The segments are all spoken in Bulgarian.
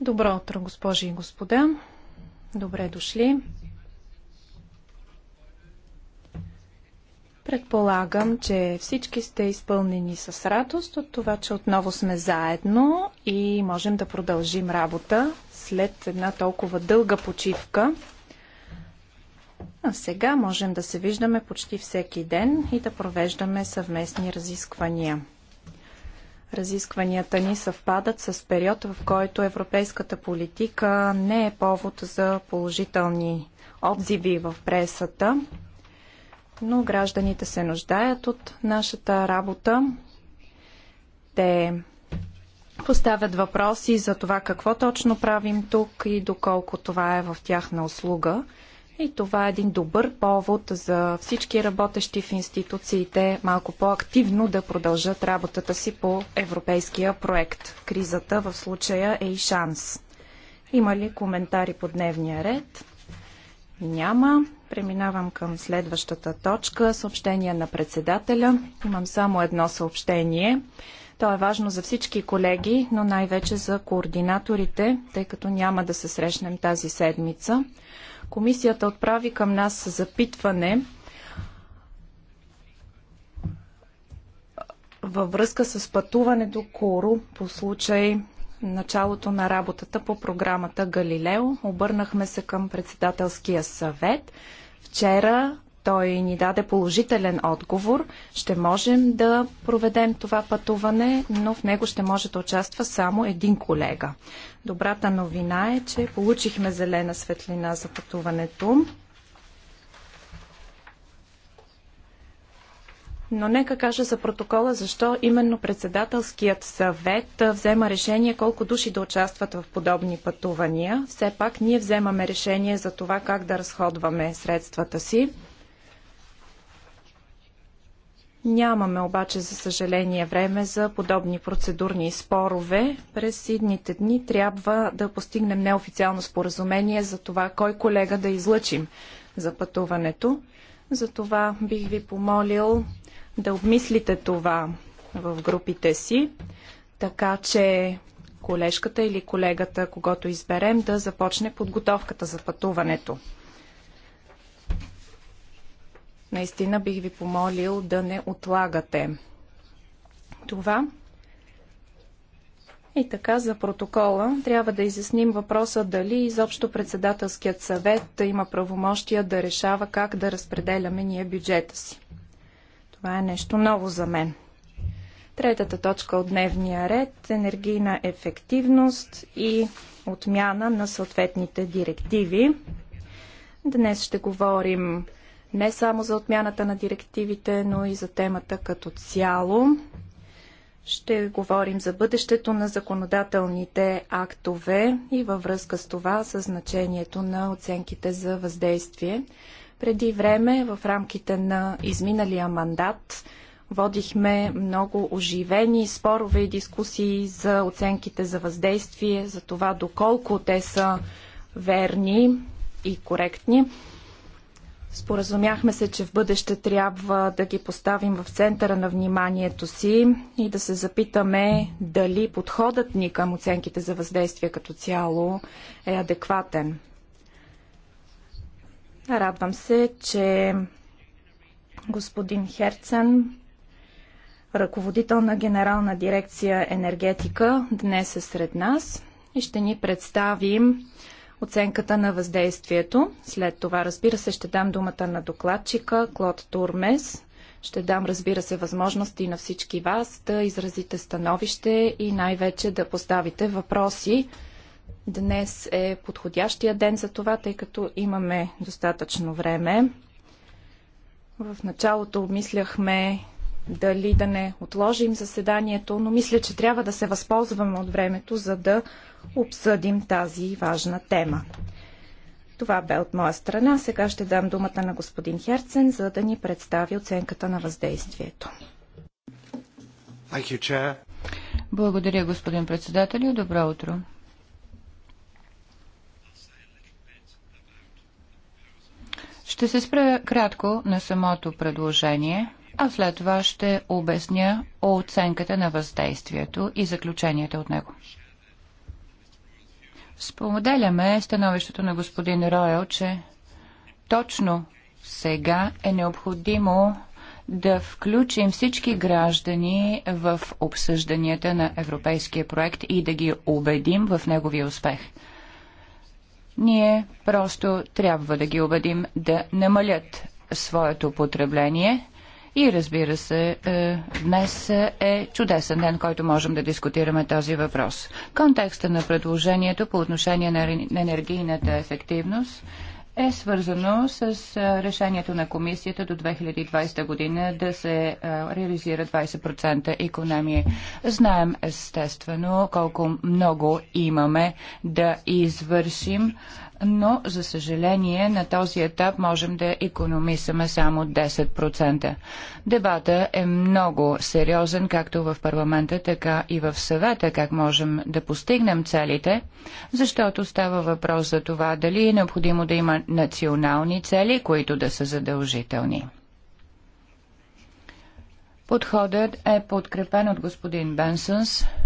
Добро утро, госпожи и господа. Добре дошли. Предполагам, че всички сте изпълнени с радост от това, че отново сме заедно и можем да продължим работа след една толкова дълга почивка. А сега можем да се виждаме почти всеки ден и да провеждаме съвместни разисквания. Разискванията ни съвпадат с период, в който европейската политика не е повод за положителни отзиви в пресата, но гражданите се нуждаят от нашата работа. Те поставят въпроси за това какво точно правим тук и доколко това е в тяхна услуга – и това е един добър повод за всички работещи в институциите малко по-активно да продължат работата си по европейския проект. Кризата в случая е и шанс. Има ли коментари по дневния ред? Няма. Преминавам към следващата точка. Съобщение на председателя. Имам само едно съобщение. То е важно за всички колеги, но най-вече за координаторите, тъй като няма да се срещнем тази седмица. Комисията отправи към нас запитване във връзка с пътуването Кору по случай началото на работата по програмата Галилео. Обърнахме се към председателския съвет. Вчера той ни даде положителен отговор. Ще можем да проведем това пътуване, но в него ще може да участва само един колега. Добрата новина е, че получихме зелена светлина за пътуването. Но нека кажа за протокола, защо именно председателският съвет взема решение колко души да участват в подобни пътувания. Все пак ние вземаме решение за това как да разходваме средствата си. Нямаме обаче, за съжаление, време за подобни процедурни спорове. През идните дни трябва да постигнем неофициално споразумение за това кой колега да излъчим за пътуването. Затова бих ви помолил да обмислите това в групите си, така че колежката или колегата, когато изберем, да започне подготовката за пътуването наистина бих ви помолил да не отлагате това. И така за протокола трябва да изясним въпроса дали изобщо председателският съвет има правомощия да решава как да разпределяме ние бюджета си. Това е нещо ново за мен. Третата точка от дневния ред – енергийна ефективност и отмяна на съответните директиви. Днес ще говорим не само за отмяната на директивите, но и за темата като цяло. Ще говорим за бъдещето на законодателните актове и във връзка с това със значението на оценките за въздействие. Преди време, в рамките на изминалия мандат, водихме много оживени спорове и дискусии за оценките за въздействие, за това доколко те са верни и коректни. Споразумяхме се, че в бъдеще трябва да ги поставим в центъра на вниманието си и да се запитаме дали подходът ни към оценките за въздействие като цяло е адекватен. Радвам се, че господин Херцен, ръководител на Генерална дирекция енергетика, днес е сред нас и ще ни представим оценката на въздействието. След това, разбира се, ще дам думата на докладчика Клод Турмес. Ще дам, разбира се, възможности на всички вас да изразите становище и най-вече да поставите въпроси. Днес е подходящия ден за това, тъй като имаме достатъчно време. В началото обмисляхме дали да не отложим заседанието, но мисля, че трябва да се възползваме от времето, за да обсъдим тази важна тема. Това бе от моя страна. Сега ще дам думата на господин Херцен, за да ни представи оценката на въздействието. Благодаря, господин председател. Добро утро. Ще се спра кратко на самото предложение а след това ще обясня оценката на въздействието и заключенията от него. Споделяме становището на господин Ройл, че точно сега е необходимо да включим всички граждани в обсъжданията на европейския проект и да ги убедим в неговия успех. Ние просто трябва да ги убедим да намалят своето потребление и разбира се, е, днес е чудесен ден, който можем да дискутираме този въпрос. Контекста на предложението по отношение на енергийната ефективност е свързано с е, решението на комисията до 2020 година да се е, реализира 20% економия. Знаем естествено колко много имаме да извършим но за съжаление на този етап можем да економисаме само 10%. Дебата е много сериозен, както в парламента, така и в съвета, как можем да постигнем целите, защото става въпрос за това дали е необходимо да има национални цели, които да са задължителни. Подходът е подкрепен от господин Бенсънс –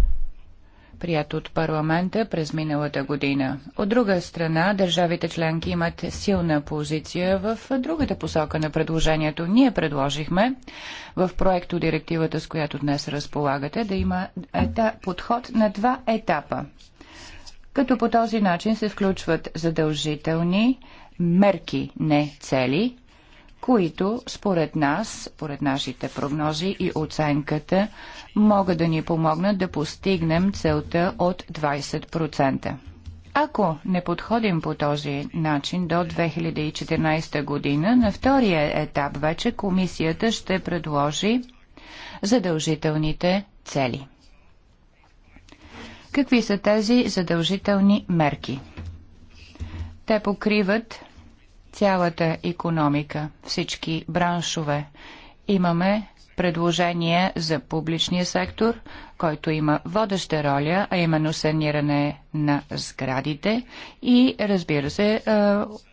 прият от парламента през миналата година. От друга страна, държавите членки имат силна позиция в другата посока на предложението. Ние предложихме в проекто директивата, с която днес разполагате, да има ета, подход на два етапа. Като по този начин се включват задължителни мерки, не цели, които според нас, според нашите прогнози и оценката, могат да ни помогнат да постигнем целта от 20%. Ако не подходим по този начин до 2014 година, на втория етап вече комисията ще предложи задължителните цели. Какви са тези задължителни мерки? Те покриват цялата економика, всички браншове. Имаме предложение за публичния сектор, който има водеща роля, а именно саниране на сградите и, разбира се, е,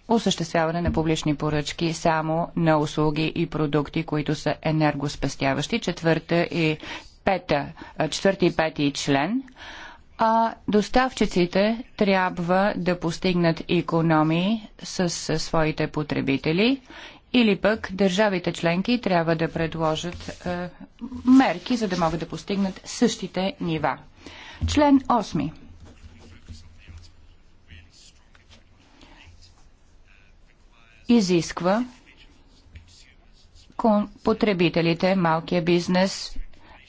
осъществяване на публични поръчки само на услуги и продукти, които са енергоспестяващи. Четвърта и пета, четвърти и пети член – а доставчиците трябва да постигнат икономии с своите потребители или пък държавите членки трябва да предложат е, мерки, за да могат да постигнат същите нива. Член 8. Изисква потребителите, малкия бизнес,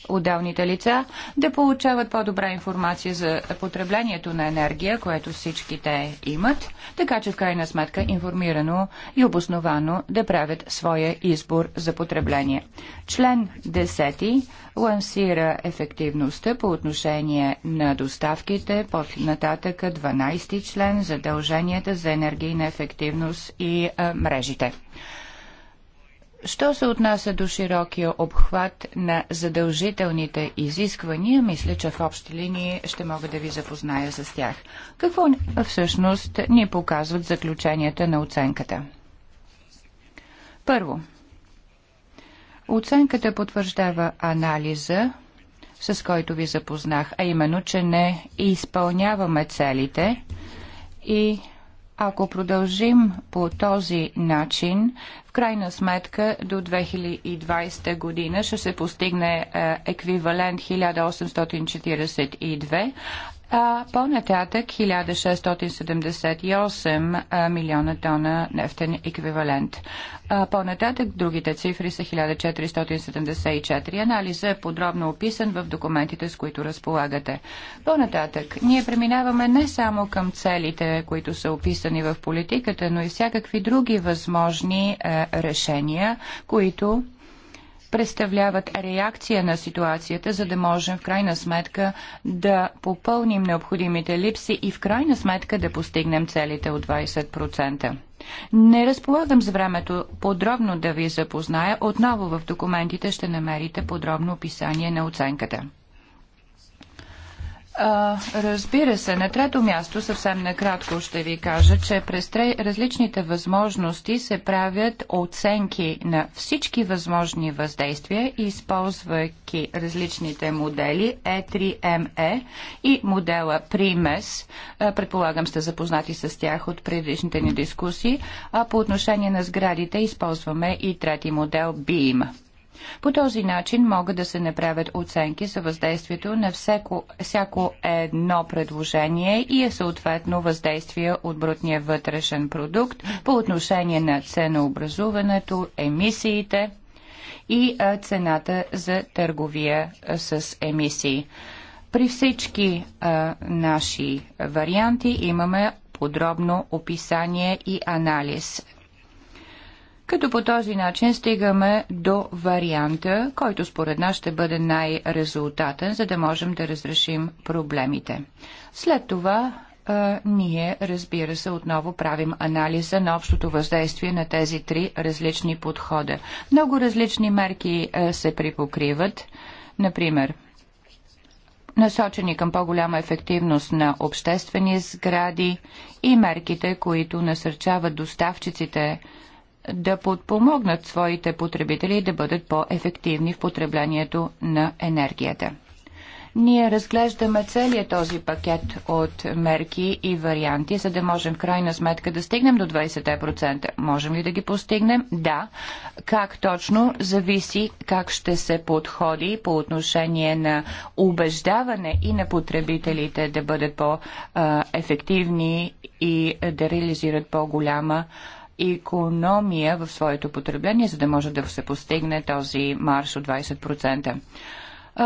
отделните лица, да получават по-добра информация за потреблението на енергия, което всички те имат, така че в крайна сметка информирано и обосновано да правят своя избор за потребление. Член 10 лансира ефективността по отношение на доставките под нататъка 12 член задълженията за енергийна ефективност и а, мрежите. Що се отнася до широкия обхват на задължителните изисквания, мисля, че в общи линии ще мога да ви запозная с тях. Какво всъщност ни показват заключенията на оценката? Първо, оценката потвърждава анализа, с който ви запознах, а именно, че не изпълняваме целите и ако продължим по този начин, в крайна сметка до 2020 година ще се постигне е, еквивалент 1842, а по-нататък 1678 милиона тона нефтен еквивалент. по-нататък другите цифри са 1474. Анализа е подробно описан в документите, с които разполагате. По-нататък ние преминаваме не само към целите, които са описани в политиката, но и всякакви други възможни е, решения, които представляват реакция на ситуацията, за да можем в крайна сметка да попълним необходимите липси и в крайна сметка да постигнем целите от 20%. Не разполагам с времето подробно да ви запозная. Отново в документите ще намерите подробно описание на оценката разбира се, на трето място съвсем накратко ще ви кажа, че през различните възможности се правят оценки на всички възможни въздействия, използвайки различните модели E3ME е е и модела Primes. Предполагам сте запознати с тях от предишните ни дискусии, а по отношение на сградите използваме и трети модел BIM. По този начин могат да се направят оценки за въздействието на всяко, всяко едно предложение и е съответно въздействие от брутния вътрешен продукт по отношение на ценообразуването, емисиите и цената за търговия с емисии. При всички а, наши варианти имаме подробно описание и анализ като по този начин стигаме до варианта, който според нас ще бъде най-резултатен, за да можем да разрешим проблемите. След това а, ние, разбира се, отново правим анализа на общото въздействие на тези три различни подхода. Много различни мерки а, се припокриват. Например, насочени към по-голяма ефективност на обществени сгради и мерките, които насърчават доставчиците да подпомогнат своите потребители да бъдат по-ефективни в потреблението на енергията. Ние разглеждаме целият този пакет от мерки и варианти, за да можем в крайна сметка да стигнем до 20%. Можем ли да ги постигнем? Да. Как точно зависи как ще се подходи по отношение на убеждаване и на потребителите да бъдат по-ефективни и да реализират по-голяма економия в своето потребление, за да може да се постигне този марш от 20%.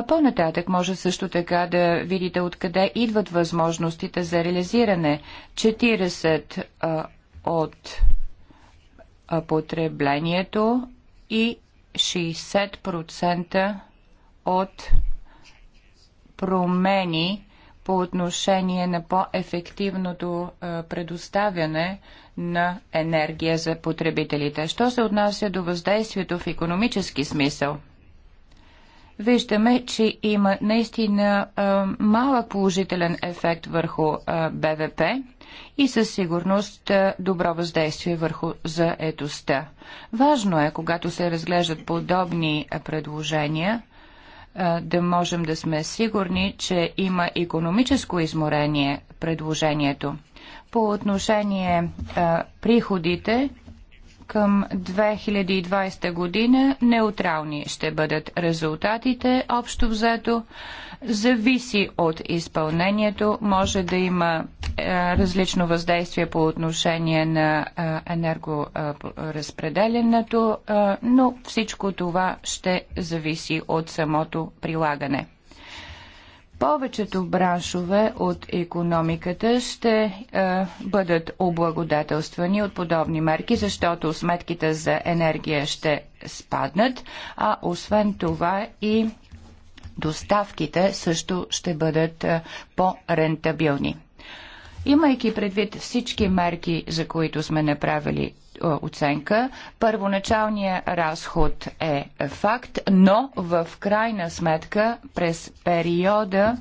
По-нататък може също така да видите откъде идват възможностите за реализиране. 40 а, от а, потреблението и 60% от промени по отношение на по-ефективното предоставяне на енергия за потребителите. Що се отнася до въздействието в економически смисъл? Виждаме, че има наистина а, малък положителен ефект върху а, БВП и със сигурност а, добро въздействие върху заетостта. Важно е, когато се разглеждат подобни предложения, да можем да сме сигурни, че има економическо изморение предложението по отношение а, е, приходите към 2020 година неутрални ще бъдат резултатите. Общо взето зависи от изпълнението. Може да има а, е, различно въздействие по отношение на а, е, енергоразпределенето, а, но всичко това ще зависи от самото прилагане повечето браншове от економиката ще е, бъдат облагодателствани от подобни мерки, защото сметките за енергия ще спаднат, а освен това и доставките също ще бъдат е, по-рентабилни. Имайки предвид всички мерки, за които сме направили оценка. Първоначалният разход е факт, но в крайна сметка през периода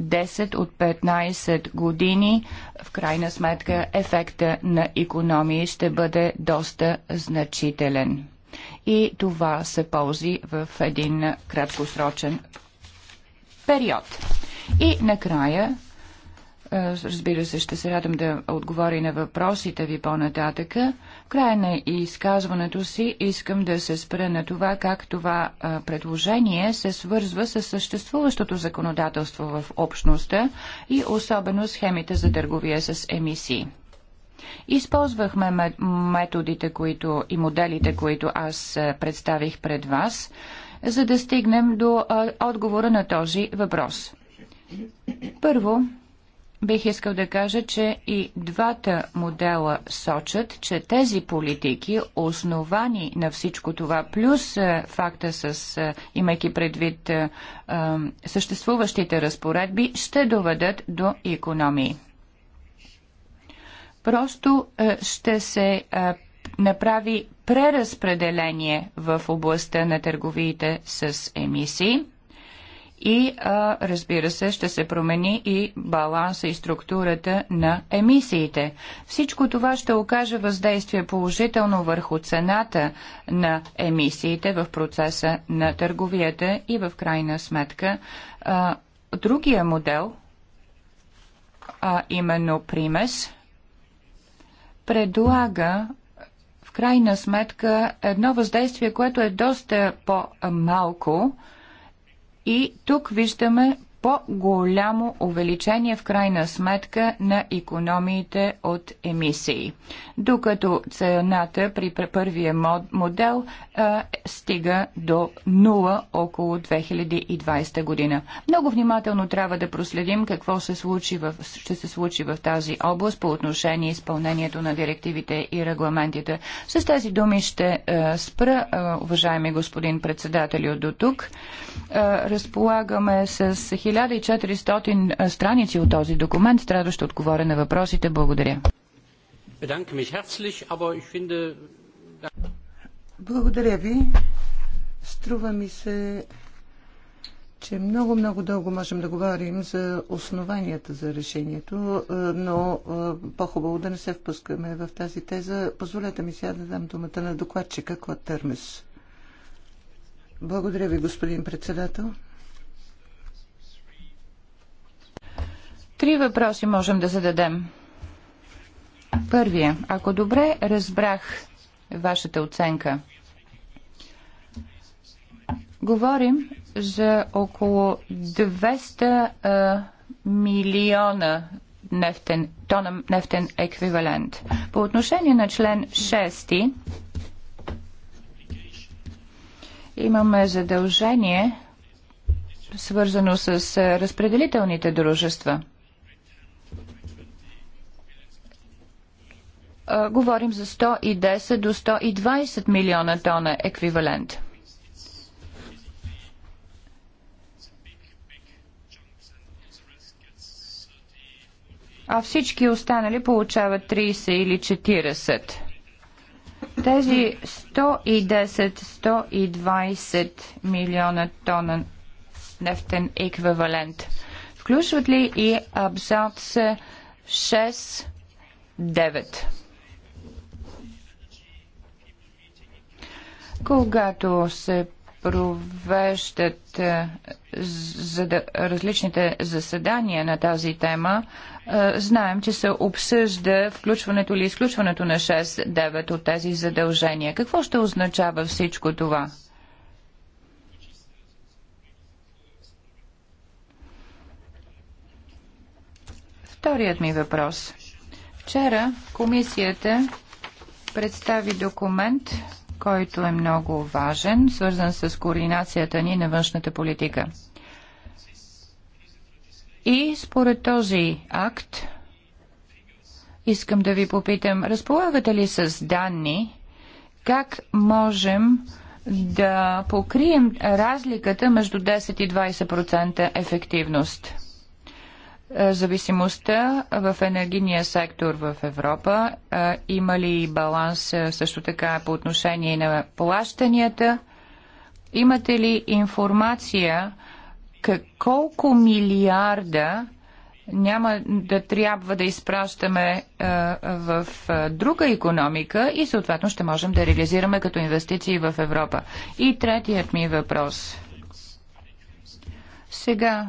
10 от 15 години, в крайна сметка ефекта на економии ще бъде доста значителен. И това се ползи в един краткосрочен период. И накрая е, разбира се, ще се радвам да отговори на въпросите ви по-нататъка. В края на изказването си искам да се спра на това как това е, предложение се свързва с съществуващото законодателство в общността и особено схемите за търговия с емисии. Използвахме методите които, и моделите, които аз е, представих пред вас, за да стигнем до отговора на този въпрос. Първо, бих искал да кажа, че и двата модела сочат, че тези политики, основани на всичко това, плюс е, факта с, е, имайки предвид е, съществуващите разпоредби, ще доведат до економии. Просто ще се направи преразпределение в областта на търговиите с емисии – и а, разбира се, ще се промени и баланса и структурата на емисиите. Всичко това ще окаже въздействие положително върху цената на емисиите в процеса на търговията и в крайна сметка. А, другия модел, а именно примес, предлага в крайна сметка едно въздействие, което е доста по-малко, и тук виждаме по-голямо увеличение в крайна сметка на економиите от емисии, докато цената при първия модел а, стига до 0 около 2020 година. Много внимателно трябва да проследим какво се случи в, ще се случи в тази област по отношение изпълнението на директивите и регламентите. С тези думи ще а, спра, а, уважаеми господин председател, до тук. А, разполагаме с хиляди 1400 страници от този документ, трябва да отговоря на въпросите. Благодаря. Благодаря ви. Струва ми се, че много-много дълго можем да говорим за основанията за решението, но по-хубаво да не се впускаме в тази теза. Позволете ми сега да дам думата на докладчика Клад Търмес. Благодаря ви, господин председател. Три въпроси можем да зададем. Първия. Ако добре разбрах вашата оценка, говорим за около 200 а, милиона нефтен, тона нефтен еквивалент. По отношение на член 6 имаме задължение свързано с разпределителните дружества – говорим за 110 до 120 милиона тона еквивалент. А всички останали получават 30 или 40. Тези 110-120 милиона тона нефтен еквивалент включват ли и абзац 6-9? Когато се провеждат е, за да, различните заседания на тази тема, е, знаем, че се обсъжда включването или изключването на 6-9 от тези задължения. Какво ще означава всичко това? Вторият ми въпрос. Вчера комисията представи документ, който е много важен, свързан с координацията ни на външната политика. И според този акт, искам да ви попитам, разполагате ли с данни, как можем да покрием разликата между 10 и 20% ефективност? Е, зависимостта в енергийния сектор в Европа? Е, има ли баланс е, също така по отношение на плащанията? Имате ли информация колко милиарда няма да трябва да изпращаме в друга економика и съответно ще можем да реализираме като инвестиции в Европа? И третият ми въпрос. Сега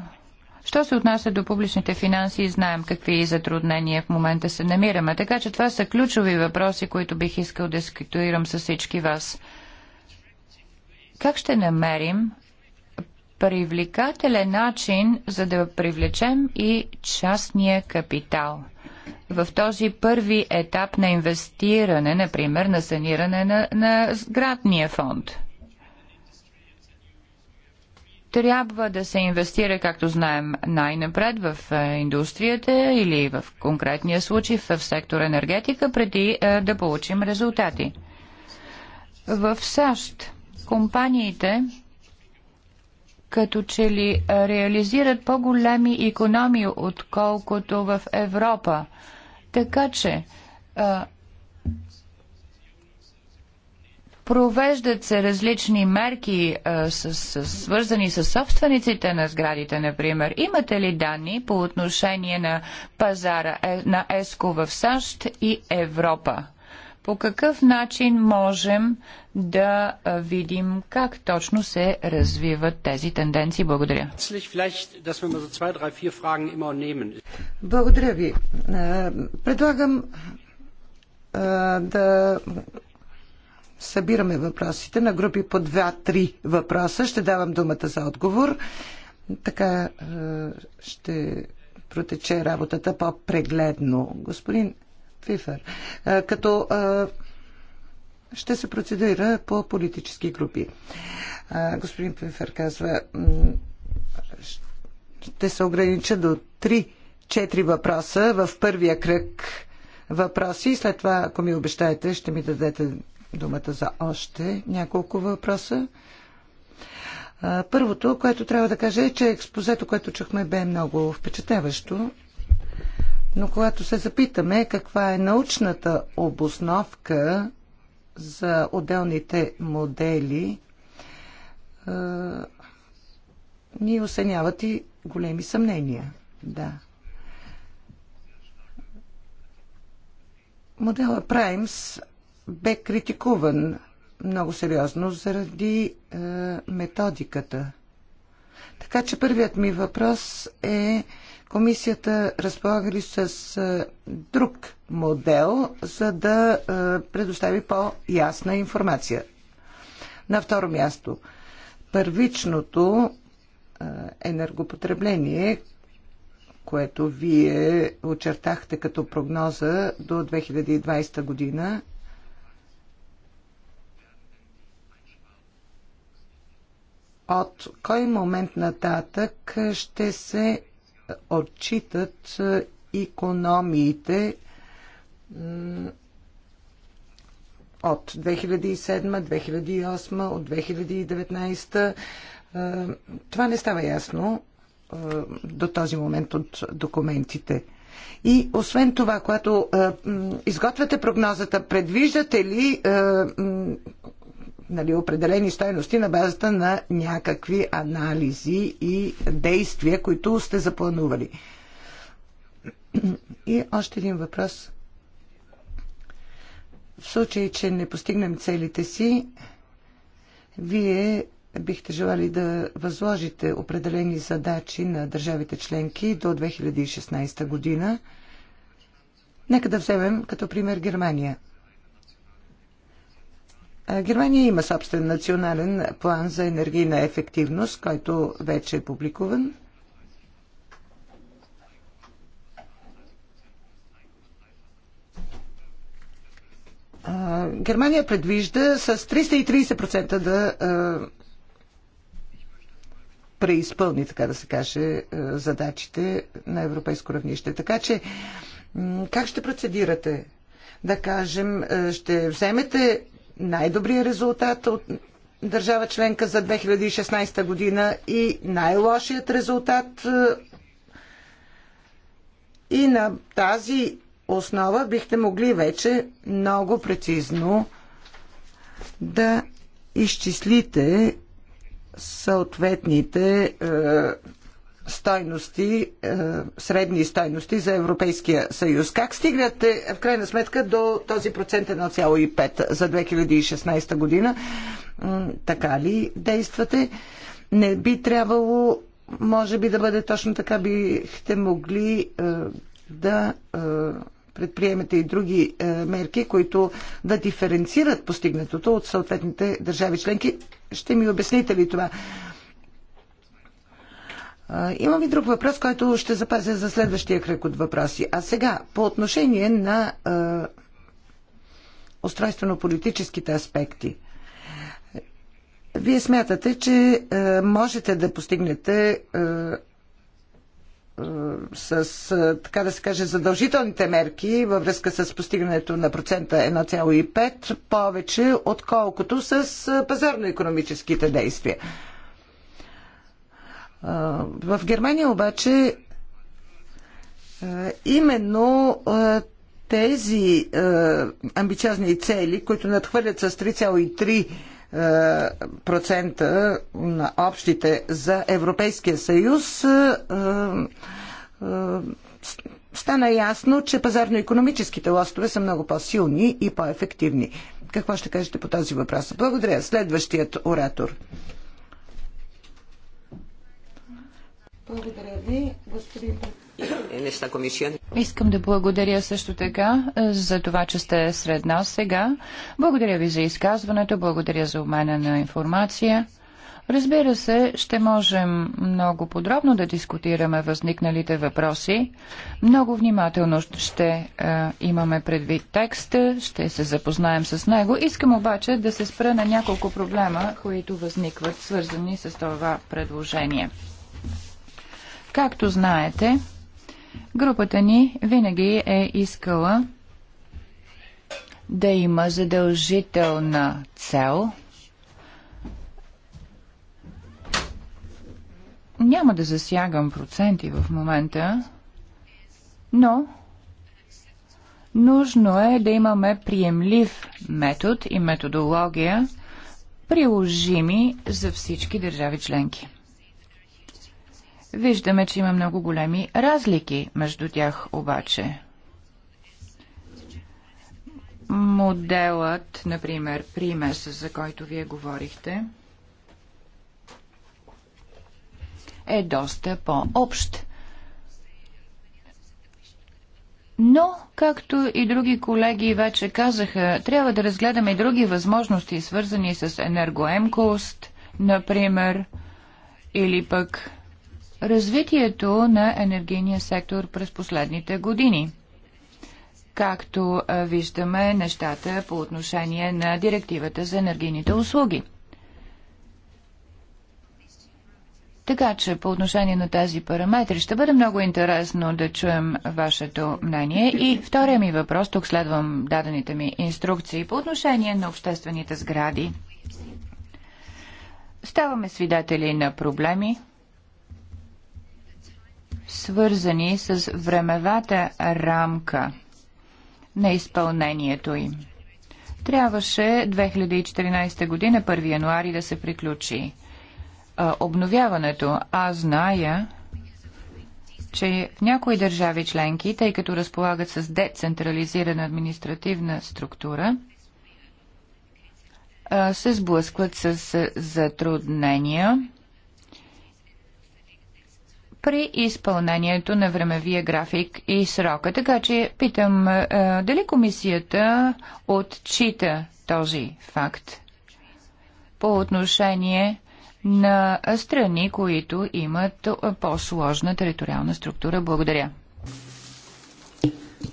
Що се отнася до публичните финанси, знаем какви затруднения в момента се намираме. Така че това са ключови въпроси, които бих искал да дискутирам с всички вас. Как ще намерим привлекателен начин, за да привлечем и частния капитал? в този първи етап на инвестиране, например, на саниране на, на сградния фонд трябва да се инвестира, както знаем, най-напред в е, индустрията или в конкретния случай в сектор енергетика, преди е, да получим резултати. В САЩ компаниите като че ли е, реализират по-големи економии, отколкото в Европа. Така че Провеждат се различни мерки, а, е, с, с, свързани с собствениците на сградите, например. Имате ли данни по отношение на пазара е, на ЕСКО в САЩ и Европа? По какъв начин можем да е, видим как точно се развиват тези тенденции? Благодаря. Благодаря ви. Е, предлагам да събираме въпросите на групи по 2-3 въпроса. Ще давам думата за отговор. Така е, ще протече работата по-прегледно. Господин Фифер, е, като е, ще се процедира по политически групи. Господин Фифер казва, ще се огранича до 3-4 въпроса в първия кръг въпроси и след това, ако ми обещаете, ще ми дадете думата за още няколко въпроса. Първото, което трябва да кажа е, че експозето, което чухме, бе много впечатляващо. Но когато се запитаме каква е научната обосновка за отделните модели, е, ни осеняват и големи съмнения. Да. Модела Праймс бе критикуван много сериозно заради е, методиката. Така че първият ми въпрос е комисията разполага ли с е, друг модел, за да е, предостави по-ясна информация. На второ място, първичното е, енергопотребление, което вие очертахте като прогноза до 2020 година, от кой момент нататък ще се отчитат економиите от 2007, 2008, от 2019. Е, това не става ясно е, до този момент от документите. И освен това, когато е, изготвяте прогнозата, предвиждате ли нали, определени стоености на базата на някакви анализи и действия, които сте запланували. И още един въпрос. В случай, че не постигнем целите си, вие бихте желали да възложите определени задачи на държавите членки до 2016 година. Нека да вземем като пример Германия – Германия има собствен национален план за енергийна ефективност, който вече е публикуван. Германия предвижда с 330% да преизпълни, така да се каже, задачите на европейско равнище. Така че, как ще процедирате? Да кажем, ще вземете най-добрия резултат от държава членка за 2016 година и най-лошият резултат. Е, и на тази основа бихте могли вече много прецизно да изчислите съответните е, стойности, е, средни стойности за Европейския съюз. Как стигнате в крайна сметка до този процент 1,5 за 2016 година? Така ли действате? Не би трябвало, може би да бъде точно така, бихте могли е, да е, предприемете и други мерки, които да диференцират постигнатото от съответните държави членки. Ще ми обясните ли това? Имам и друг въпрос, който ще запазя за следващия кръг от въпроси. А сега, по отношение на устройствено-политическите аспекти. Вие смятате, че можете да постигнете с, така да се каже, задължителните мерки във връзка с постигането на процента 1,5 повече, отколкото с пазарно-економическите действия. В Германия обаче именно тези амбициозни цели, които надхвърлят с 3,3% на общите за Европейския съюз, стана ясно, че пазарно-економическите лостове са много по-силни и по-ефективни. Какво ще кажете по този въпрос? Благодаря. Следващият оратор. Благодаря ви, господин Искам да благодаря също така е, за това, че сте сред нас сега. Благодаря ви за изказването, благодаря за обмена на информация. Разбира се, ще можем много подробно да дискутираме възникналите въпроси. Много внимателно ще е, имаме предвид текста, ще се запознаем с него. Искам обаче да се спра на няколко проблема, които възникват, свързани с това предложение. Както знаете, групата ни винаги е искала да има задължителна цел. Няма да засягам проценти в момента, но нужно е да имаме приемлив метод и методология, приложими за всички държави членки. Виждаме, че има много големи разлики между тях обаче. Моделът, например, примес, за който вие говорихте, е доста по-общ. Но, както и други колеги вече казаха, трябва да разгледаме и други възможности, свързани с енергоемкост, например, или пък развитието на енергийния сектор през последните години. Както виждаме нещата по отношение на директивата за енергийните услуги. Така че по отношение на тези параметри ще бъде много интересно да чуем вашето мнение. И втория ми въпрос, тук следвам дадените ми инструкции по отношение на обществените сгради. Ставаме свидетели на проблеми, свързани с времевата рамка на изпълнението им. Трябваше 2014 година, 1 януари, да се приключи а, обновяването. Аз зная, че в някои държави членки, тъй като разполагат с децентрализирана административна структура, се сблъскват с затруднения при изпълнението на времевия график и срока. Така че питам, дали комисията отчита този факт по отношение на страни, които имат по-сложна териториална структура. Благодаря.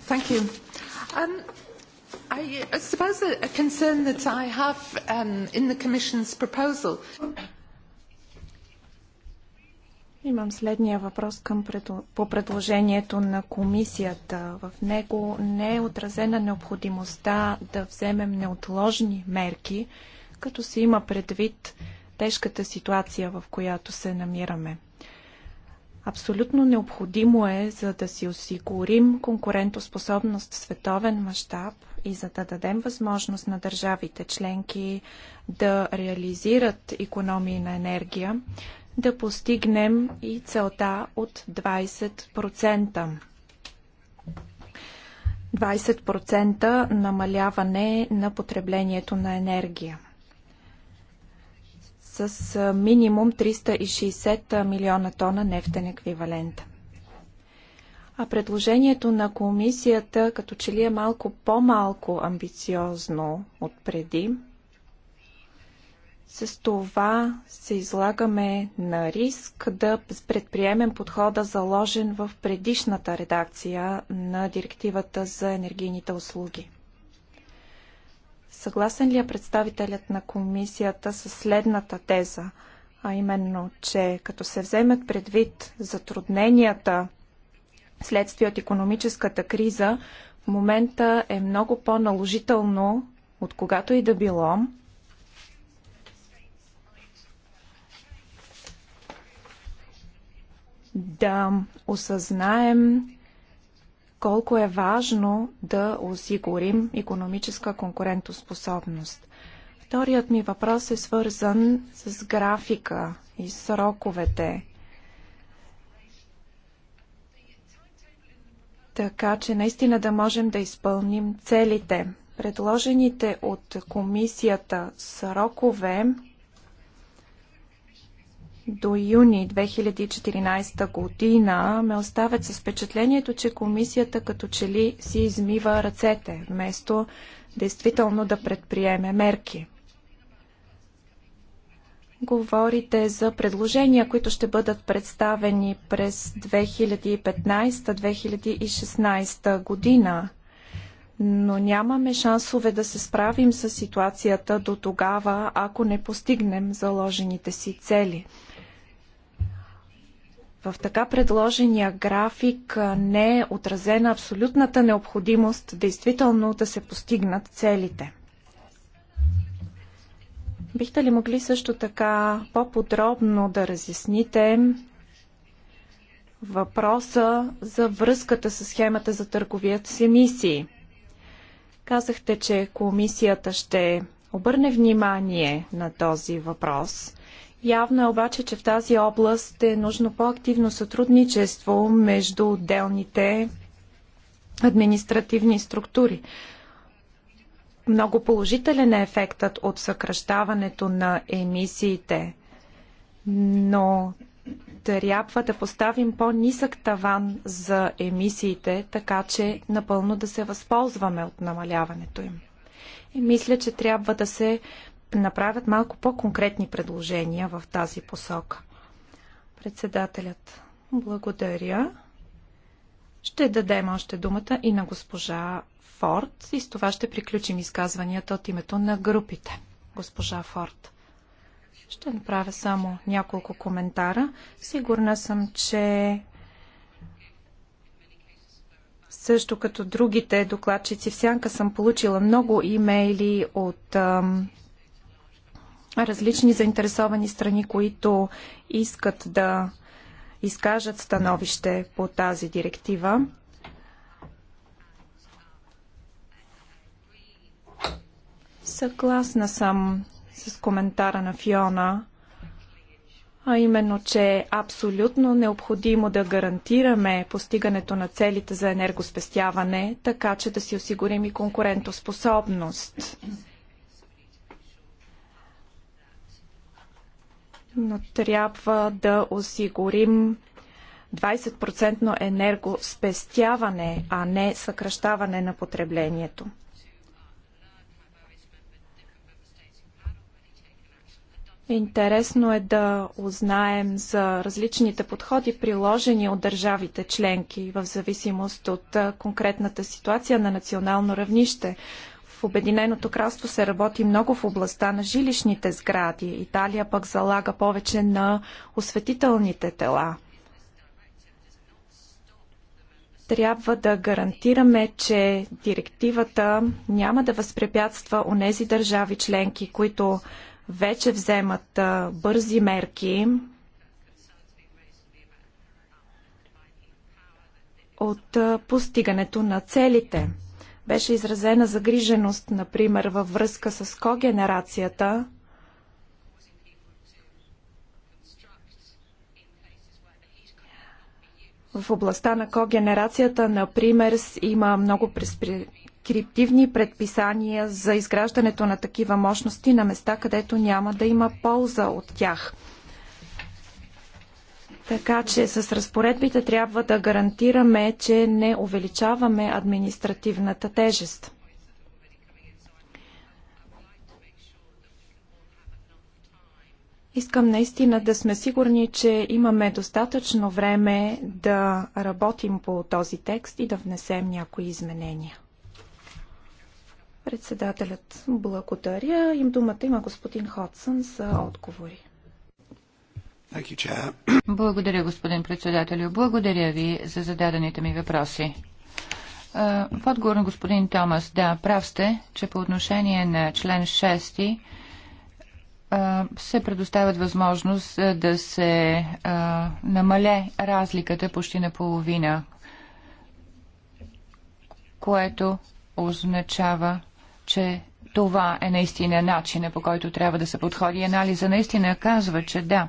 Thank you. Um, I suppose a concern that I have um, in the Commission's proposal Имам следния въпрос към предо... по предложението на комисията. В него не е отразена необходимостта да вземем неотложни мерки, като се има предвид тежката ситуация, в която се намираме. Абсолютно необходимо е, за да си осигурим конкурентоспособност в световен мащаб и за да дадем възможност на държавите членки да реализират економии на енергия, да постигнем и целта от 20%. 20% намаляване на потреблението на енергия с минимум 360 милиона тона нефтен еквивалент. А предложението на комисията като че ли е малко по-малко амбициозно от преди – с това се излагаме на риск да предприемем подхода заложен в предишната редакция на директивата за енергийните услуги. Съгласен ли е представителят на комисията с следната теза, а именно, че като се вземат предвид затрудненията следствие от економическата криза, в момента е много по-наложително от когато и да било да осъзнаем колко е важно да осигурим економическа конкурентоспособност. Вторият ми въпрос е свързан с графика и сроковете. Така че наистина да можем да изпълним целите. Предложените от комисията срокове до юни 2014 година ме оставят с впечатлението, че комисията като че ли си измива ръцете, вместо действително да предприеме мерки. Говорите за предложения, които ще бъдат представени през 2015-2016 година но нямаме шансове да се справим с ситуацията до тогава, ако не постигнем заложените си цели. В така предложения график не е отразена абсолютната необходимост действително да се постигнат целите. Бихте ли могли също така по-подробно да разясните въпроса за връзката с схемата за търговията с емисии? Казахте, че комисията ще обърне внимание на този въпрос. Явно е обаче, че в тази област е нужно по-активно сътрудничество между отделните административни структури. Много положителен е ефектът от съкръщаването на емисиите, но трябва да поставим по-нисък таван за емисиите, така че напълно да се възползваме от намаляването им. И мисля, че трябва да се направят малко по-конкретни предложения в тази посока. Председателят, благодаря. Ще дадем още думата и на госпожа Форд и с това ще приключим изказванията от името на групите. Госпожа Форд. Ще направя само няколко коментара. Сигурна съм, че също като другите докладчици в Сянка съм получила много имейли от ам, различни заинтересовани страни, които искат да изкажат становище по тази директива. Съгласна съм с коментара на Фиона, а именно, че е абсолютно необходимо да гарантираме постигането на целите за енергоспестяване, така че да си осигурим и конкурентоспособност. но трябва да осигурим 20% енергоспестяване, а не съкръщаване на потреблението. Интересно е да узнаем за различните подходи, приложени от държавите членки в зависимост от конкретната ситуация на национално равнище. Обединеното кралство се работи много в областта на жилищните сгради. Италия пък залага повече на осветителните тела. Трябва да гарантираме, че директивата няма да възпрепятства онези държави членки, които вече вземат бързи мерки от постигането на целите. Беше изразена загриженост, например, във връзка с когенерацията, В областта на когенерацията, например, има много прескриптивни предписания за изграждането на такива мощности на места, където няма да има полза от тях. Така че с разпоредбите трябва да гарантираме, че не увеличаваме административната тежест. Искам наистина да сме сигурни, че имаме достатъчно време да работим по този текст и да внесем някои изменения. Председателят благодаря. Им думата има господин Ходсън за отговори. Благодаря, господин председателю. Благодаря ви за зададените ми въпроси. Е, в отговор на господин Томас, да, прав сте, че по отношение на член 6 е, се предоставят възможност е, да се намале разликата почти наполовина, което означава, че това е наистина начина по който трябва да се подходи. Анализа наистина казва, че да,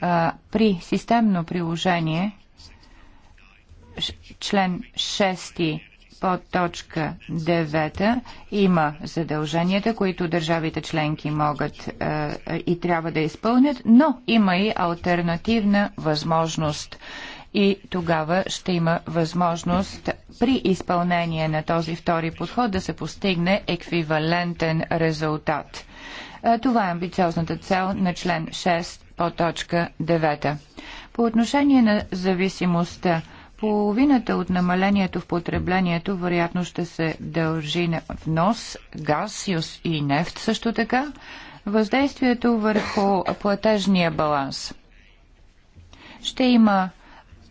а, при системно приложение член 6 по точка 9 има задълженията, които държавите членки могат а, и трябва да изпълнят, но има и альтернативна възможност и тогава ще има възможност при изпълнение на този втори подход да се постигне еквивалентен резултат. Това е амбициозната цел на член 6 по точка 9. По отношение на зависимостта, половината от намалението в потреблението вероятно ще се дължи на внос, газ и нефт също така, въздействието върху платежния баланс. Ще има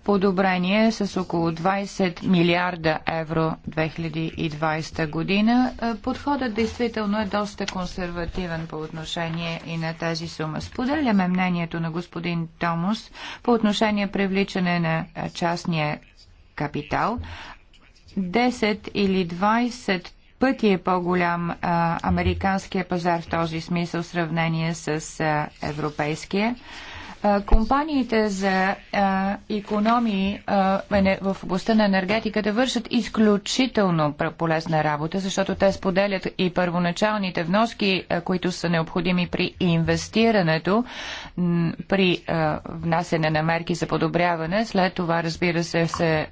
подобрение с около 20 милиарда евро 2020 година. Е, подходът действително е доста консервативен по отношение и на тази сума. Споделяме мнението на господин Томус по отношение привличане на частния капитал. 10 или 20 пъти е по-голям е, американския пазар в този смисъл в сравнение с а, е, европейския. Компаниите за економии в областта на енергетиката вършат изключително полезна работа, защото те споделят и първоначалните вноски, които са необходими при инвестирането, при внасене на мерки за подобряване. След това, разбира се, се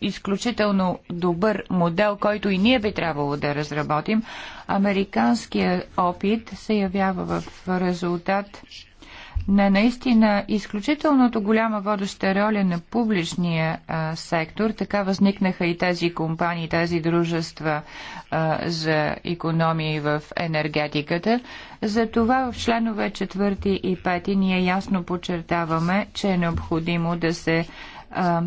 изключително добър модел, който и ние би трябвало да разработим. Американският опит се явява в резултат на наистина изключителното голяма водеща роля на публичния а, сектор. Така възникнаха и тези компании, тези дружества а, за економии в енергетиката. Затова в членове 4 и 5 ние ясно подчертаваме, че е необходимо да се а,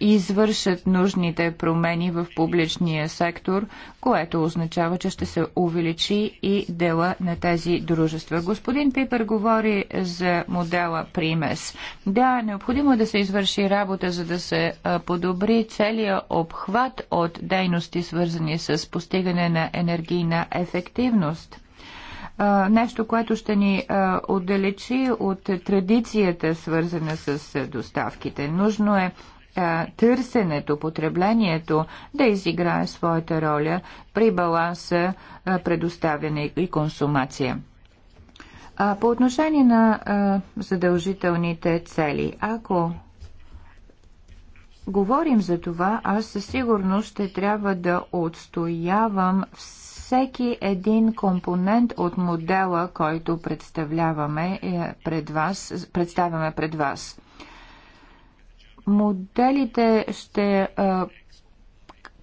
извършат нужните промени в публичния сектор, което означава, че ще се увеличи и дела на тези дружества. Господин Пипер говори за модела примес. Да, необходимо е да се извърши работа, за да се подобри целият обхват от дейности, свързани с постигане на енергийна ефективност нещо, което ще ни отдалечи от традицията, свързана с доставките. Нужно е търсенето, потреблението да изиграе своята роля при баланса предоставяне и консумация. А по отношение на задължителните цели, ако говорим за това, аз със сигурност ще трябва да отстоявам всеки един компонент от модела, който представляваме е, пред вас, представяме пред вас моделите ще а,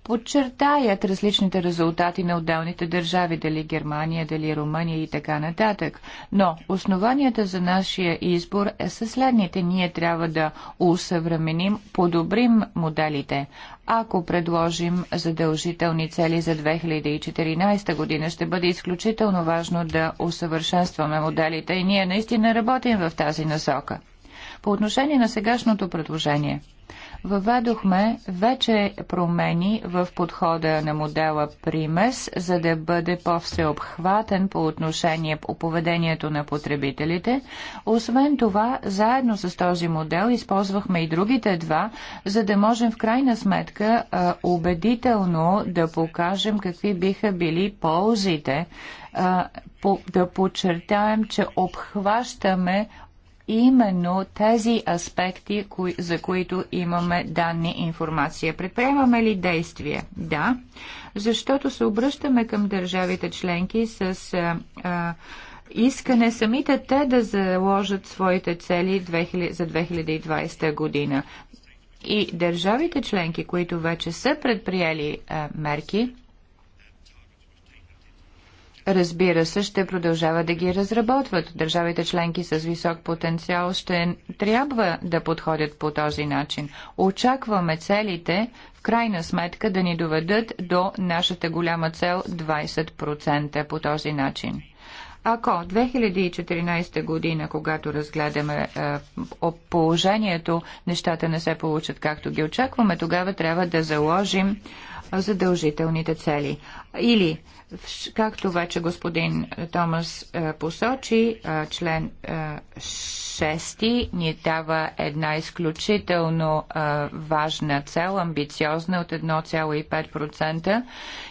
подчертаят различните резултати на отделните държави, дали Германия, дали Румъния и така нататък. Но основанията за нашия избор е със следните. Ние трябва да усъвременим, подобрим моделите. Ако предложим задължителни цели за 2014 година, ще бъде изключително важно да усъвършенстваме моделите и ние наистина работим в тази насока. По отношение на сегашното предложение, въведохме вече промени в подхода на модела Примес, за да бъде по-всеобхватен по отношение по поведението на потребителите. Освен това, заедно с този модел използвахме и другите два, за да можем в крайна сметка убедително да покажем какви биха били ползите да подчертаем, че обхващаме именно тези аспекти, кои, за които имаме данни информация. Предприемаме ли действия? Да, защото се обръщаме към държавите членки с а, а, искане самите те да заложат своите цели 2000, за 2020 година. И държавите членки, които вече са предприели а, мерки, разбира се, ще продължава да ги разработват. Държавите членки с висок потенциал ще трябва да подходят по този начин. Очакваме целите в крайна сметка да ни доведат до нашата голяма цел 20% по този начин. Ако 2014 година, когато разгледаме е, положението, нещата не се получат както ги очакваме, тогава трябва да заложим задължителните цели. Или, както вече господин Томас е, посочи, е, член 6 е, ни дава една изключително важна цел, амбициозна от 1,5%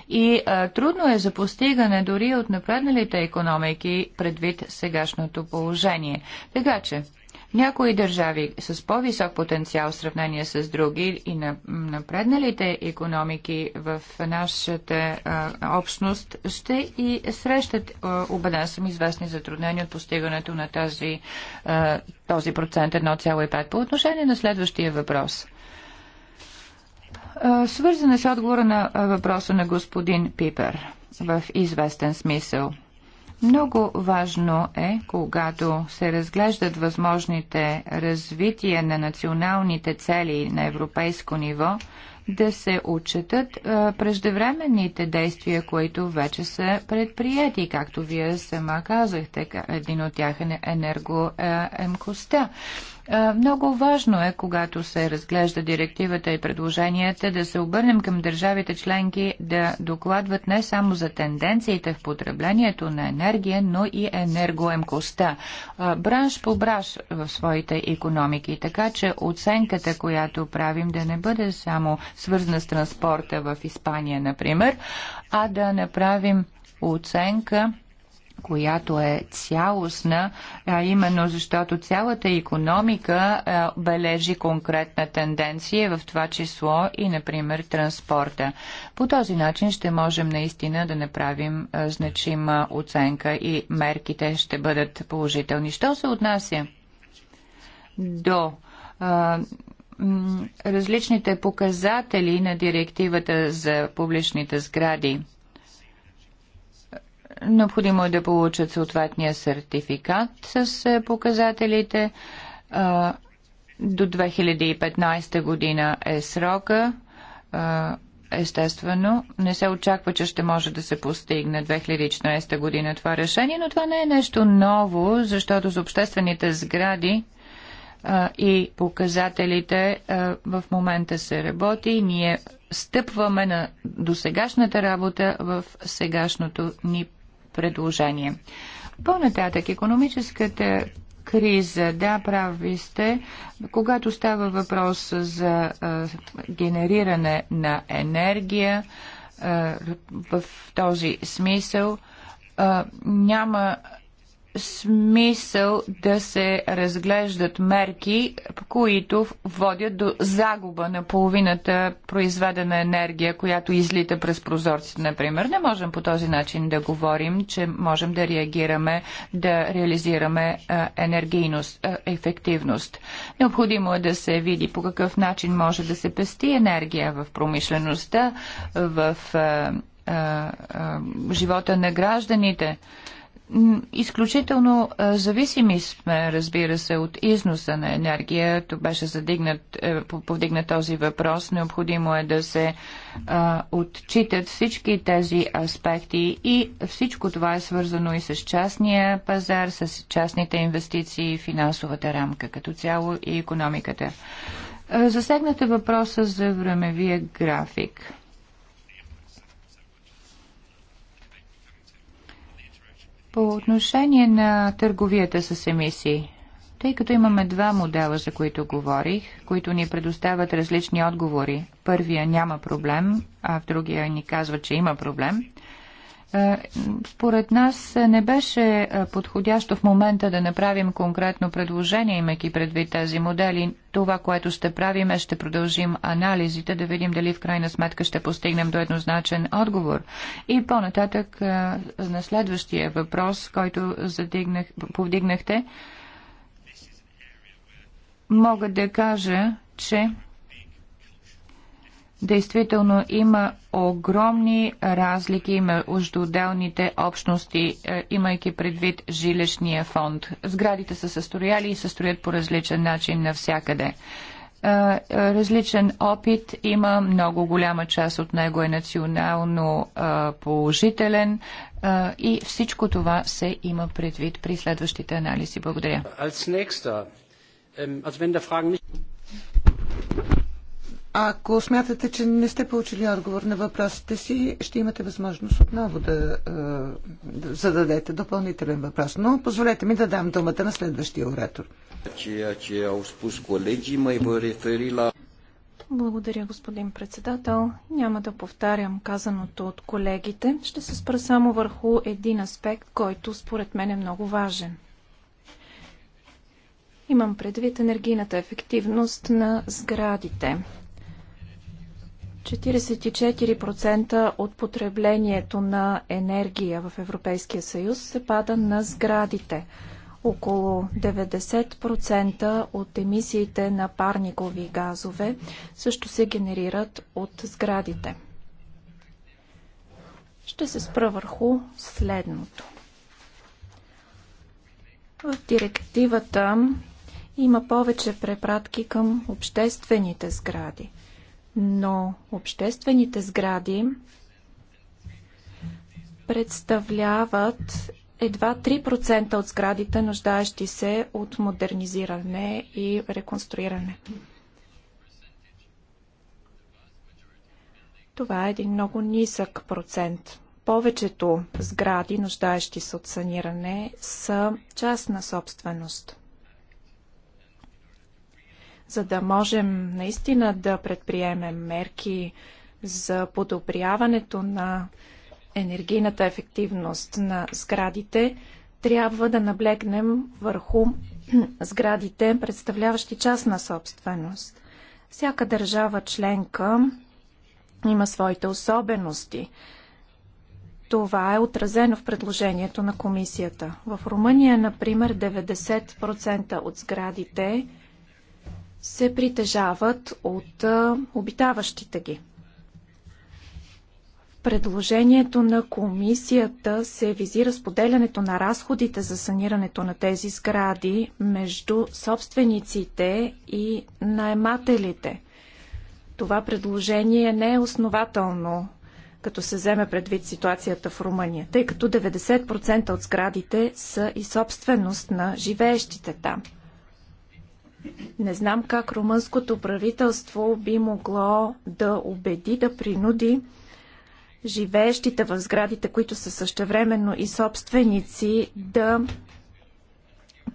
и трудно е за постигане дори от напредналите економики предвид сегашното положение. Така че, някои държави с по-висок потенциал в сравнение с други и на напредналите економики в нашата а, общност ще и срещат, убеден съм, известни затруднения от постигането на тази, а, този процент 1,5. По отношение на следващия въпрос – Свързане с отговора на въпроса на господин Пипер в известен смисъл – много важно е, когато се разглеждат възможните развития на националните цели на европейско ниво, да се отчетат преждевременните действия, които вече са предприяти, както вие сама казахте, един от тях е енергоемкостта. Е, е, много важно е, когато се разглежда директивата и предложенията, да се обърнем към държавите членки да докладват не само за тенденциите в потреблението на енергия, но и енергоемкостта. Е, бранш по бранш в своите економики. Така че оценката, която правим, да не бъде само свързана с транспорта в Испания, например, а да направим оценка която е цялостна, а именно защото цялата економика бележи конкретна тенденция, в това число и, например, транспорта. По този начин ще можем наистина да направим значима оценка и мерките ще бъдат положителни. Що се отнася до а, различните показатели на директивата за публичните сгради? Необходимо е да получат съответния сертификат с е, показателите. До 2015 година е срока. Естествено, не се очаква, че ще може да се постигне 2014 година това решение, но това не е нещо ново, защото за обществените сгради и показателите в момента се работи. Ние стъпваме на досегашната работа в сегашното ни предложение. По-нататък економическата криза, да, прави сте, когато става въпрос за а, генериране на енергия, а, в този смисъл а, няма смисъл да се разглеждат мерки, които водят до загуба на половината произведена енергия, която излита през прозорците, например. Не можем по този начин да говорим, че можем да реагираме, да реализираме енергийност, ефективност. Необходимо е да се види по какъв начин може да се пести енергия в промишлеността, в живота на гражданите. Изключително зависими сме, разбира се, от износа на енергия. Тук беше задигнат, е, повдигнат този въпрос. Необходимо е да се а, отчитат всички тези аспекти и всичко това е свързано и с частния пазар, с частните инвестиции, финансовата рамка като цяло и економиката. Засегнате въпроса за времевия график. По отношение на търговията с емисии, тъй като имаме два модела, за които говорих, които ни предоставят различни отговори. Първия няма проблем, а в другия ни казва, че има проблем. Е, според нас не беше е, подходящо в момента да направим конкретно предложение, имайки предвид тези модели. Това, което ще правим е ще продължим анализите, да видим дали в крайна сметка ще постигнем до еднозначен отговор. И по-нататък е, на следващия въпрос, който задигнах, повдигнахте, мога да кажа, че Действително има огромни разлики между отделните общности, е, имайки предвид жилищния фонд. Сградите са състояли и се строят по различен начин навсякъде е, е, различен опит има, много голяма част от него е национално положителен и всичко това се има предвид при следващите анализи. Благодаря. Ähm, ако смятате, че не сте получили отговор на въпросите си, ще имате възможност отново да, е, да зададете допълнителен въпрос. Но позволете ми да дам думата на следващия оратор. Благодаря, господин председател. Няма да повтарям казаното от колегите. Ще се спра само върху един аспект, който според мен е много важен. Имам предвид енергийната ефективност на сградите. 44% от потреблението на енергия в Европейския съюз се пада на сградите. Около 90% от емисиите на парникови газове също се генерират от сградите. Ще се спра върху следното. В директивата има повече препратки към обществените сгради – но обществените сгради представляват едва 3% от сградите, нуждаещи се от модернизиране и реконструиране. Това е един много нисък процент. Повечето сгради, нуждаещи се от саниране, са частна собственост. За да можем наистина да предприемем мерки за подобряването на енергийната ефективност на сградите, трябва да наблегнем върху сградите, представляващи частна собственост. Всяка държава членка има своите особености. Това е отразено в предложението на комисията. В Румъния, например, 90% от сградите се притежават от обитаващите ги. В предложението на комисията се визира споделянето на разходите за санирането на тези сгради между собствениците и наемателите. Това предложение не е основателно като се вземе предвид ситуацията в Румъния, тъй като 90% от сградите са и собственост на живеещите там. Не знам как румънското правителство би могло да убеди, да принуди живеещите в сградите, които са същевременно и собственици, да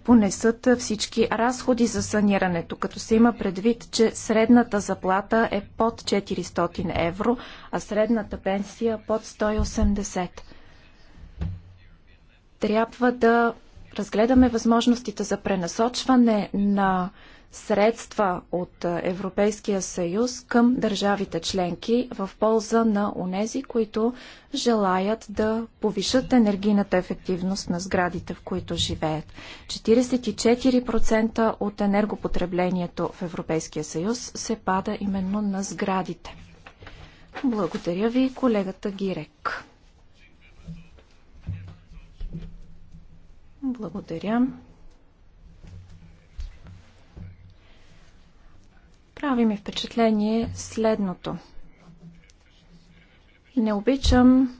понесат всички разходи за санирането, като се има предвид, че средната заплата е под 400 евро, а средната пенсия под 180. Трябва да разгледаме възможностите за пренасочване на средства от Европейския съюз към държавите членки в полза на онези, които желаят да повишат енергийната ефективност на сградите, в които живеят. 44% от енергопотреблението в Европейския съюз се пада именно на сградите. Благодаря ви, колегата Гирек. Благодаря. Прави ми впечатление следното. Не обичам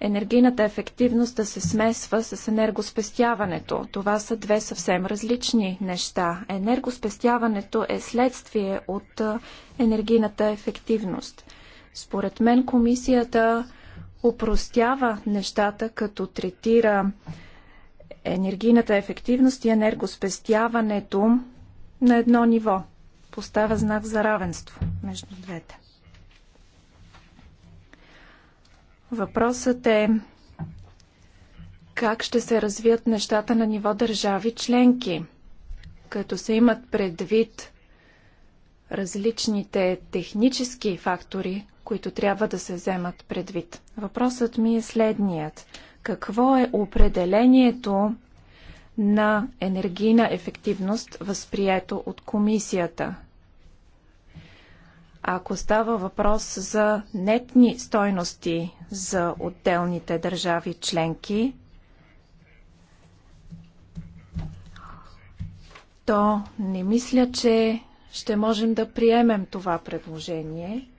енергийната ефективност да се смесва с енергоспестяването. Това са две съвсем различни неща. Енергоспестяването е следствие от енергийната ефективност. Според мен комисията упростява нещата, като третира енергийната ефективност и енергоспестяването на едно ниво. Поставя знак за равенство между двете. Въпросът е как ще се развият нещата на ниво държави членки, като се имат предвид различните технически фактори, които трябва да се вземат предвид. Въпросът ми е следният – какво е определението на енергийна ефективност, възприето от комисията? Ако става въпрос за нетни стойности за отделните държави членки, то не мисля, че ще можем да приемем това предложение.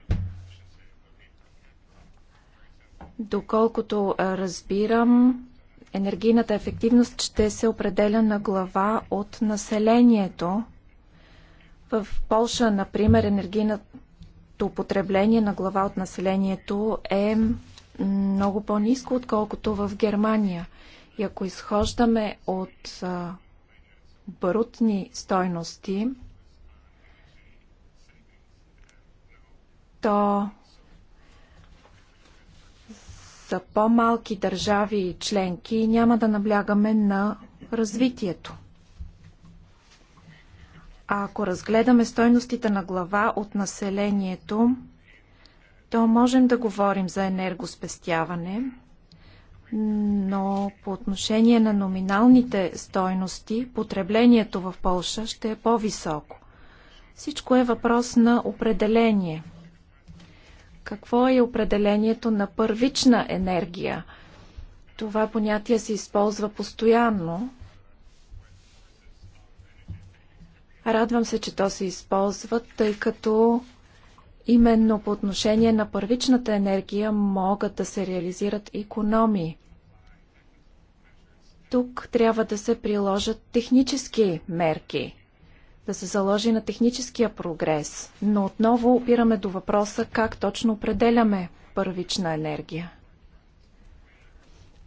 Доколкото разбирам, енергийната ефективност ще се определя на глава от населението. В Полша, например, енергийното потребление на глава от населението е много по-низко, отколкото в Германия. И ако изхождаме от брутни стойности, то са по-малки държави и членки, няма да наблягаме на развитието. А ако разгледаме стойностите на глава от населението, то можем да говорим за енергоспестяване, но по отношение на номиналните стойности, потреблението в Полша ще е по-високо. Всичко е въпрос на определение – какво е определението на първична енергия? Това понятие се използва постоянно. Радвам се, че то се използва, тъй като именно по отношение на първичната енергия могат да се реализират економии. Тук трябва да се приложат технически мерки да се заложи на техническия прогрес, но отново опираме до въпроса как точно определяме първична енергия.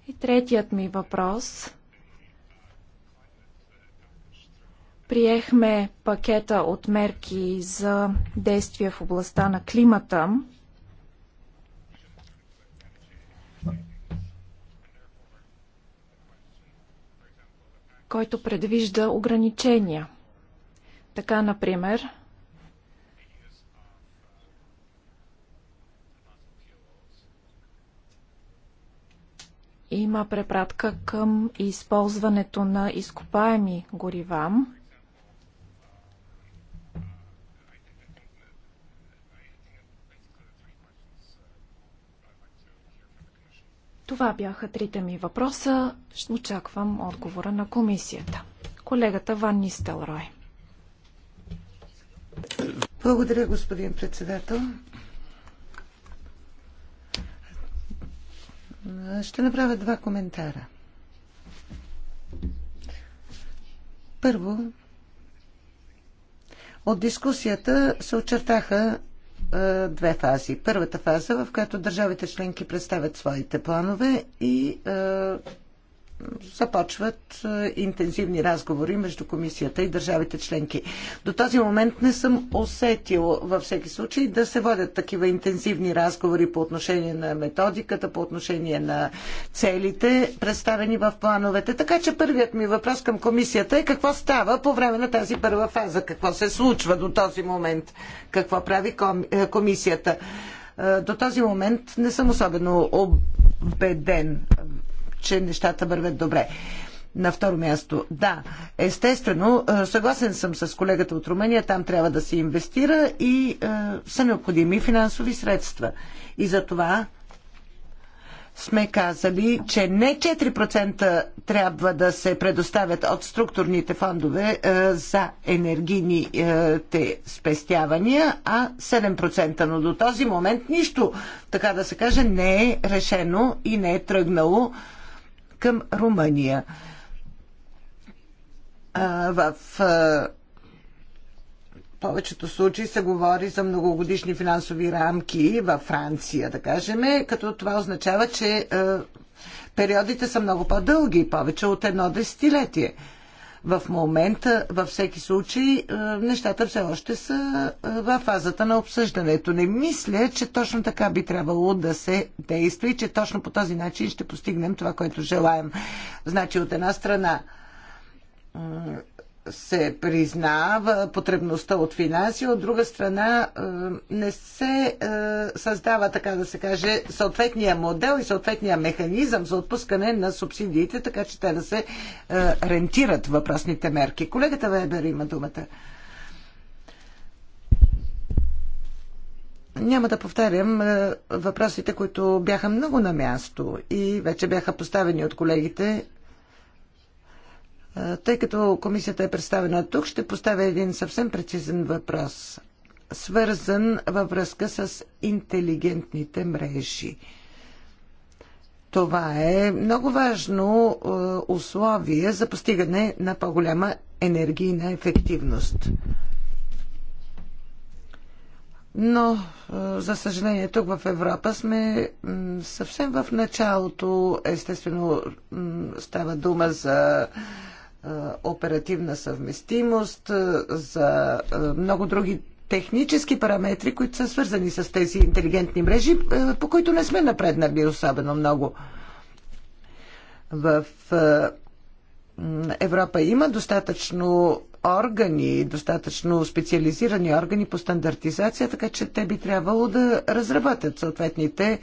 И третият ми въпрос. Приехме пакета от мерки за действия в областта на климата. който предвижда ограничения. Така, например, има препратка към използването на изкопаеми горива. Това бяха трите ми въпроса. Очаквам отговора на комисията. Колегата Ван Нистелрой. Благодаря, господин председател. Ще направя два коментара. Първо, от дискусията се очертаха е, две фази. Първата фаза, в която държавите членки представят своите планове и е, започват е, интензивни разговори между комисията и държавите членки. До този момент не съм усетил във всеки случай да се водят такива интензивни разговори по отношение на методиката, по отношение на целите, представени в плановете. Така че първият ми въпрос към комисията е какво става по време на тази първа фаза, какво се случва до този момент, какво прави е, комисията. Е, до този момент не съм особено убеден че нещата вървят добре. На второ място, да, естествено, е, съгласен съм с колегата от Румъния, там трябва да се инвестира и е, са необходими финансови средства. И за това сме казали, че не 4% трябва да се предоставят от структурните фондове е, за енергийните е, спестявания, а 7%. Но до този момент нищо, така да се каже, не е решено и не е тръгнало към Румъния. В повечето случаи се говори за многогодишни финансови рамки във Франция, да кажем, като това означава, че периодите са много по-дълги, повече от едно десетилетие. В момента, във всеки случай, е, нещата все още са е, в фазата на обсъждането. Не мисля, че точно така би трябвало да се действа и че точно по този начин ще постигнем това, което желаем. Значи, от една страна се признава потребността от финанси, от друга страна е, не се е, създава, така да се каже, съответния модел и съответния механизъм за отпускане на субсидиите, така че те да се е, рентират въпросните мерки. Колегата Вебер има думата. Няма да повтарям въпросите, които бяха много на място и вече бяха поставени от колегите е, тъй като комисията е представена тук, ще поставя един съвсем прецизен въпрос, свързан във връзка с интелигентните мрежи. Това е много важно е, условие за постигане на по-голяма енергийна ефективност. Но, е, за съжаление, тук в Европа сме съвсем в началото. Естествено, става дума за е, оперативна съвместимост, е, за е, много други технически параметри, които са свързани с тези интелигентни мрежи, по които не сме напреднали особено много. В Европа има достатъчно органи, достатъчно специализирани органи по стандартизация, така че те би трябвало да разработят съответните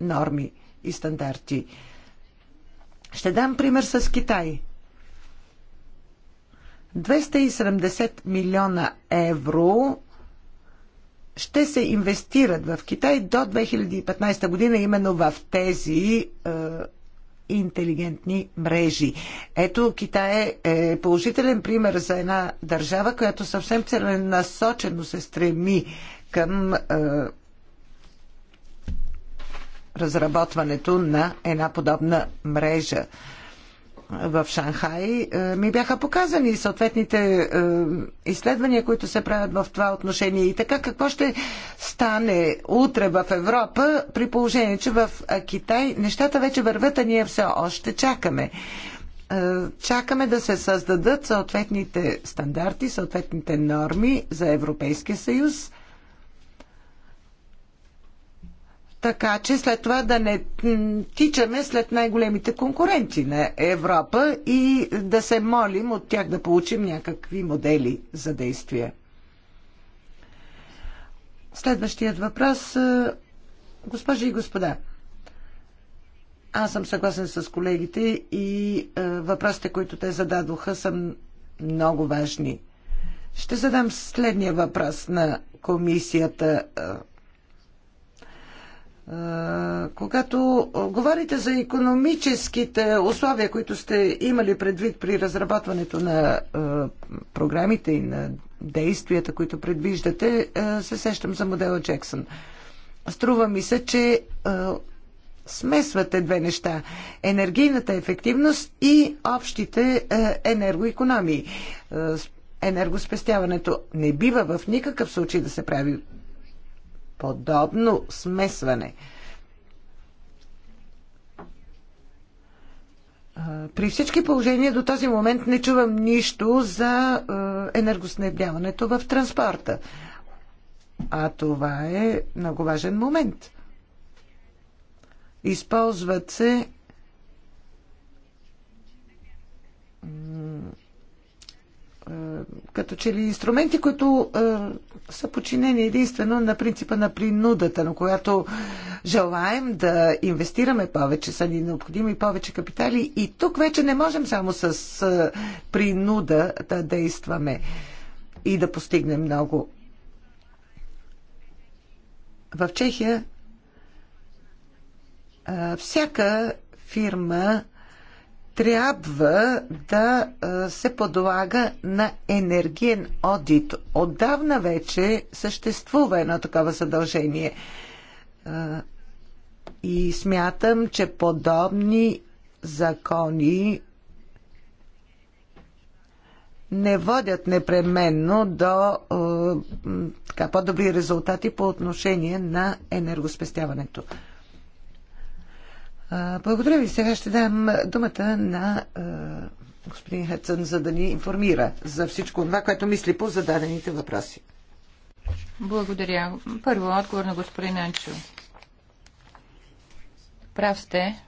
норми и стандарти. Ще дам пример с Китай – 270 милиона евро ще се инвестират в Китай до 2015 година именно в тези е, интелигентни мрежи. Ето Китай е, е положителен пример за една държава, която съвсем целенасочено се стреми към е, разработването на една подобна мрежа в Шанхай е, ми бяха показани съответните е, изследвания, които се правят в това отношение. И така, какво ще стане утре в Европа, при положение, че в е, Китай нещата вече върват, а ние все още чакаме. Чакаме да се създадат съответните стандарти, съответните норми за Европейския съюз – така че след това да не тичаме след най-големите конкуренти на Европа и да се молим от тях да получим някакви модели за действие. Следващият въпрос, е, госпожи и господа, аз съм съгласен с колегите и е, въпросите, които те зададоха, са много важни. Ще задам следния въпрос на комисията е, когато говорите за економическите условия, които сте имали предвид при разработването на програмите и на действията, които предвиждате, се сещам за модела Джексън. Струва ми се, че смесвате две неща енергийната ефективност и общите енергоекономии енергоспестяването. Не бива в никакъв случай да се прави подобно смесване. При всички положения до този момент не чувам нищо за енергоснебяването в транспорта. А това е много важен момент. Използват се Е, като че ли инструменти, които е, са подчинени единствено на принципа на принудата, на която желаем да инвестираме повече, са ни необходими повече капитали и тук вече не можем само с е, принуда да действаме и да постигнем много. В Чехия е, всяка фирма трябва да се подлага на енергиен одит. Отдавна вече съществува едно такова задължение. И смятам, че подобни закони не водят непременно до така, по-добри резултати по отношение на енергоспестяването. Благодаря ви. Сега ще дам думата на господин Хецън, за да ни информира за всичко това, което мисли по зададените въпроси. Благодаря. Първо отговор на господин Анчо. Прав сте,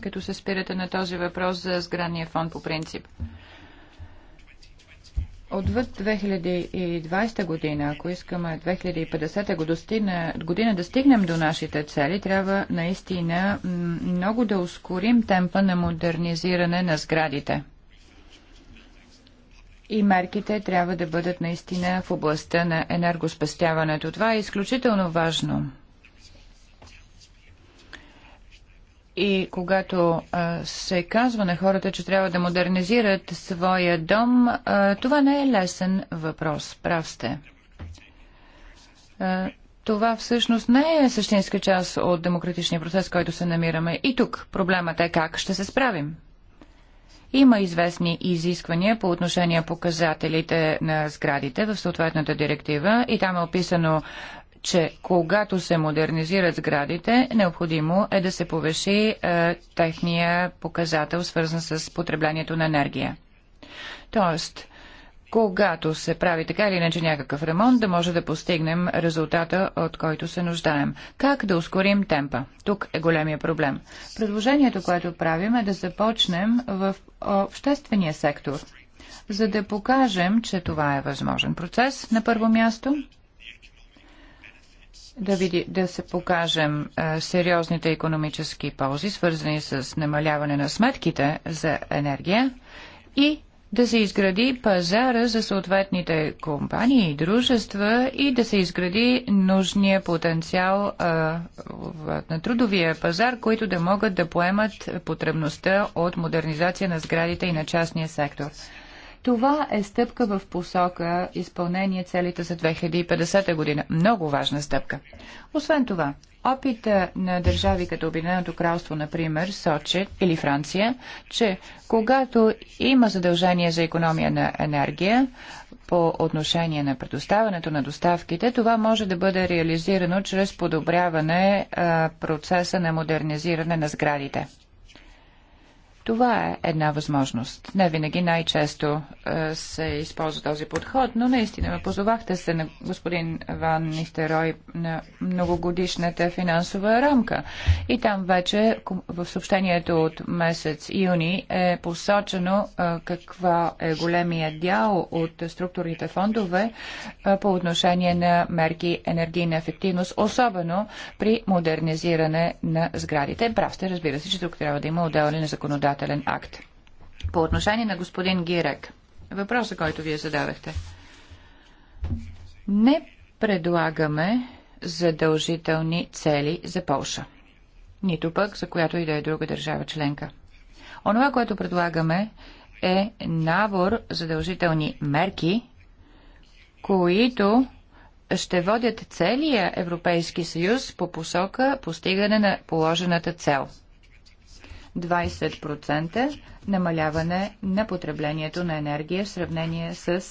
като се спирате на този въпрос за сградния фонд по принцип отвъд 2020 година, ако искаме 2050 година, година да стигнем до нашите цели, трябва наистина много да ускорим темпа на модернизиране на сградите. И мерките трябва да бъдат наистина в областта на енергоспестяването. Това е изключително важно. И когато а, се казва на хората, че трябва да модернизират своя дом, а, това не е лесен въпрос. Прав сте. А, това всъщност не е същинска част от демократичния процес, който се намираме. И тук проблемът е как ще се справим. Има известни изисквания по отношение показателите на сградите в съответната директива и там е описано че когато се модернизират сградите, необходимо е да се повиши е, техния показател, свързан с потреблението на енергия. Тоест, когато се прави така или иначе някакъв ремонт, да може да постигнем резултата, от който се нуждаем. Как да ускорим темпа? Тук е големия проблем. Предложението, което правим е да започнем в обществения сектор, за да покажем, че това е възможен процес на първо място – да, види, да се покажем а, е, сериозните економически ползи, свързани с намаляване на сметките за енергия и да се изгради пазара за съответните компании и дружества и да се изгради нужния потенциал а, е, на трудовия пазар, които да могат да поемат потребността от модернизация на сградите и на частния сектор. Това е стъпка в посока изпълнение целите за 2050 година. Много важна стъпка. Освен това, опита на държави като Обединеното кралство, например, Сочи или Франция, че когато има задължение за економия на енергия по отношение на предоставянето на доставките, това може да бъде реализирано чрез подобряване а, процеса на модернизиране на сградите. Това е една възможност. Не винаги най-често е, се използва този подход, но наистина ме позовахте се на господин Ван Нистерой на многогодишната финансова рамка. И там вече в съобщението от месец юни е посочено е, каква е големия дял от структурните фондове е, по отношение на мерки енергийна ефективност, особено при модернизиране на сградите. Прав сте, разбира се, че тук трябва да има отделни законодателство законодателен акт. По отношение на господин Гирек, въпроса, който вие задавахте. Не предлагаме задължителни цели за Полша. Нито пък за която и да е друга държава членка. Онова, което предлагаме е набор задължителни мерки, които ще водят целия Европейски съюз по посока постигане на положената цел – 20% намаляване на потреблението на енергия в сравнение с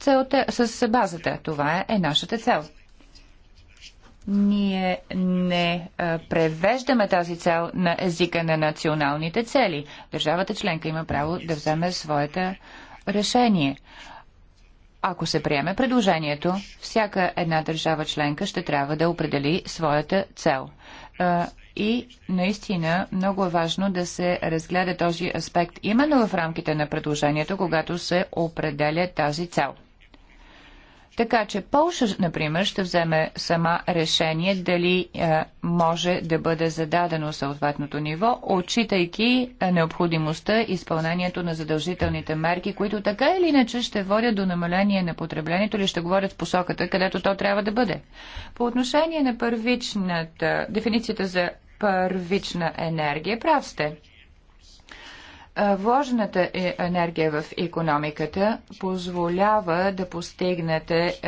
целта, с базата. Това е, е нашата цел. Ние не превеждаме тази цел на езика на националните цели. Държавата членка има право да вземе своята решение. Ако се приеме предложението, всяка една държава членка ще трябва да определи своята цел. И наистина много е важно да се разгледа този аспект именно в рамките на предложението, когато се определя тази цел. Така че Полша, например, ще вземе сама решение дали е, може да бъде зададено съответното ниво, отчитайки е, необходимостта изпълнението на задължителните мерки, които така или иначе ще водят до намаление на потреблението или ще говорят в посоката, където то трябва да бъде. По отношение на първичната дефиницията за първична енергия. Прав сте. Вложената е енергия в економиката позволява да постигнете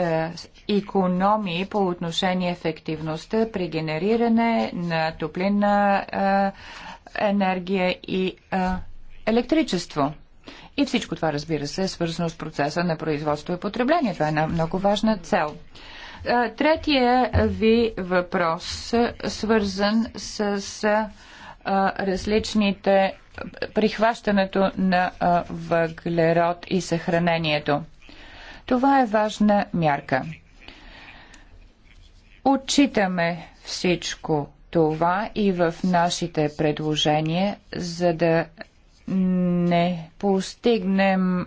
економии по отношение ефективността при генериране на топлинна енергия и електричество. И всичко това, разбира се, е свързано с процеса на производство и потребление. Това е една много важна цел. Е, третия ви въпрос, свързан с е, различните прихващането на е, въглерод и съхранението. Това е важна мярка. Отчитаме всичко това и в нашите предложения, за да не постигнем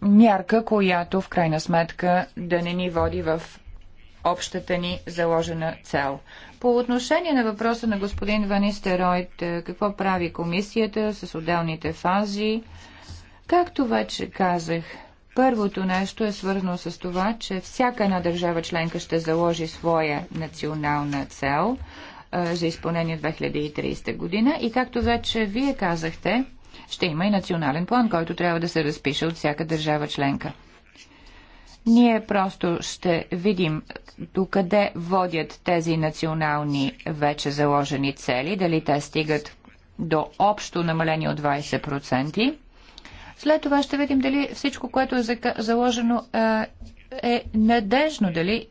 мярка, която в крайна сметка да не ни води в общата ни заложена цел. По отношение на въпроса на господин Ванистероид, е, какво прави комисията с отделните фази, както вече казах, Първото нещо е свързано с това, че всяка една държава членка ще заложи своя национална цел е, за изпълнение 2030 година и както вече вие казахте, ще има и национален план, който трябва да се разпише от всяка държава членка. Ние просто ще видим докъде водят тези национални вече заложени цели, дали те стигат до общо намаление от 20%. След това ще видим дали всичко, което е заложено е, е надежно, дали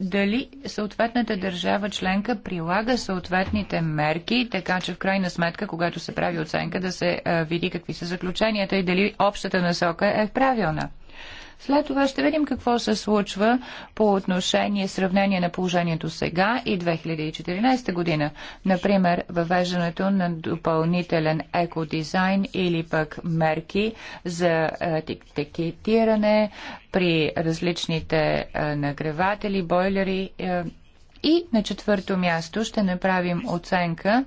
дали съответната държава членка прилага съответните мерки, така че в крайна сметка, когато се прави оценка, да се е, види какви са заключенията и дали общата насока е правилна. След това ще видим какво се случва по отношение сравнение на положението сега и 2014 година. Например, въвеждането на допълнителен екодизайн или пък мерки за етикетиране при различните е, нагреватели, бойлери. Е, и на четвърто място ще направим оценка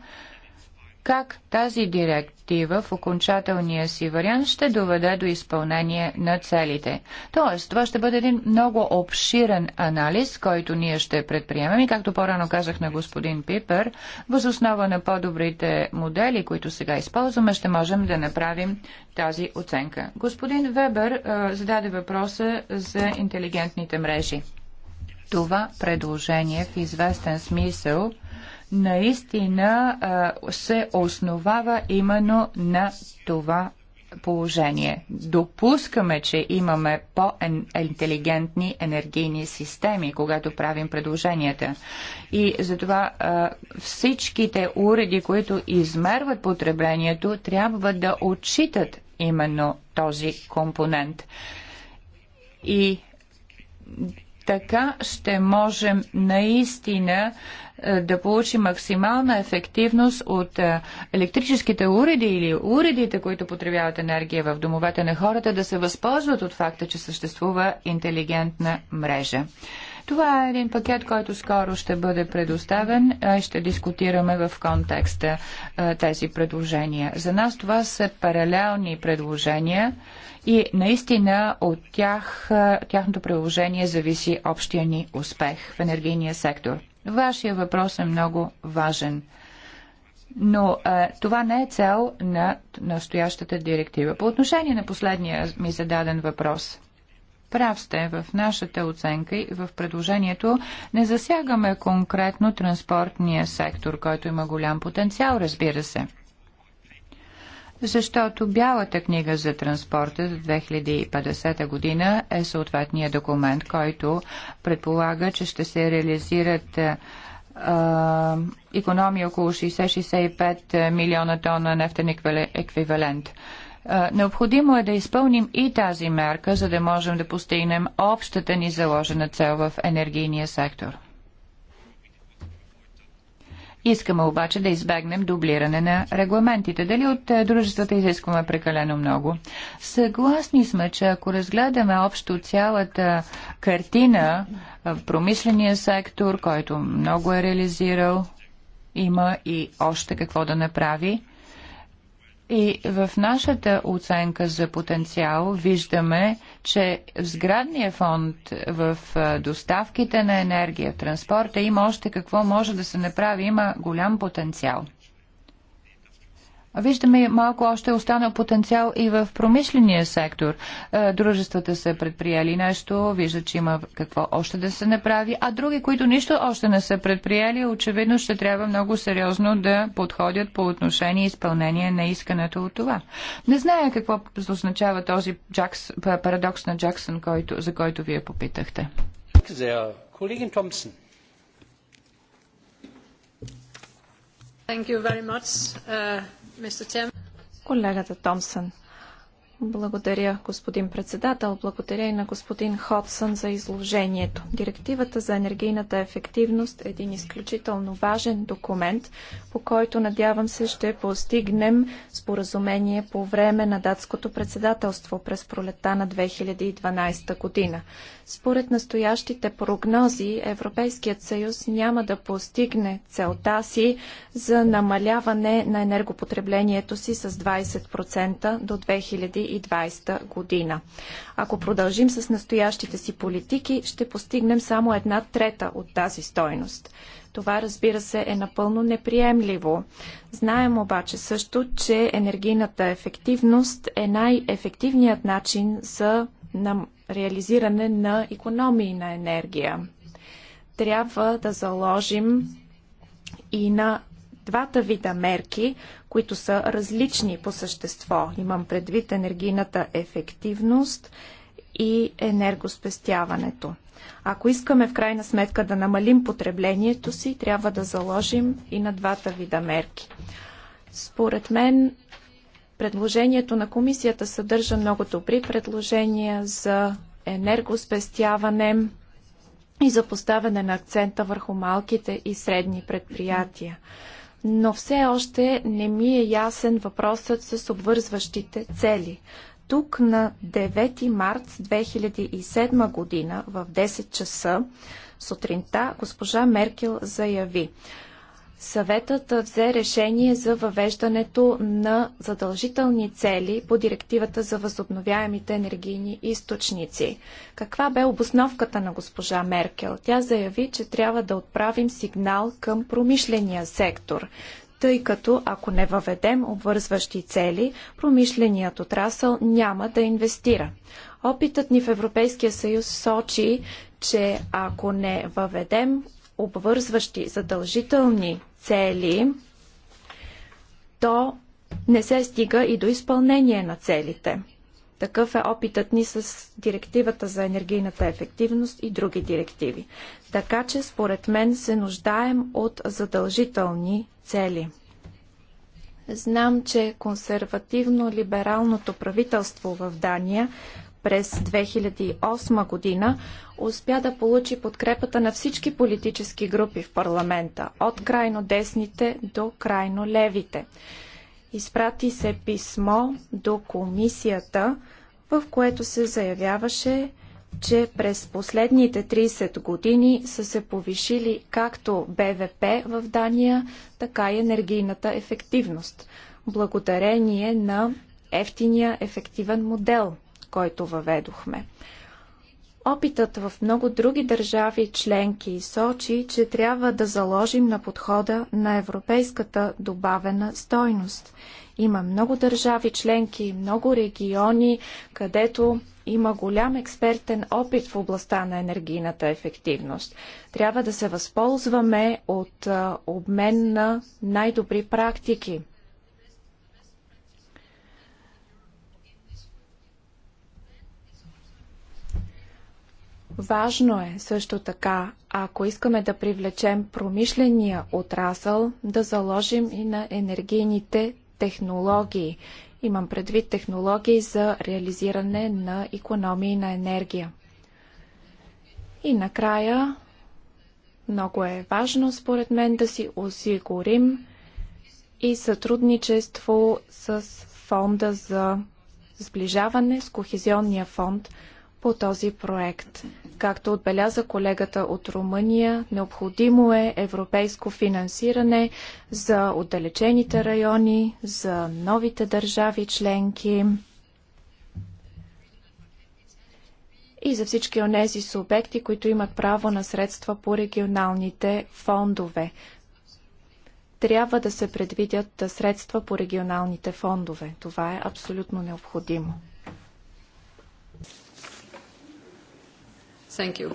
как тази директива в окончателния си вариант ще доведе до изпълнение на целите. Тоест, това ще бъде един много обширен анализ, който ние ще предприемем и както по-рано казах на господин Пипер, възоснова на по-добрите модели, които сега използваме, ще можем да направим тази оценка. Господин Вебер зададе въпроса за интелигентните мрежи. Това предложение в известен смисъл наистина се основава именно на това положение. Допускаме, че имаме по-интелигентни енергийни системи, когато правим предложенията. И затова а, всичките уреди, които измерват потреблението, трябва да отчитат именно този компонент. И така ще можем наистина е, да получим максимална ефективност от е, електрическите уреди или уредите, които потребяват енергия в домовете на хората, да се възползват от факта, че съществува интелигентна мрежа. Това е един пакет, който скоро ще бъде предоставен. Е, ще дискутираме в контекста е, тези предложения. За нас това са паралелни предложения и наистина от тях, е, тяхното приложение зависи общия ни успех в енергийния сектор. Вашия въпрос е много важен. Но а, това не е цел на настоящата директива. По отношение на последния ми зададен въпрос – Прав сте в нашата оценка и в предложението. Не засягаме конкретно транспортния сектор, който има голям потенциал, разбира се. Защото Бялата книга за транспорта за 2050 година е съответният документ, който предполага, че ще се реализират економия около 60-65 милиона тона нефтен еквивалент. Необходимо е да изпълним и тази мерка, за да можем да постигнем общата ни заложена цел в енергийния сектор. Искаме обаче да избегнем дублиране на регламентите. Дали от е, дружествата изискваме прекалено много? Съгласни сме, че ако разгледаме общо цялата картина е, в промишления сектор, който много е реализирал, има и още какво да направи – и в нашата оценка за потенциал виждаме, че в сградния фонд, в доставките на енергия, в транспорта има още какво може да се направи. Има голям потенциал. Виждаме малко още е останал потенциал и в промишления сектор. Е, дружествата са предприели нещо, виждат, че има какво още да се направи, а други, които нищо още не са предприели, очевидно ще трябва много сериозно да подходят по отношение и изпълнение на искането от това. Не зная какво означава този Джакс, парадокс на Джаксън, който, за който вие попитахте. Колегин Томпсън. Thank you very much. Uh... Колегата Томсън. Благодаря, господин председател. Благодаря и на господин Ходсън за изложението. Директивата за енергийната ефективност е един изключително важен документ, по който надявам се ще постигнем споразумение по време на датското председателство през пролета на 2012 година. Според настоящите прогнози, Европейският съюз няма да постигне целта си за намаляване на енергопотреблението си с 20% до 2020 година. Ако продължим с настоящите си политики, ще постигнем само една трета от тази стойност. Това, разбира се, е напълно неприемливо. Знаем обаче също, че енергийната ефективност е най-ефективният начин за реализиране на економии на енергия. Трябва да заложим и на двата вида мерки, които са различни по същество. Имам предвид енергийната ефективност и енергоспестяването. Ако искаме в крайна сметка да намалим потреблението си, трябва да заложим и на двата вида мерки. Според мен Предложението на комисията съдържа много добри предложения за енергоспестяване и за поставяне на акцента върху малките и средни предприятия. Но все още не ми е ясен въпросът с обвързващите цели. Тук на 9 март 2007 година в 10 часа сутринта госпожа Меркел заяви – Съветът взе решение за въвеждането на задължителни цели по директивата за възобновяемите енергийни източници. Каква бе обосновката на госпожа Меркел? Тя заяви, че трябва да отправим сигнал към промишления сектор, тъй като ако не въведем обвързващи цели, промишленият отрасъл няма да инвестира. Опитът ни в Европейския съюз сочи, че ако не въведем обвързващи задължителни цели, то не се стига и до изпълнение на целите. Такъв е опитът ни с директивата за енергийната ефективност и други директиви. Така че, според мен, се нуждаем от задължителни цели. Знам, че консервативно-либералното правителство в Дания през 2008 година успя да получи подкрепата на всички политически групи в парламента, от крайно десните до крайно левите. Изпрати се писмо до комисията, в което се заявяваше, че през последните 30 години са се повишили както БВП в Дания, така и енергийната ефективност, благодарение на ефтиния ефективен модел – който въведохме. Опитът в много други държави членки сочи, че трябва да заложим на подхода на европейската добавена стойност. Има много държави членки, много региони, където има голям експертен опит в областта на енергийната ефективност. Трябва да се възползваме от обмен на най-добри практики. Важно е също така, ако искаме да привлечем промишления отрасъл, да заложим и на енергийните технологии. Имам предвид технологии за реализиране на економии на енергия. И накрая, много е важно според мен да си осигурим и сътрудничество с фонда за сближаване с Кохезионния фонд по този проект. Както отбеляза колегата от Румъния, необходимо е европейско финансиране за отдалечените райони, за новите държави членки и за всички онези субекти, които имат право на средства по регионалните фондове. Трябва да се предвидят средства по регионалните фондове. Това е абсолютно необходимо. Thank you.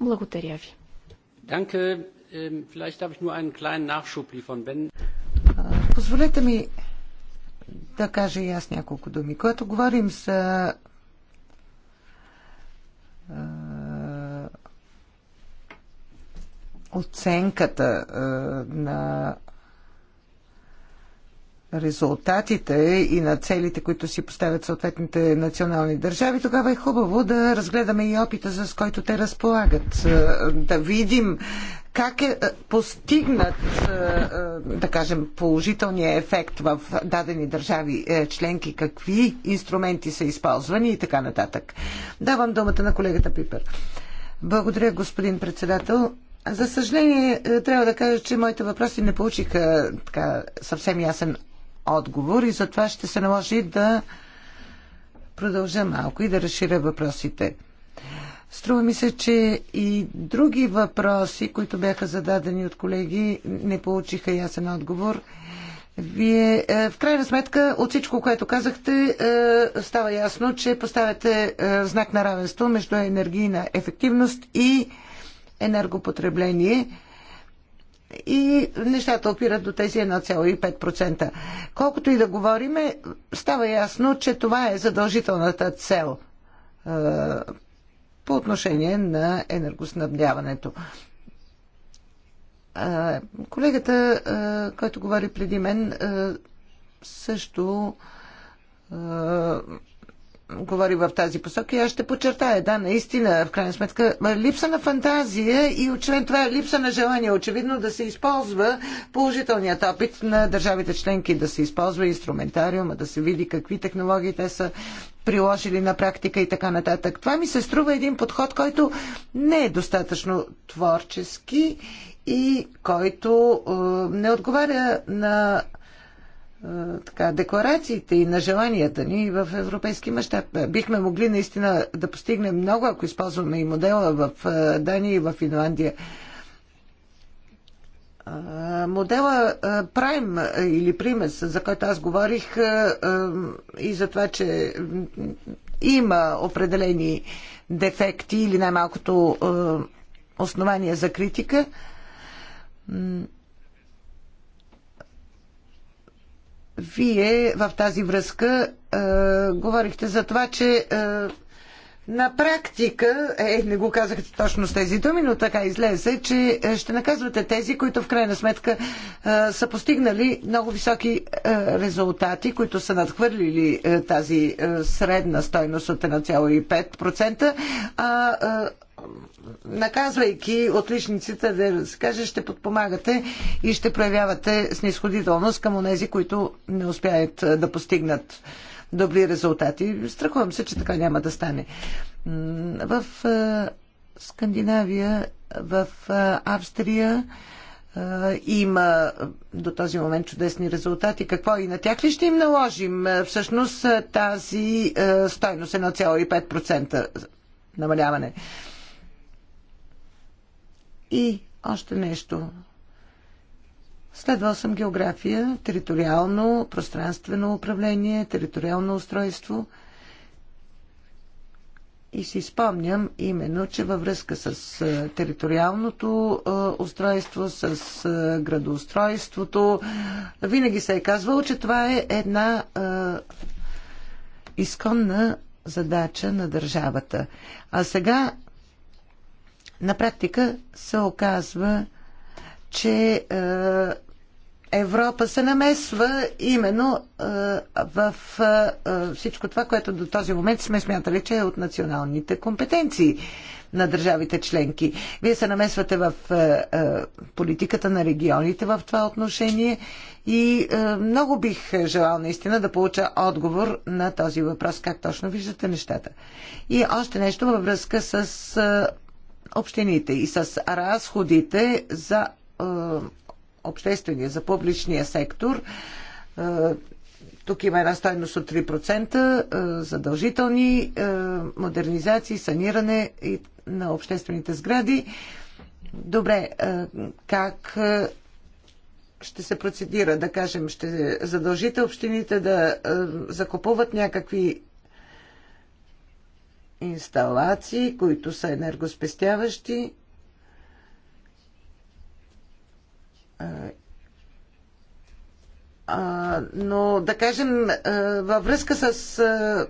Благодаря ви. Danke. Ähm, vielleicht darf ich nur einen kleinen Nachschub liefern, wenn... Позволете ми да кажа и аз няколко думи. Когато говорим за оценката на резултатите и на целите, които си поставят съответните национални държави, тогава е хубаво да разгледаме и опита, с който те разполагат. Е, да видим как е, е постигнат, е, да кажем, положителния ефект в дадени държави членки, какви инструменти са използвани и така нататък. Давам думата на колегата Пипер. Благодаря, господин председател. За съжаление, трябва да кажа, че моите въпроси не получиха така съвсем ясен отговор и затова ще се наложи да продължа малко и да разширя въпросите. Струва ми се, че и други въпроси, които бяха зададени от колеги, не получиха ясен отговор. Вие, е, в крайна сметка, от всичко, което казахте, е, става ясно, че поставяте е, знак на равенство между енергийна ефективност и енергопотребление и нещата опират до тези 1,5%. Колкото и да говориме, става ясно, че това е задължителната цел по отношение на енергоснабдяването. колегата, който говори преди мен, също говори в тази посока и аз ще подчертая, да, наистина, в крайна сметка, липса на фантазия и очевидно това е липса на желание, очевидно да се използва положителният опит на държавите членки, да се използва инструментариума, да се види какви технологии те са приложили на практика и така нататък. Това ми се струва един подход, който не е достатъчно творчески и който е, не отговаря на така, декларациите и на желанията ни в европейски мащаб. Бихме могли наистина да постигнем много, ако използваме и модела в Дания и в Финландия. Модела Прайм или Примес, за който аз говорих и за това, че има определени дефекти или най-малкото основания за критика, Вие в тази връзка е, говорихте за това, че е, на практика, е, не го казахте точно с тези думи, но така излезе, че е, ще наказвате тези, които в крайна сметка е, са постигнали много високи е, резултати, които са надхвърлили е, тази е, средна стойност от 1,5%, а е, наказвайки отличниците, да се каже, ще подпомагате и ще проявявате снисходителност към онези, които не успяят е, да постигнат добри резултати. Страхувам се, че така няма да стане. В Скандинавия, в Австрия има до този момент чудесни резултати. Какво и на тях ли ще им наложим? Всъщност тази стойност 1,5% намаляване. И още нещо. Следвал съм география, териториално, пространствено управление, териториално устройство. И си спомням именно, че във връзка с териториалното устройство, с градоустройството, винаги се е казвало, че това е една изконна задача на държавата. А сега на практика се оказва, че е, Европа се намесва именно е, в е, всичко това, което до този момент сме смятали, че е от националните компетенции на държавите членки. Вие се намесвате в политиката на регионите в това отношение и много бих желал наистина да получа отговор на този въпрос, как точно виждате нещата. И още нещо във връзка с общините и с разходите за е, обществения, за публичния сектор. Е, тук има една стойност от 3%, е, задължителни модернизации, саниране на обществените сгради. Добре, как ще се процедира, да кажем, ще задължите общините да закупуват някакви инсталации, които са енергоспестяващи. но да кажем, във връзка с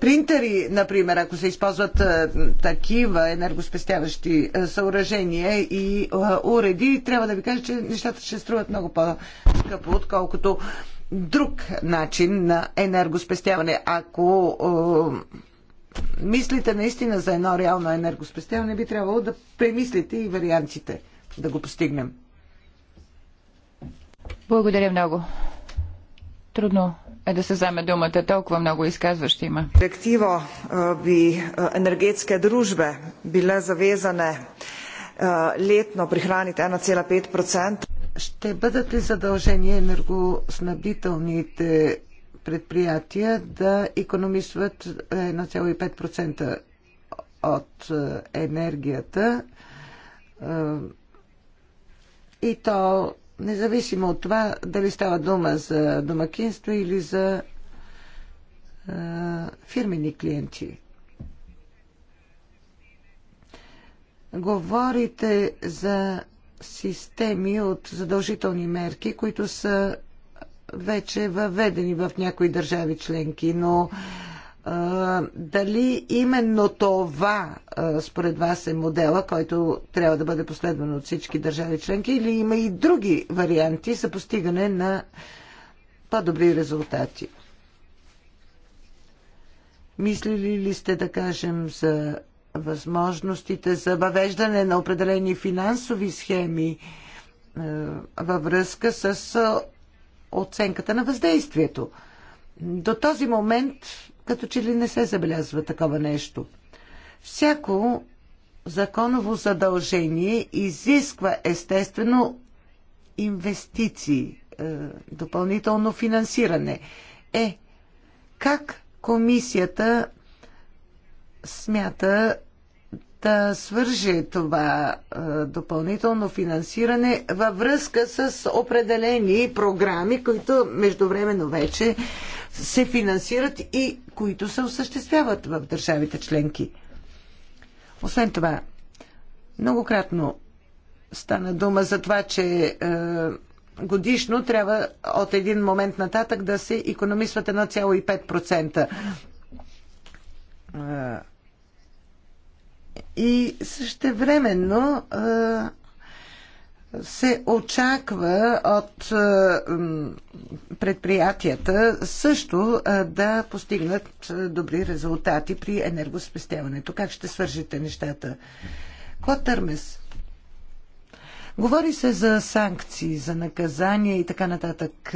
принтери, например, ако се използват такива енергоспестяващи съоръжения и уреди, трябва да ви кажа, че нещата ще струват много по-скъпо, отколкото друг начин на енергоспестяване. Ако мислите наистина за едно реално енергоспестяване, би трябвало да премислите и вариантите да го постигнем. Благодаря много. Трудно е да се вземе думата. Толкова много изказващи има. Директива би енергетske дружбе биле завезане летно прихраните 1,5%. Ще бъдат ли задължени енергоснабдителните предприятия да економисват 1,5% от енергията? И то независимо от това дали става дума за домакинство или за а, е, фирмени клиенти. Говорите за системи от задължителни мерки, които са вече въведени в някои държави членки, но дали именно това според вас е модела, който трябва да бъде последван от всички държави членки или има и други варианти за постигане на по-добри резултати? Мислили ли сте, да кажем, за възможностите за въвеждане на определени финансови схеми във връзка с оценката на въздействието? До този момент като че ли не се забелязва такова нещо. Всяко законово задължение изисква естествено инвестиции, е, допълнително финансиране. Е, как комисията смята да свърже това е, допълнително финансиране във връзка с определени програми, които междувременно вече се финансират и които се осъществяват в държавите членки. Освен това, многократно стана дума за това, че е, годишно трябва от един момент нататък да се економисват 1,5%. И също времено е, се очаква от е, предприятията също е, да постигнат е, добри резултати при енергоспестяването. Как ще свържите нещата? Клод Търмес. Говори се за санкции, за наказания и така нататък.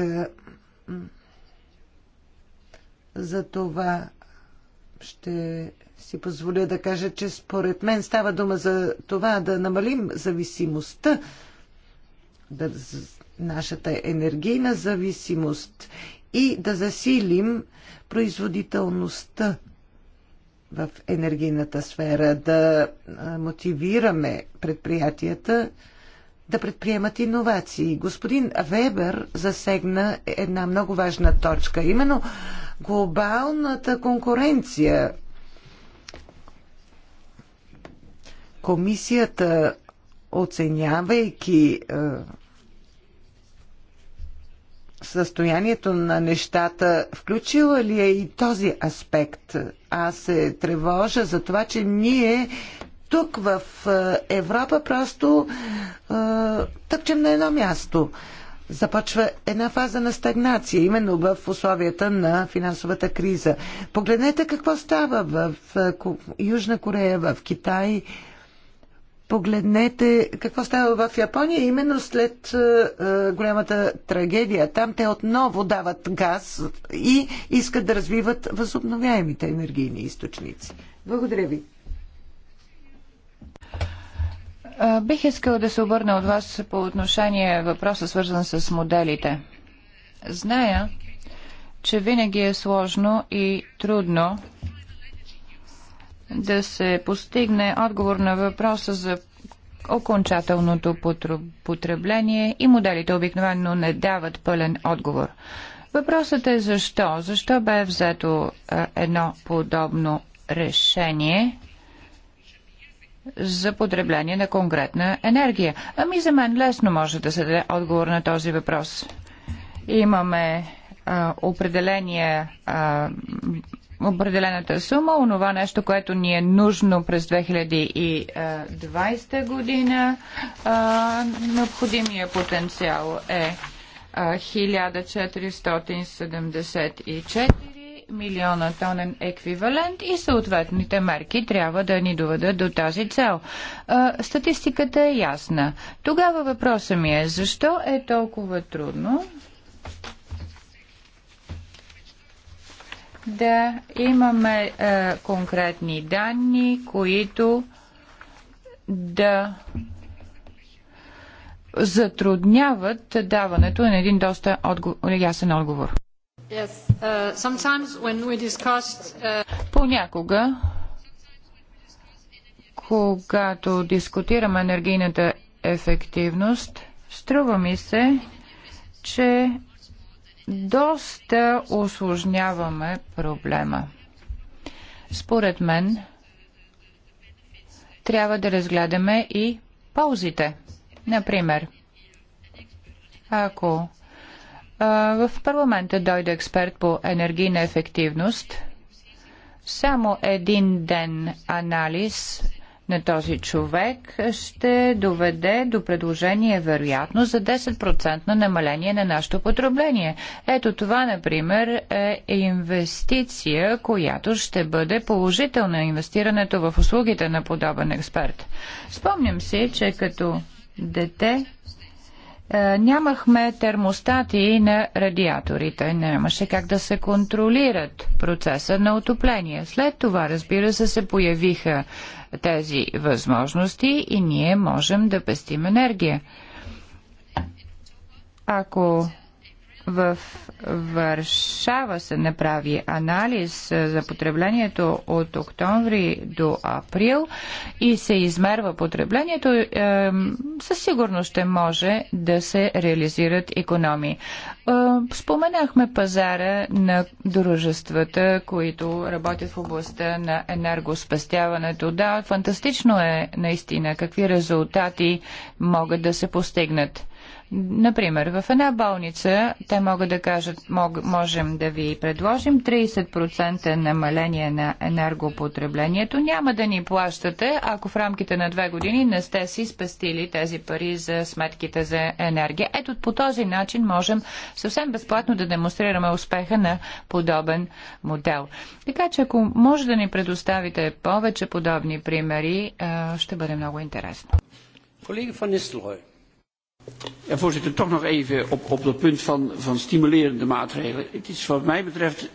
За това ще си позволя да кажа, че според мен става дума за това да намалим зависимостта да, нашата енергийна зависимост и да засилим производителността в енергийната сфера, да мотивираме предприятията да предприемат иновации. Господин Вебер засегна една много важна точка, именно глобалната конкуренция. Комисията оценявайки е, състоянието на нещата, включила ли е и този аспект? Аз се тревожа за това, че ние тук в е, Европа просто е, тъпчем на едно място. Започва една фаза на стагнация, именно в условията на финансовата криза. Погледнете какво става в е, Южна Корея, в Китай. Е, Погледнете какво става в Япония, именно след е, е, голямата трагедия. Там те отново дават газ и искат да развиват възобновяемите енергийни източници. Благодаря ви. Е, бих искала да се обърна от вас по отношение въпроса, свързан с моделите. Зная, че винаги е сложно и трудно да се постигне отговор на въпроса за окончателното потребление и моделите обикновено не дават пълен отговор. Въпросът е защо? Защо бе взето едно подобно решение за потребление на конкретна енергия? Ами за мен лесно може да се даде отговор на този въпрос. Имаме а, определение а, определената сума, онова нещо, което ни е нужно през 2020 година. Необходимия потенциал е 1474 милиона тонен еквивалент и съответните мерки трябва да ни доведат до тази цел. Статистиката е ясна. Тогава въпросът ми е защо е толкова трудно да имаме е, конкретни данни, които да затрудняват даването на един доста отговор, ясен отговор. Yes. Uh, discussed, uh... Понякога, когато дискутираме енергийната ефективност, струва ми се, че доста осложняваме проблема. Според мен, трябва да разгледаме и ползите. Например, ако а, в парламента дойде експерт по енергийна ефективност, само един ден анализ на този човек ще доведе до предложение вероятно за 10% на намаление на нашето потребление. Ето това, например, е инвестиция, която ще бъде положителна инвестирането в услугите на подобен експерт. Спомням си, че като дете е, нямахме термостати на радиаторите. Нямаше как да се контролират процеса на отопление. След това, разбира се, се появиха тези възможности и ние можем да пестим енергия. Ако в Варшава се направи анализ е, за потреблението от октомври до април и се измерва потреблението. Е, със сигурност ще може да се реализират економии. Е, споменахме пазара на дружествата, които работят в областта на енергоспестяването. Да, фантастично е наистина какви резултати могат да се постигнат. Например, в една болница те могат да кажат, мог, можем да ви предложим 30% намаление на енергопотреблението. Няма да ни плащате, ако в рамките на две години не сте си спестили тези пари за сметките за енергия. Ето по този начин можем съвсем безплатно да демонстрираме успеха на подобен модел. Така че ако може да ни предоставите повече подобни примери, ще бъде много интересно. Колега Фанислой. Ja, voorzitter, toch nog even op, op dat punt van, van stimulerende maatregelen. Het is wat mij betreft...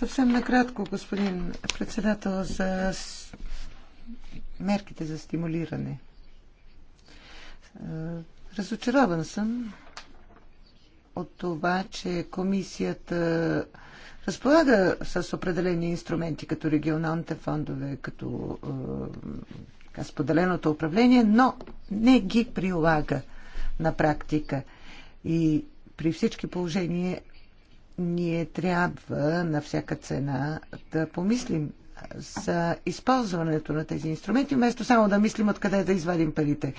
Съвсем накратко, господин председател, за мерките за стимулиране. Е, разочарован съм от това, че комисията разполага с определени инструменти, като регионалните фондове, като е, споделеното управление, но не ги прилага на практика. И при всички положения ние трябва на всяка цена да помислим за използването на тези инструменти, вместо само да мислим откъде да извадим парите.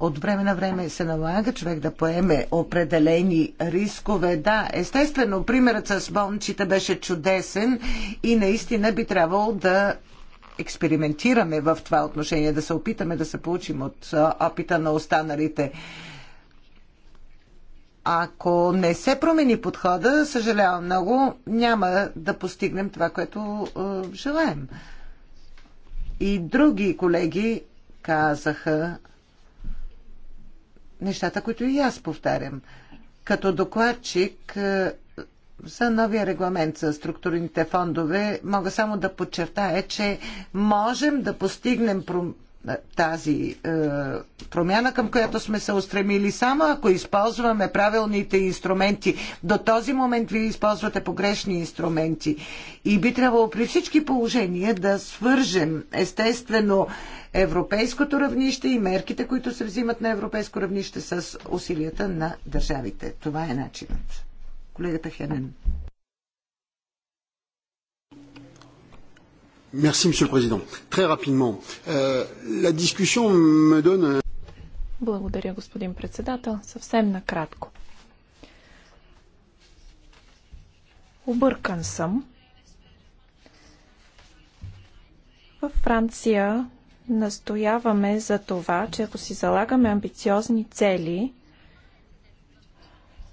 От време на време се налага човек да поеме определени рискове. Да, естествено, примерът с болничите беше чудесен и наистина би трябвало да експериментираме в това отношение, да се опитаме да се получим от опита на останалите ако не се промени подхода, съжалявам много, няма да постигнем това, което е, желаем. И други колеги казаха нещата, които и аз повтарям. Като докладчик е, за новия регламент за структурните фондове мога само да подчертая, че можем да постигнем тази е, промяна, към която сме се устремили само ако използваме правилните инструменти. До този момент вие използвате погрешни инструменти. И би трябвало при всички положения да свържем естествено европейското равнище и мерките, които се взимат на европейско равнище с усилията на държавите. Това е начинът. Колегата Хенен. Merci, Monsieur le Président. Très rapidement, euh, la discussion me donne... Благодаря, господин председател. Съвсем накратко. Объркан съм. Във Франция настояваме за това, че ако си залагаме амбициозни цели,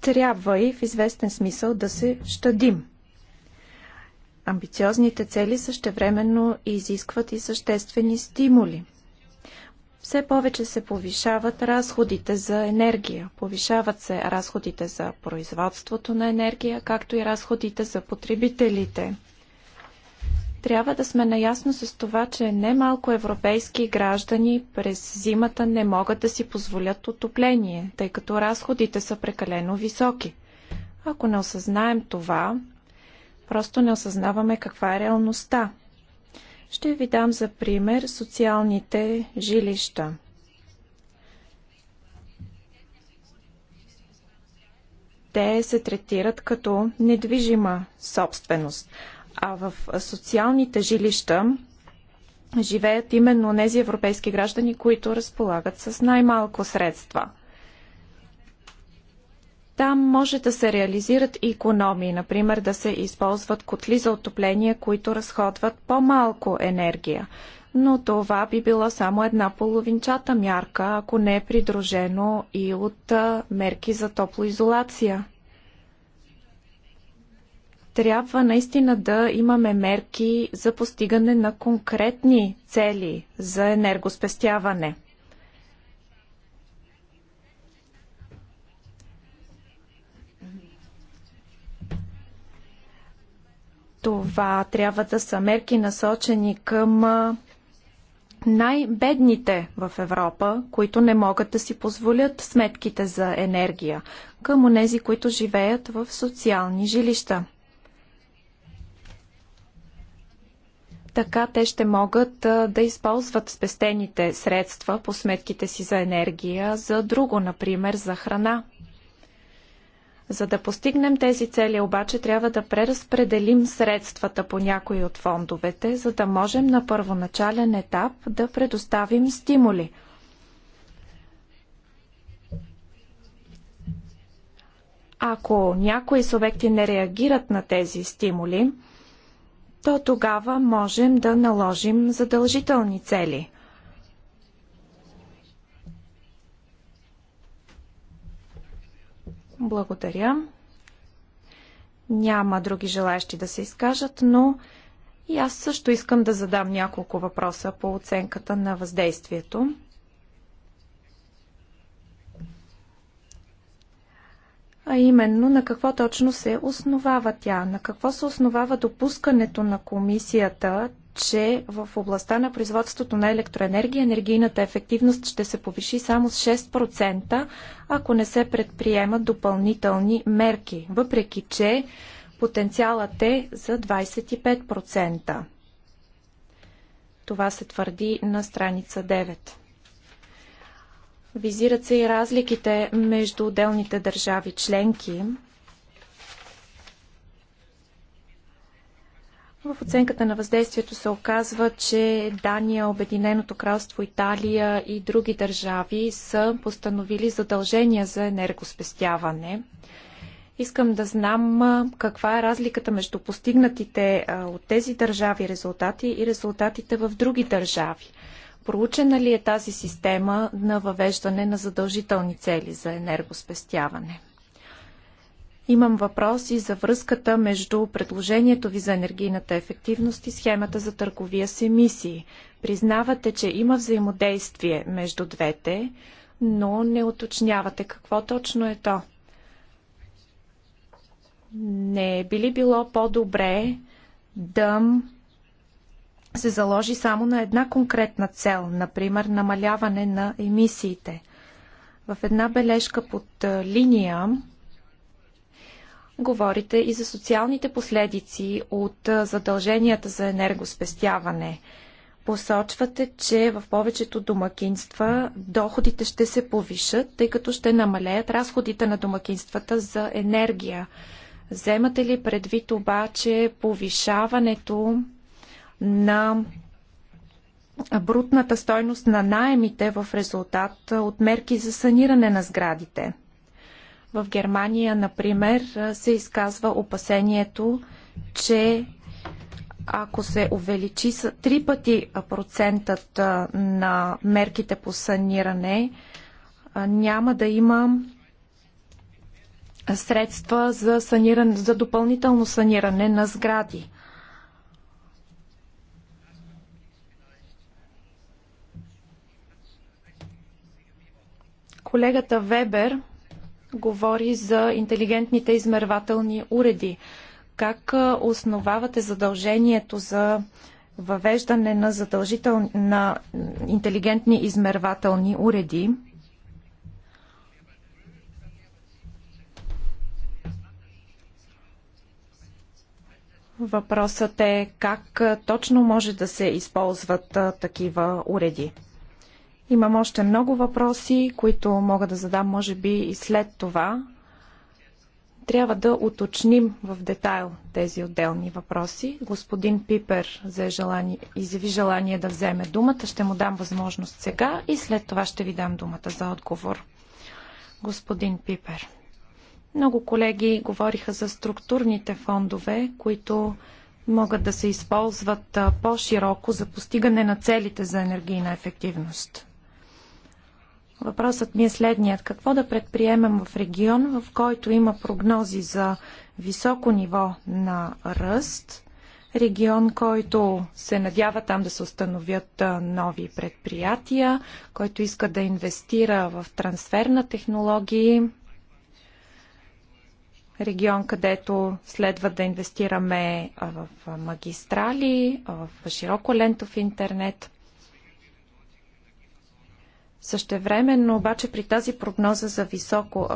трябва и в известен смисъл да се щадим. Амбициозните цели същевременно изискват и съществени стимули. Все повече се повишават разходите за енергия. Повишават се разходите за производството на енергия, както и разходите за потребителите. Трябва да сме наясно с това, че немалко европейски граждани през зимата не могат да си позволят отопление, тъй като разходите са прекалено високи. Ако не осъзнаем това, Просто не осъзнаваме каква е реалността. Ще ви дам за пример социалните жилища. Те се третират като недвижима собственост, а в социалните жилища живеят именно тези европейски граждани, които разполагат с най-малко средства – там може да се реализират и економии, например да се използват котли за отопление, които разходват по-малко енергия. Но това би била само една половинчата мярка, ако не е придружено и от мерки за топлоизолация трябва наистина да имаме мерки за постигане на конкретни цели за енергоспестяване. Това трябва да са мерки насочени към най-бедните в Европа, които не могат да си позволят сметките за енергия, към онези, които живеят в социални жилища. Така те ще могат да използват спестените средства по сметките си за енергия за друго, например за храна. За да постигнем тези цели обаче трябва да преразпределим средствата по някои от фондовете, за да можем на първоначален етап да предоставим стимули. Ако някои субекти не реагират на тези стимули, то тогава можем да наложим задължителни цели – Благодаря. Няма други желаящи да се изкажат, но и аз също искам да задам няколко въпроса по оценката на въздействието. А именно на какво точно се основава тя? На какво се основава допускането на комисията, че в областта на производството на електроенергия енергийната ефективност ще се повиши само с 6%, ако не се предприемат допълнителни мерки, въпреки че потенциалът е за 25%. Това се твърди на страница 9. Визират се и разликите между отделните държави членки В оценката на въздействието се оказва, че Дания, Обединеното кралство Италия и други държави са постановили задължения за енергоспестяване. Искам да знам каква е разликата между постигнатите от тези държави резултати и резултатите в други държави. Проучена ли е тази система на въвеждане на задължителни цели за енергоспестяване? Имам въпроси за връзката между предложението ви за енергийната ефективност и схемата за търговия с емисии. Признавате, че има взаимодействие между двете, но не уточнявате какво точно е то. Не би ли било по-добре да се заложи само на една конкретна цел, например намаляване на емисиите? В една бележка под линия Говорите и за социалните последици от задълженията за енергоспестяване. Посочвате, че в повечето домакинства доходите ще се повишат, тъй като ще намалеят разходите на домакинствата за енергия. Вземате ли предвид обаче повишаването на брутната стойност на найемите в резултат от мерки за саниране на сградите? В Германия, например, се изказва опасението, че ако се увеличи три пъти процентът на мерките по саниране, няма да има средства за, саниране, за допълнително саниране на сгради. Колегата Вебер говори за интелигентните измервателни уреди. Как основавате задължението за въвеждане на, задължител... на интелигентни измервателни уреди? Въпросът е как точно може да се използват такива уреди. Имам още много въпроси, които мога да задам, може би, и след това. Трябва да уточним в детайл тези отделни въпроси. Господин Пипер за желание, изяви желание да вземе думата. Ще му дам възможност сега и след това ще ви дам думата за отговор. Господин Пипер. Много колеги говориха за структурните фондове, които могат да се използват по-широко за постигане на целите за енергийна ефективност. Въпросът ми е следният. Какво да предприемем в регион, в който има прогнози за високо ниво на ръст, регион, който се надява там да се установят нови предприятия, който иска да инвестира в трансфер на технологии, регион, където следва да инвестираме в магистрали, в широко лентов интернет. Същевременно обаче при тази прогноза за, високо,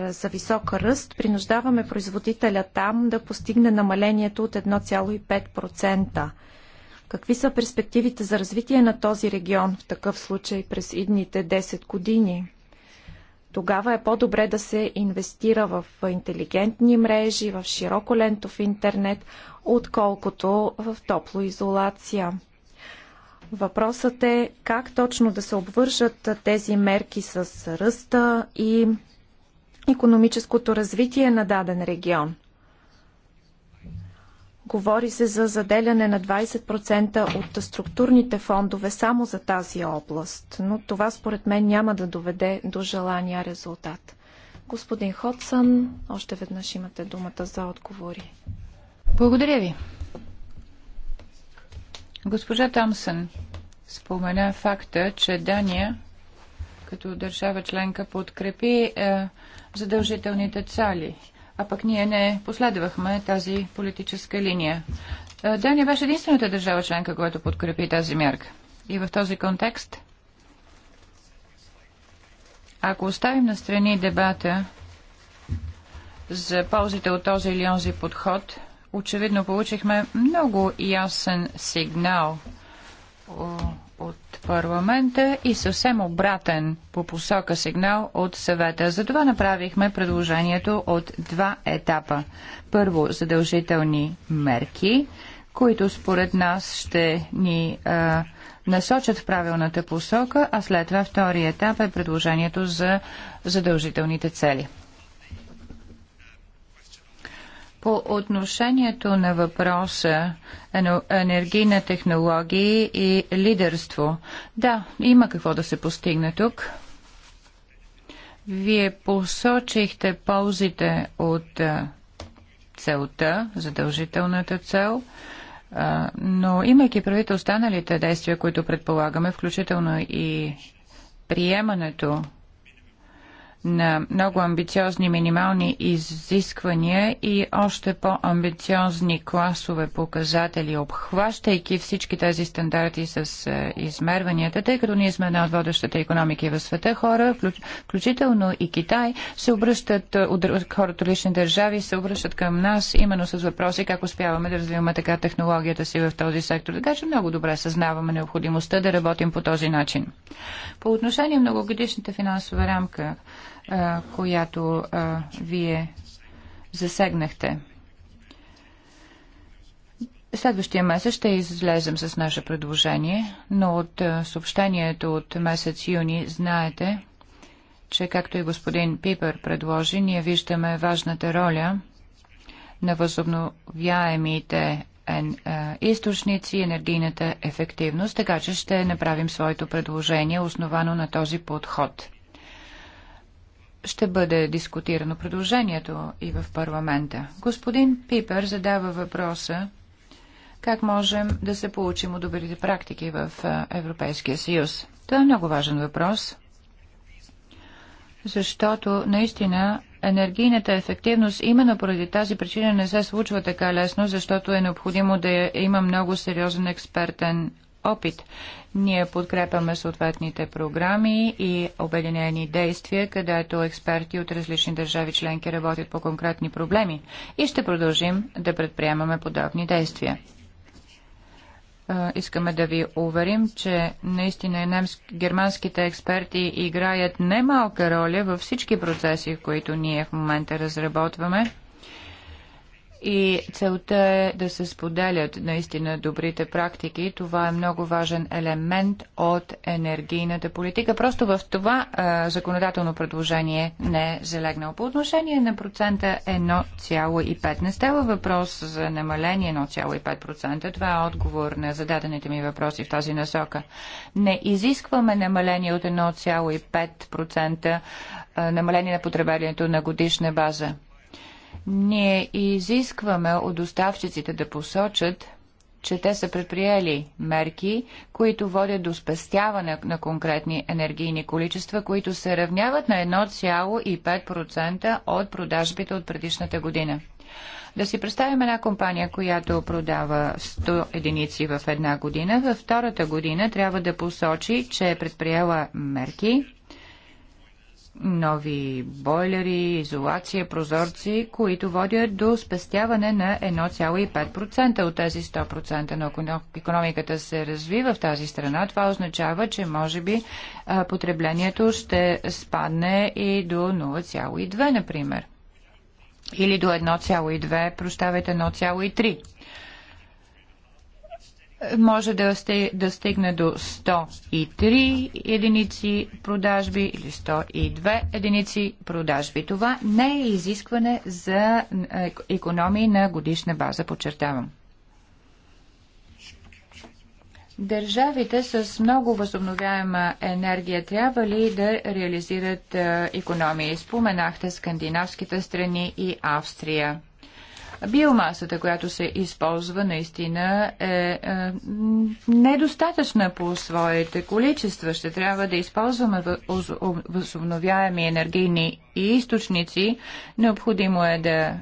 за висок ръст принуждаваме производителя там да постигне намалението от 1,5%. Какви са перспективите за развитие на този регион в такъв случай през идните 10 години? Тогава е по-добре да се инвестира в интелигентни мрежи, в широколентов интернет, отколкото в топлоизолация. Въпросът е как точно да се обвържат тези мерки с ръста и економическото развитие на даден регион. Говори се за заделяне на 20% от структурните фондове само за тази област, но това според мен няма да доведе до желания резултат. Господин Ходсън, още веднъж имате думата за отговори. Благодаря ви. Госпожа Тамсън спомена факта, че Дания като държава членка подкрепи е, задължителните цали, а пък ние не последвахме тази политическа линия. Е, Дания беше единствената държава членка, която подкрепи тази мярка. И в този контекст, ако оставим на страни дебата за ползите от този или онзи подход – очевидно получихме много ясен сигнал от парламента и съвсем обратен по посока сигнал от съвета. Затова направихме предложението от два етапа. Първо, задължителни мерки, които според нас ще ни а, насочат в правилната посока, а след това втори етап е предложението за задължителните цели. По отношението на въпроса енергийна технологии и лидерство. Да, има какво да се постигне тук. Вие посочихте ползите от целта, задължителната цел, но имайки правите останалите действия, които предполагаме, включително и приемането на много амбициозни минимални изисквания и още по-амбициозни класове показатели, обхващайки всички тези стандарти с е, измерванията, тъй като ние сме една от водещата економики в света, хора, включително и Китай, се обръщат, е, от хората лични държави се обръщат към нас именно с въпроси как успяваме да развиваме така технологията си в този сектор. Така че много добре съзнаваме необходимостта да работим по този начин. По отношение на многогодишната финансова рамка, която вие засегнахте. Следващия месец ще излезем с наше предложение, но от съобщението от месец юни знаете, че както и господин Пипер предложи, ние виждаме важната роля на възобновяемите е, е, източници и енергийната ефективност, така че ще направим своето предложение, основано на този подход – ще бъде дискутирано предложението и в парламента. Господин Пипер задава въпроса как можем да се получим от добрите практики в Европейския съюз. Това е много важен въпрос, защото наистина енергийната ефективност именно поради тази причина не се случва така лесно, защото е необходимо да има много сериозен експертен опит. Ние подкрепяме съответните програми и обединени действия, където експерти от различни държави членки работят по конкретни проблеми и ще продължим да предприемаме подобни действия искаме да ви уверим, че наистина германските експерти играят немалка роля във всички процеси, в които ние в момента разработваме и целта е да се споделят наистина добрите практики. Това е много важен елемент от енергийната политика. Просто в това а, законодателно предложение не е залегнало. По отношение на процента 1,5 не става въпрос за намаление 1,5%. Това е отговор на зададените ми въпроси в тази насока. Не изискваме намаление от 1,5% намаление на потреблението на годишна база. Ние изискваме от доставчиците да посочат, че те са предприели мерки, които водят до спестяване на конкретни енергийни количества, които се равняват на 1,5% от продажбите от предишната година. Да си представим една компания, която продава 100 единици в една година. Във втората година трябва да посочи, че е предприела мерки, нови бойлери, изолация, прозорци, които водят до спестяване на 1,5% от тези 100%. Но ако економиката се развива в тази страна, това означава, че може би потреблението ще спадне и до 0,2, например. Или до 1,2, прощавайте, 1,3 може да, сте, да стигне до 103 единици продажби или 102 единици продажби. Това не е изискване за е, економии на годишна база, подчертавам. Държавите с много възобновяема енергия трябва ли да реализират е, економии? Споменахте скандинавските страни и Австрия биомасата, която се използва, наистина е, е недостатъчна по своите количества. Ще трябва да използваме възобновяеми енергийни източници. Необходимо е да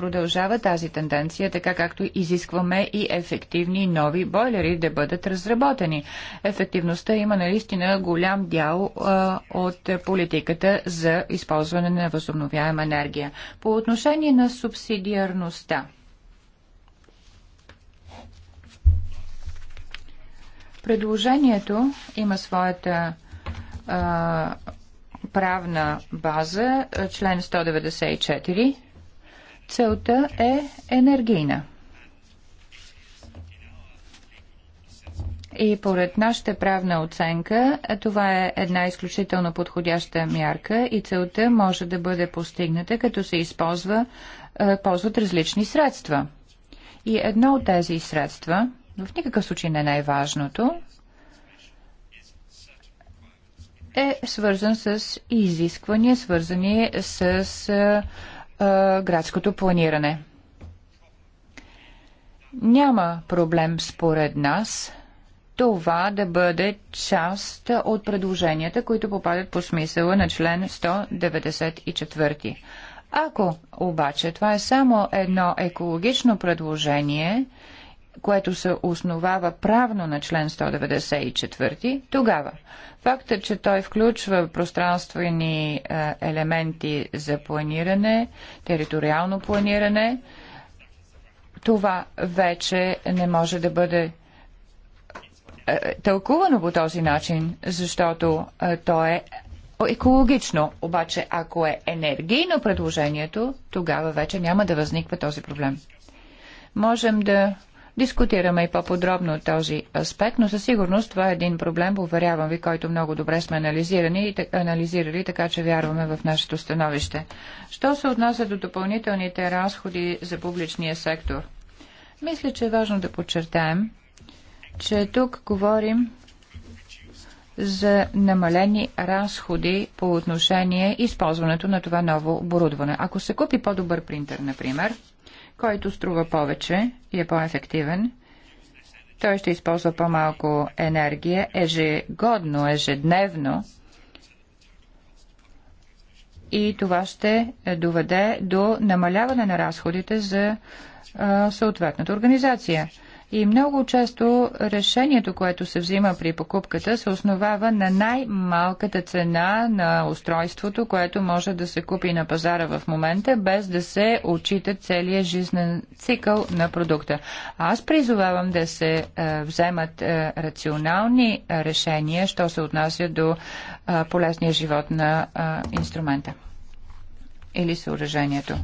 продължава тази тенденция, така както изискваме и ефективни нови бойлери да бъдат разработени. Ефективността има наистина голям дял а, от политиката за използване на възобновяема енергия. По отношение на субсидиарността. Предложението има своята а, правна база, член 194 целта е енергийна. И поред нашата правна оценка, това е една изключително подходяща мярка и целта може да бъде постигната, като се използва, е, ползват различни средства. И едно от тези средства, в никакъв случай не най-важното, е свързан с изисквания, свързани с е, градското планиране. Няма проблем според нас това да бъде част от предложенията, които попадат по смисъла на член 194. Ако обаче това е само едно екологично предложение, което се основава правно на член 194, тогава факта, че той включва пространствени е, елементи за планиране, териториално планиране, това вече не може да бъде е, тълкувано по този начин, защото е, то е екологично. Обаче, ако е енергийно предложението, тогава вече няма да възниква този проблем. Можем да дискутираме и по-подробно този аспект, но със сигурност това е един проблем, уверявам ви, който много добре сме анализирани и анализирали, така че вярваме в нашето становище. Що се отнася до допълнителните разходи за публичния сектор? Мисля, че е важно да подчертаем, че тук говорим за намалени разходи по отношение използването на това ново оборудване. Ако се купи по-добър принтер, например, който струва повече и е по-ефективен. Той ще използва по-малко енергия ежегодно, ежедневно. И това ще доведе до намаляване на разходите за съответната организация. И много често решението, което се взима при покупката, се основава на най-малката цена на устройството, което може да се купи на пазара в момента, без да се отчита целият жизнен цикъл на продукта. Аз призовавам да се е, вземат е, рационални решения, що се отнася до е, полезния живот на е, инструмента или съоръжението.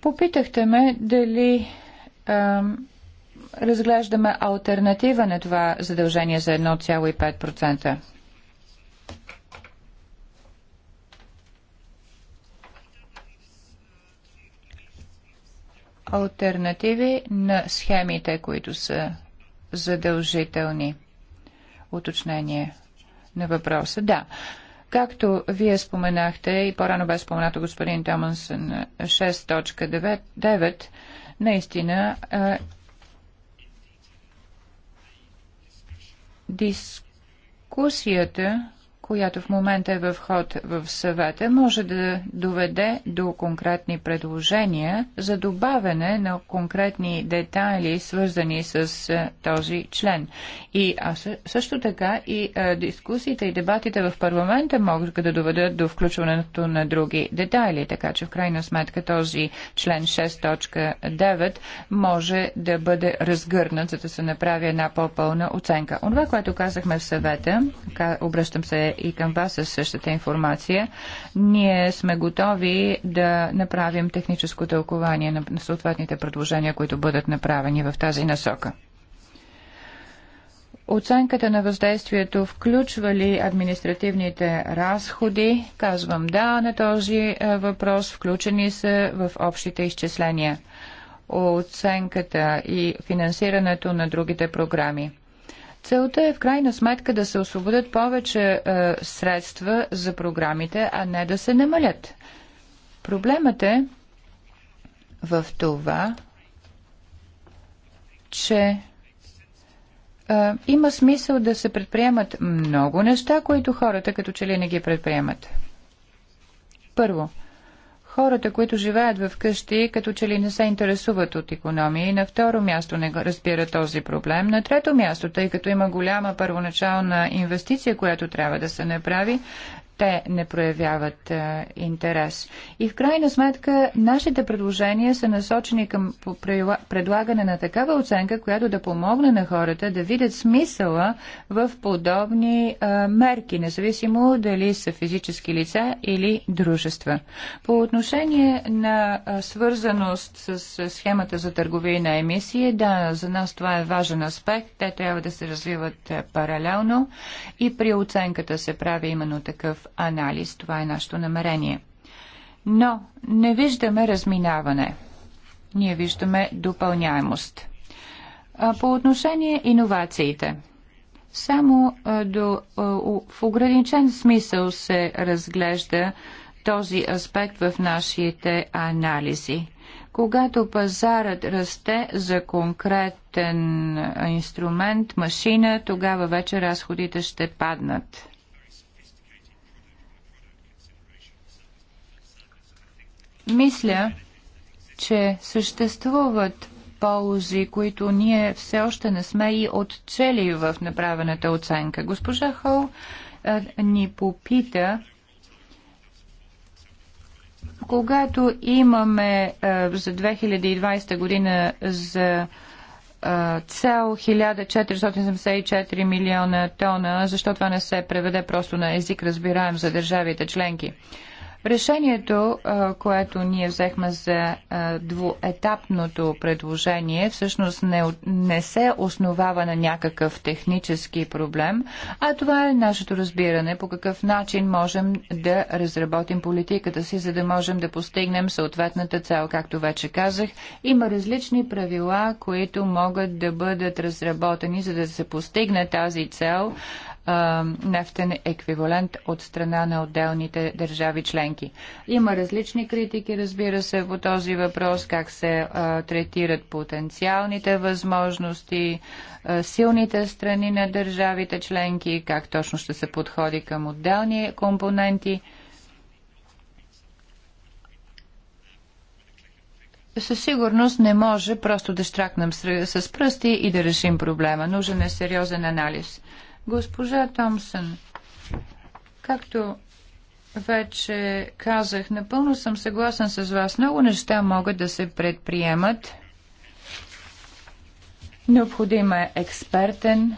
Попитахте ме дали а, разглеждаме альтернатива на това задължение за 1,5%. Альтернативи на схемите, които са задължителни. Уточнение на въпроса. Да. Както вие споменахте и по-рано бе споменато господин Томансън 6.9, наистина е, дискусията която в момента е в ход в съвета, може да доведе до конкретни предложения за добавяне на конкретни детайли, свързани с е, този член. И а също така и е, дискусиите и дебатите в парламента могат да доведат до включването на други детайли, така че в крайна сметка този член 6.9 може да бъде разгърнат, за да се направи една по-пълна оценка. Онова, което казахме в съвета, обръщам се и към вас със същата информация. Ние сме готови да направим техническо тълкование на съответните предложения, които бъдат направени в тази насока. Оценката на въздействието включва ли административните разходи? Казвам да на този е, въпрос. Включени са в общите изчисления. Оценката и финансирането на другите програми. Целта е в крайна сметка да се освободят повече е, средства за програмите, а не да се намалят. Проблемът е в това, че е, има смисъл да се предприемат много неща, които хората като че ли не ги предприемат. Първо, Хората, които живеят в къщи, като че ли не се интересуват от економии, на второ място не разбира този проблем, на трето място, тъй като има голяма първоначална инвестиция, която трябва да се направи, те не проявяват а, е, интерес. И в крайна сметка нашите предложения са насочени към предлагане на такава оценка, която да помогне на хората да видят смисъла в подобни а, е, мерки, независимо дали са физически лица или дружества. По отношение на а, е, свързаност с, с схемата за търговия на емисии, да, за нас това е важен аспект. Те трябва да се развиват паралелно и при оценката се прави именно такъв анализ. Това е нашето намерение. Но не виждаме разминаване. Ние виждаме допълняемост. По отношение иновациите. Само до, в ограничен смисъл се разглежда този аспект в нашите анализи. Когато пазарът расте за конкретен инструмент, машина, тогава вече разходите ще паднат. Мисля, че съществуват ползи, които ние все още не сме и отчели в направената оценка. Госпожа Хол е, ни попита когато имаме а, е, за 2020 година за е, цел 1474 милиона тона, защо това не се преведе просто на език разбираем за държавите членки? Решението, което ние взехме за двуетапното предложение, всъщност не, не се основава на някакъв технически проблем, а това е нашето разбиране по какъв начин можем да разработим политиката си, за да можем да постигнем съответната цел. Както вече казах, има различни правила, които могат да бъдат разработени, за да се постигне тази цел нефтен еквивалент от страна на отделните държави членки. Има различни критики, разбира се, по този въпрос, как се третират потенциалните възможности, силните страни на държавите членки, как точно ще се подходи към отделни компоненти. Със сигурност не може просто да штракнем с пръсти и да решим проблема. Нужен е сериозен анализ. Госпожа Томсън, както вече казах, напълно съм съгласен с вас. Много неща могат да се предприемат. Необходим е експертен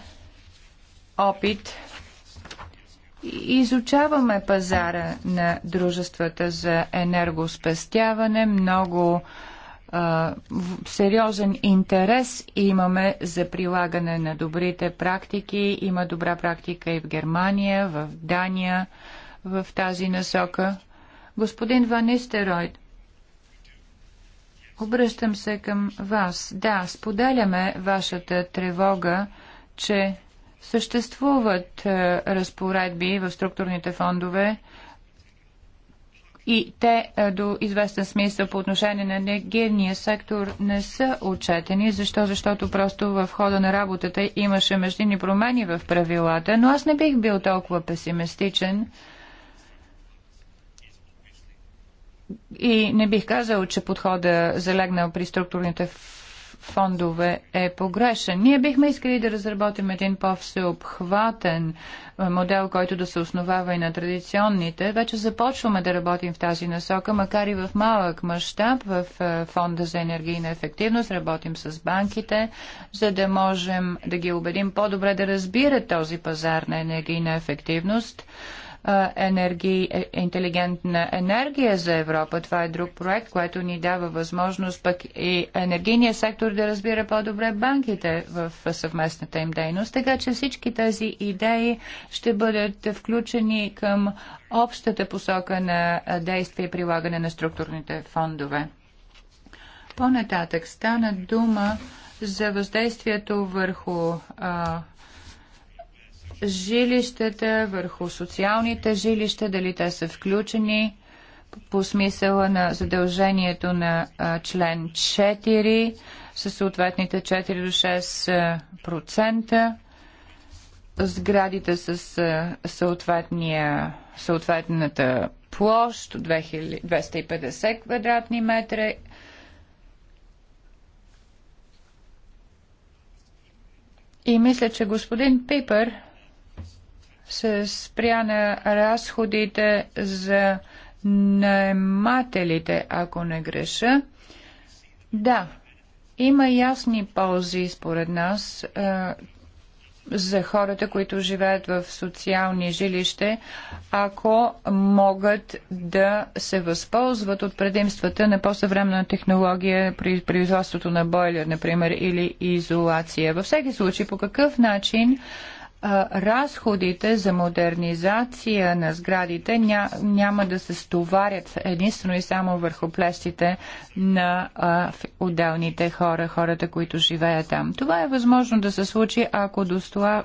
опит. Изучаваме пазара на дружествата за енергоспестяване. Много сериозен интерес имаме за прилагане на добрите практики. Има добра практика и в Германия, в Дания, в тази насока. Господин Ванистеройд, обръщам се към вас. Да, споделяме вашата тревога, че съществуват разпоредби в структурните фондове, и те е, до известен смисъл по отношение на енергийния сектор не са отчетени. Защо? Защото просто в хода на работата имаше междинни промени в правилата, но аз не бих бил толкова песимистичен. И не бих казал, че подхода залегнал при структурните фондове е погрешен. Ние бихме искали да разработим един по-всеобхватен е, модел, който да се основава и на традиционните. Вече започваме да работим в тази насока, макар и в малък мащаб в е, Фонда за енергийна ефективност. Работим с банките, за да можем да ги убедим по-добре да разбират този пазар на енергийна ефективност енергии, е, интелигентна енергия за Европа. Това е друг проект, който ни дава възможност пък и енергийния сектор да разбира по-добре банките в съвместната им дейност. Така че всички тези идеи ще бъдат включени към общата посока на действие и прилагане на структурните фондове. По-нататък стана дума за въздействието върху а, жилищата, върху социалните жилища, дали те са включени по смисъла на задължението на член 4 със съответните 4 до 6 процента сградите с съответната площ 250 квадратни метра. И мисля, че господин Пипър се спря на разходите за наемателите, ако не греша. Да, има ясни ползи според нас за хората, които живеят в социални жилище, ако могат да се възползват от предимствата на по-съвременна технология при производството на бойлер, например, или изолация. Във всеки случай, по какъв начин разходите за модернизация на сградите ня, няма да се стоварят единствено и само върху плещите на а, отделните хора, хората, които живеят там. Това е възможно да се случи, ако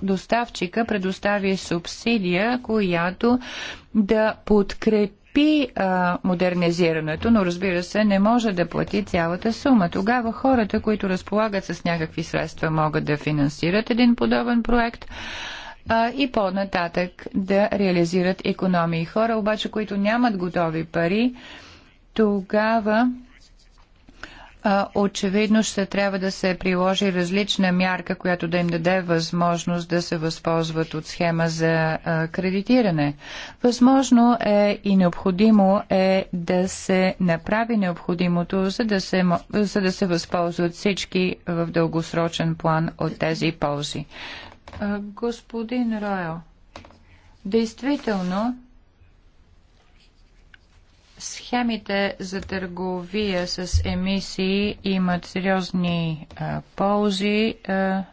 доставчика предостави субсидия, която да подкрепи подкрепи а, модернизирането, но разбира се, не може да плати цялата сума. Тогава хората, които разполагат с някакви средства, могат да финансират един подобен проект а, и по-нататък да реализират економии. Хора обаче, които нямат готови пари, тогава очевидно ще трябва да се приложи различна мярка, която да им даде възможност да се възползват от схема за кредитиране. Възможно е и необходимо е да се направи необходимото, за да се, за да се възползват всички в дългосрочен план от тези ползи. Господин Ройл, действително, Схемите за търговия с емисии имат сериозни а, ползи, а,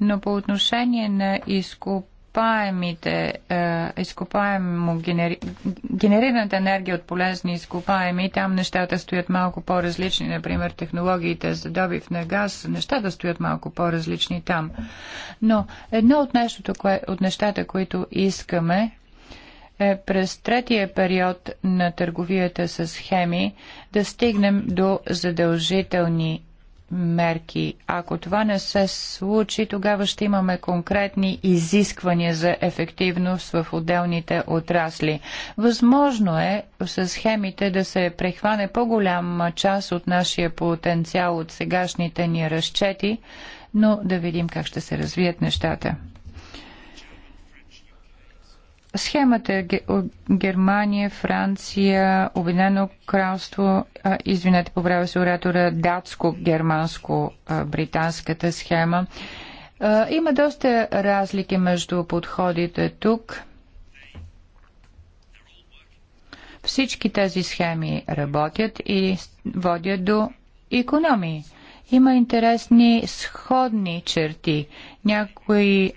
но по отношение на изкопаемите, а, изкопаемо генери... генерираната енергия от полезни изкопаеми, там нещата стоят малко по-различни. Например, технологиите за добив на газ, нещата стоят малко по-различни там. Но едно от, нещото, кое... от нещата, които искаме е през третия период на търговията с хеми да стигнем до задължителни мерки. Ако това не се случи, тогава ще имаме конкретни изисквания за ефективност в отделните отрасли. Възможно е с схемите да се прехване по-голяма част от нашия потенциал от сегашните ни разчети, но да видим как ще се развият нещата. Схемата е Германия, Франция, Обединено кралство, извинете, поправя се оратора, датско-германско-британската схема. Има доста разлики между подходите тук. Всички тези схеми работят и водят до економии. Има интересни сходни черти. Някои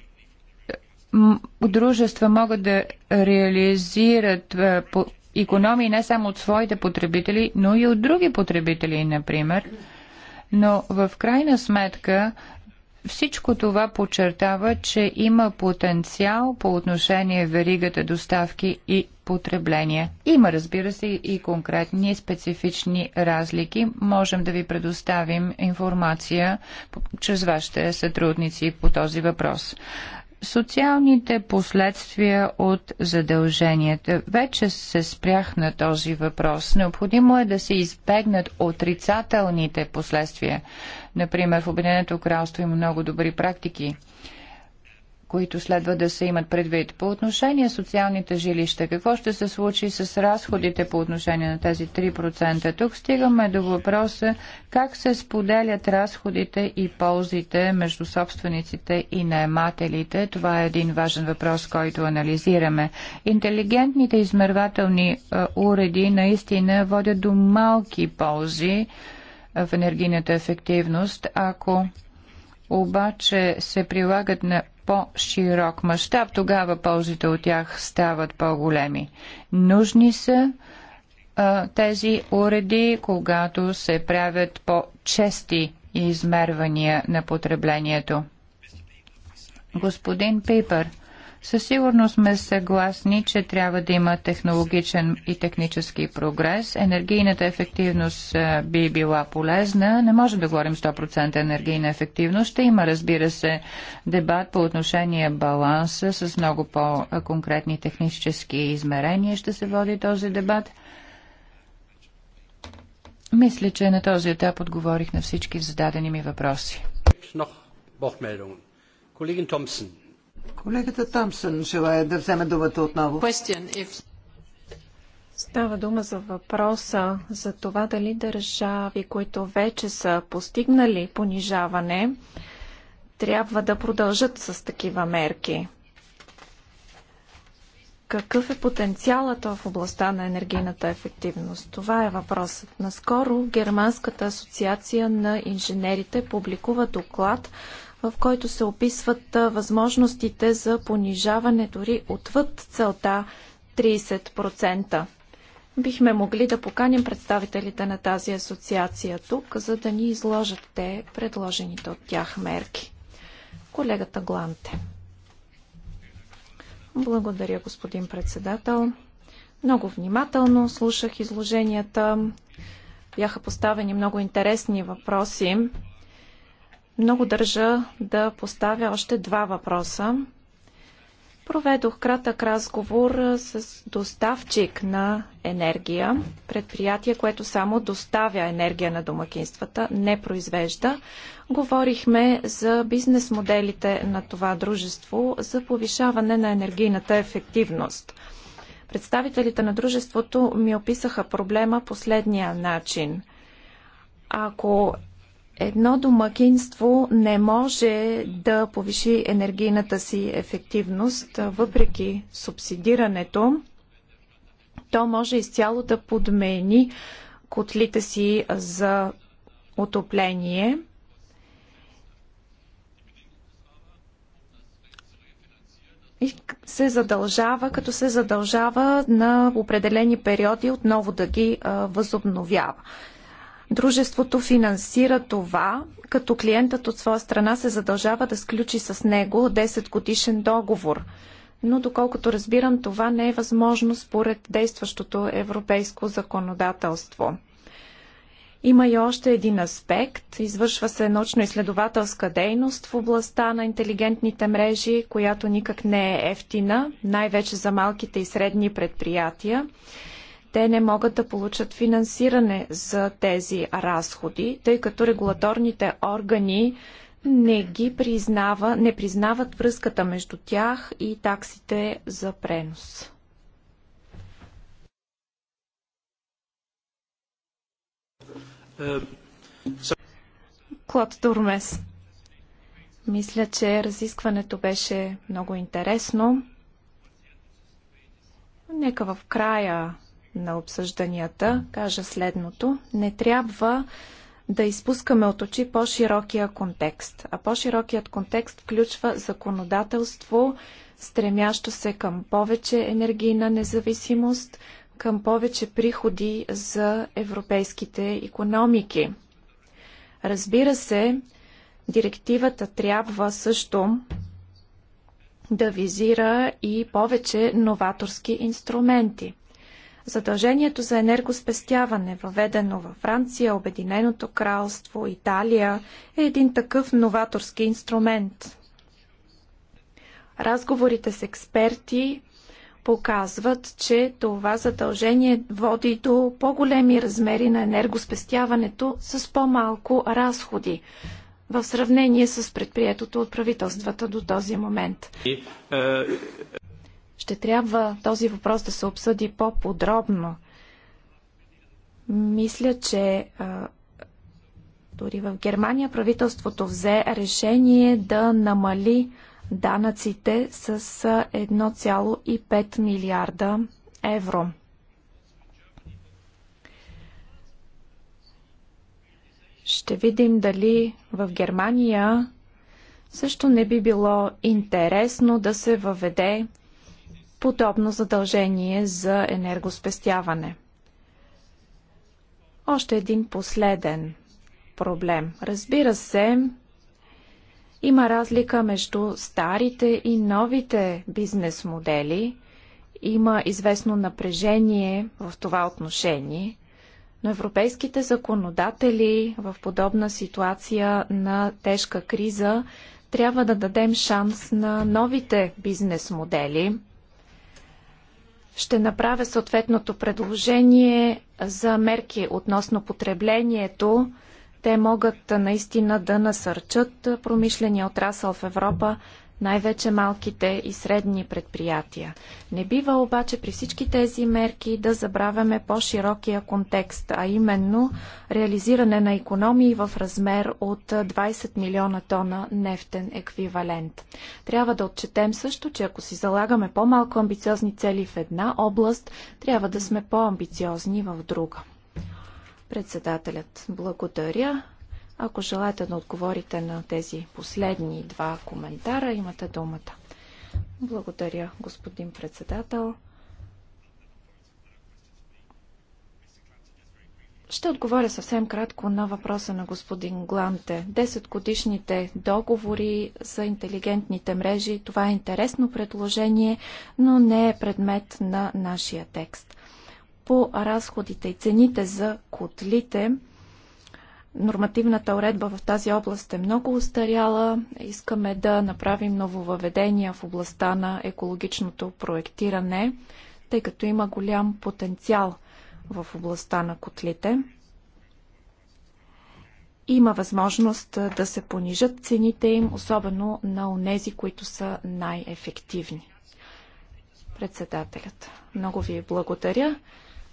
дружества могат да реализират економии не само от своите потребители, но и от други потребители, например. Но в крайна сметка всичко това подчертава, че има потенциал по отношение веригата доставки и потребление. Има, разбира се, и конкретни специфични разлики. Можем да ви предоставим информация чрез вашите сътрудници по този въпрос социалните последствия от задълженията. Вече се спрях на този въпрос. Необходимо е да се избегнат отрицателните последствия. Например, в Обединеното кралство има много добри практики – които следва да се имат предвид. По отношение социалните жилища, какво ще се случи с разходите по отношение на тези 3%? Тук стигаме до въпроса как се споделят разходите и ползите между собствениците и наемателите. Това е един важен въпрос, който анализираме. Интелигентните измервателни уреди наистина водят до малки ползи в енергийната ефективност, ако обаче се прилагат на по-широк мащаб, тогава ползите от тях стават по-големи. Нужни са а, тези уреди, когато се правят по-чести измервания на потреблението. Господин Пипър, със сигурност сме съгласни, че трябва да има технологичен и технически прогрес. Енергийната ефективност би била полезна. Не може да говорим 100% енергийна ефективност. Ще има, разбира се, дебат по отношение баланса с много по-конкретни технически измерения. Ще се води този дебат. Мисля, че на този етап отговорих на всички зададени ми въпроси. Колегин Томсън. Колегата Тамсън, желая да вземе думата отново. Става дума за въпроса за това дали държави, които вече са постигнали понижаване, трябва да продължат с такива мерки. Какъв е потенциалът в областта на енергийната ефективност? Това е въпросът. Наскоро Германската асоциация на инженерите публикува доклад в който се описват възможностите за понижаване дори отвъд целта 30%. Бихме могли да поканим представителите на тази асоциация тук, за да ни изложат те предложените от тях мерки. Колегата Гланте. Благодаря, господин председател. Много внимателно слушах изложенията. Бяха поставени много интересни въпроси. Много държа да поставя още два въпроса. Проведох кратък разговор с доставчик на енергия, предприятие, което само доставя енергия на домакинствата, не произвежда. Говорихме за бизнес моделите на това дружество за повишаване на енергийната ефективност. Представителите на дружеството ми описаха проблема последния начин. Ако Едно домакинство не може да повиши енергийната си ефективност, въпреки субсидирането. То може изцяло да подмени котлите си за отопление. И се задължава, като се задължава на определени периоди отново да ги възобновява. Дружеството финансира това, като клиентът от своя страна се задължава да сключи с него 10 годишен договор. Но доколкото разбирам, това не е възможно според действащото европейско законодателство. Има и още един аспект. Извършва се научно-изследователска дейност в областта на интелигентните мрежи, която никак не е ефтина, най-вече за малките и средни предприятия те не могат да получат финансиране за тези разходи, тъй като регулаторните органи не ги признава, не признават връзката между тях и таксите за пренос. Клод Турмес. Мисля, че разискването беше много интересно. Нека в края на обсъжданията кажа следното. Не трябва да изпускаме от очи по-широкия контекст. А по-широкият контекст включва законодателство, стремящо се към повече енергийна независимост, към повече приходи за европейските економики. Разбира се, директивата трябва също да визира и повече новаторски инструменти. Задължението за енергоспестяване, въведено във Франция, Обединеното кралство, Италия, е един такъв новаторски инструмент. Разговорите с експерти показват, че това задължение води до по-големи размери на енергоспестяването с по-малко разходи в сравнение с предприетото от правителствата до този момент. Е, ще трябва този въпрос да се обсъди по-подробно. Мисля, че а, дори в Германия правителството взе решение да намали данъците с 1,5 милиарда евро. Ще видим дали в Германия също не би било интересно да се въведе подобно задължение за енергоспестяване. Още един последен проблем. Разбира се, има разлика между старите и новите бизнес модели. Има известно напрежение в това отношение, но европейските законодатели в подобна ситуация на тежка криза трябва да дадем шанс на новите бизнес модели – ще направя съответното предложение за мерки относно потреблението. Те могат наистина да насърчат промишления отрасъл в Европа най-вече малките и средни предприятия. Не бива обаче при всички тези мерки да забравяме по-широкия контекст, а именно реализиране на економии в размер от 20 милиона тона нефтен еквивалент. Трябва да отчетем също, че ако си залагаме по-малко амбициозни цели в една област, трябва да сме по-амбициозни в друга. Председателят, благодаря. Ако желаете да отговорите на тези последни два коментара, имате думата. Благодаря, господин председател. Ще отговоря съвсем кратко на въпроса на господин Гланте. 10 годишните договори за интелигентните мрежи, това е интересно предложение, но не е предмет на нашия текст. По разходите и цените за котлите, Нормативната уредба в тази област е много устаряла. Искаме да направим нововъведения в областта на екологичното проектиране, тъй като има голям потенциал в областта на котлите. Има възможност да се понижат цените им, особено на онези, които са най-ефективни. Председателят, много ви благодаря.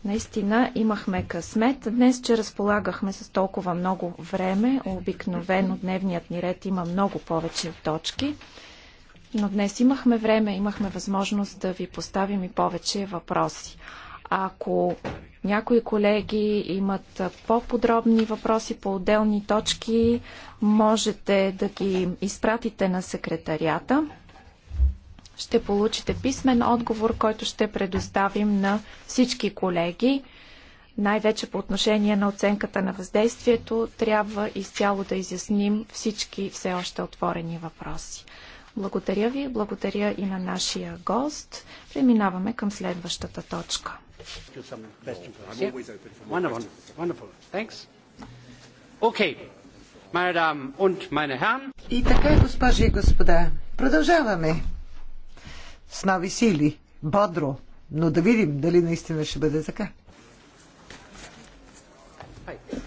Наистина имахме късмет. Днес, че разполагахме с толкова много време, обикновено дневният ни ред има много повече точки, но днес имахме време, имахме възможност да ви поставим и повече въпроси. Ако някои колеги имат по-подробни въпроси по отделни точки, можете да ги изпратите на секретарията ще получите писмен отговор, който ще предоставим на всички колеги. Най-вече по отношение на оценката на въздействието трябва изцяло да изясним всички все още отворени въпроси. Благодаря ви, благодаря и на нашия гост. Преминаваме към следващата точка. И така, госпожи и господа, продължаваме с нови сили, бодро, но да видим дали наистина ще бъде така. Thank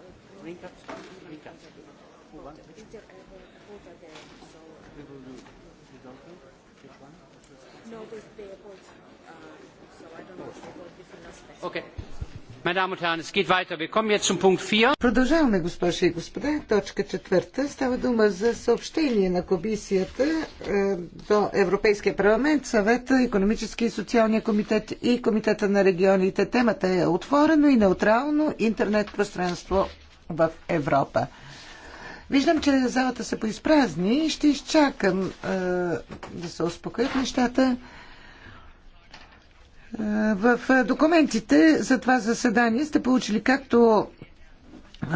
you. Продължаваме, госпожи и господа. Точка четвърта. Става дума за съобщение на комисията е, до Европейския парламент, съвета, економически и социалния комитет и комитета на регионите. Темата е отворено и неутрално интернет пространство в Европа. Виждам, че залата се поизпразни и ще изчакам е, да се успокоят нещата. Е, в документите за това заседание сте получили както е,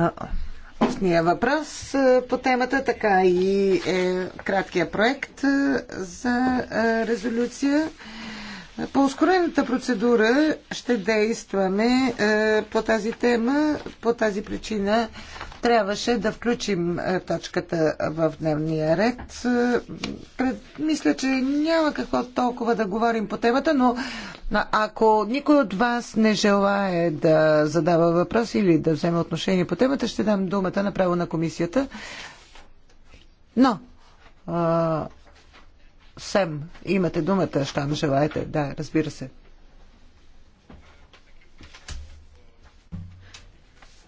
устния въпрос е, по темата, така и е, краткия проект е, за е, резолюция. По ускорената процедура ще действаме е, по тази тема. По тази причина трябваше да включим е, точката в дневния ред. Е, мисля, че няма какво толкова да говорим по темата, но ако никой от вас не желае да задава въпрос или да вземе отношение по темата, ще дам думата направо на комисията. Но Сем, имате думата, щом желаете. Да, разбира се.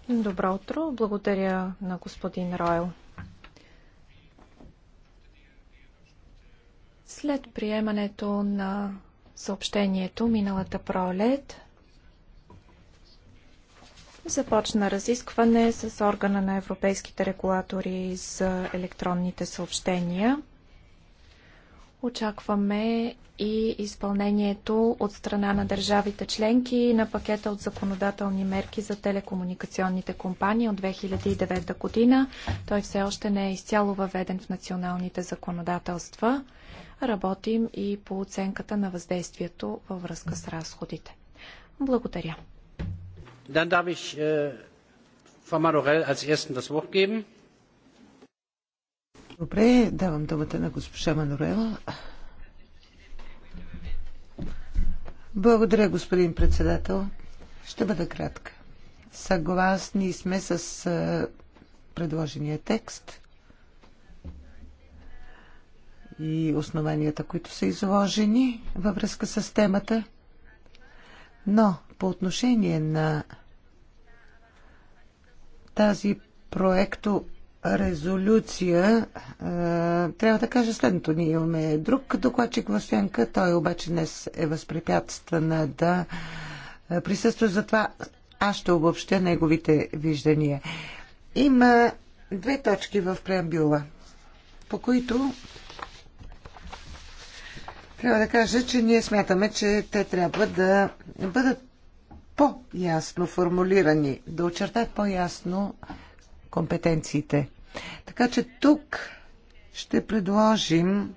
Добро утро. Благодаря на господин Ройл. След приемането на съобщението миналата пролет, започна разискване с органа на европейските регулатори за електронните съобщения – Очакваме и изпълнението от страна на държавите членки на пакета от законодателни мерки за телекомуникационните компании от 2009 година. Той все още не е изцяло въведен в националните законодателства. Работим и по оценката на въздействието във връзка с разходите. Благодаря. Dann darf ich äh, Frau Madurell als Ersten das Wort geben. Добре, давам думата на госпожа Мануела. Благодаря, господин председател. Ще бъда кратка. Съгласни сме с предложения текст и основанията, които са изложени във връзка с темата. Но по отношение на тази проекто резолюция трябва да кажа следното. Ние имаме друг докладчик в Сенка, той обаче днес е възпрепятстван да присъства, затова аз ще обобщя неговите виждания. Има две точки в преамбюла, по които трябва да кажа, че ние смятаме, че те трябва да бъдат по-ясно формулирани, да очертат по-ясно компетенциите. Така че тук ще предложим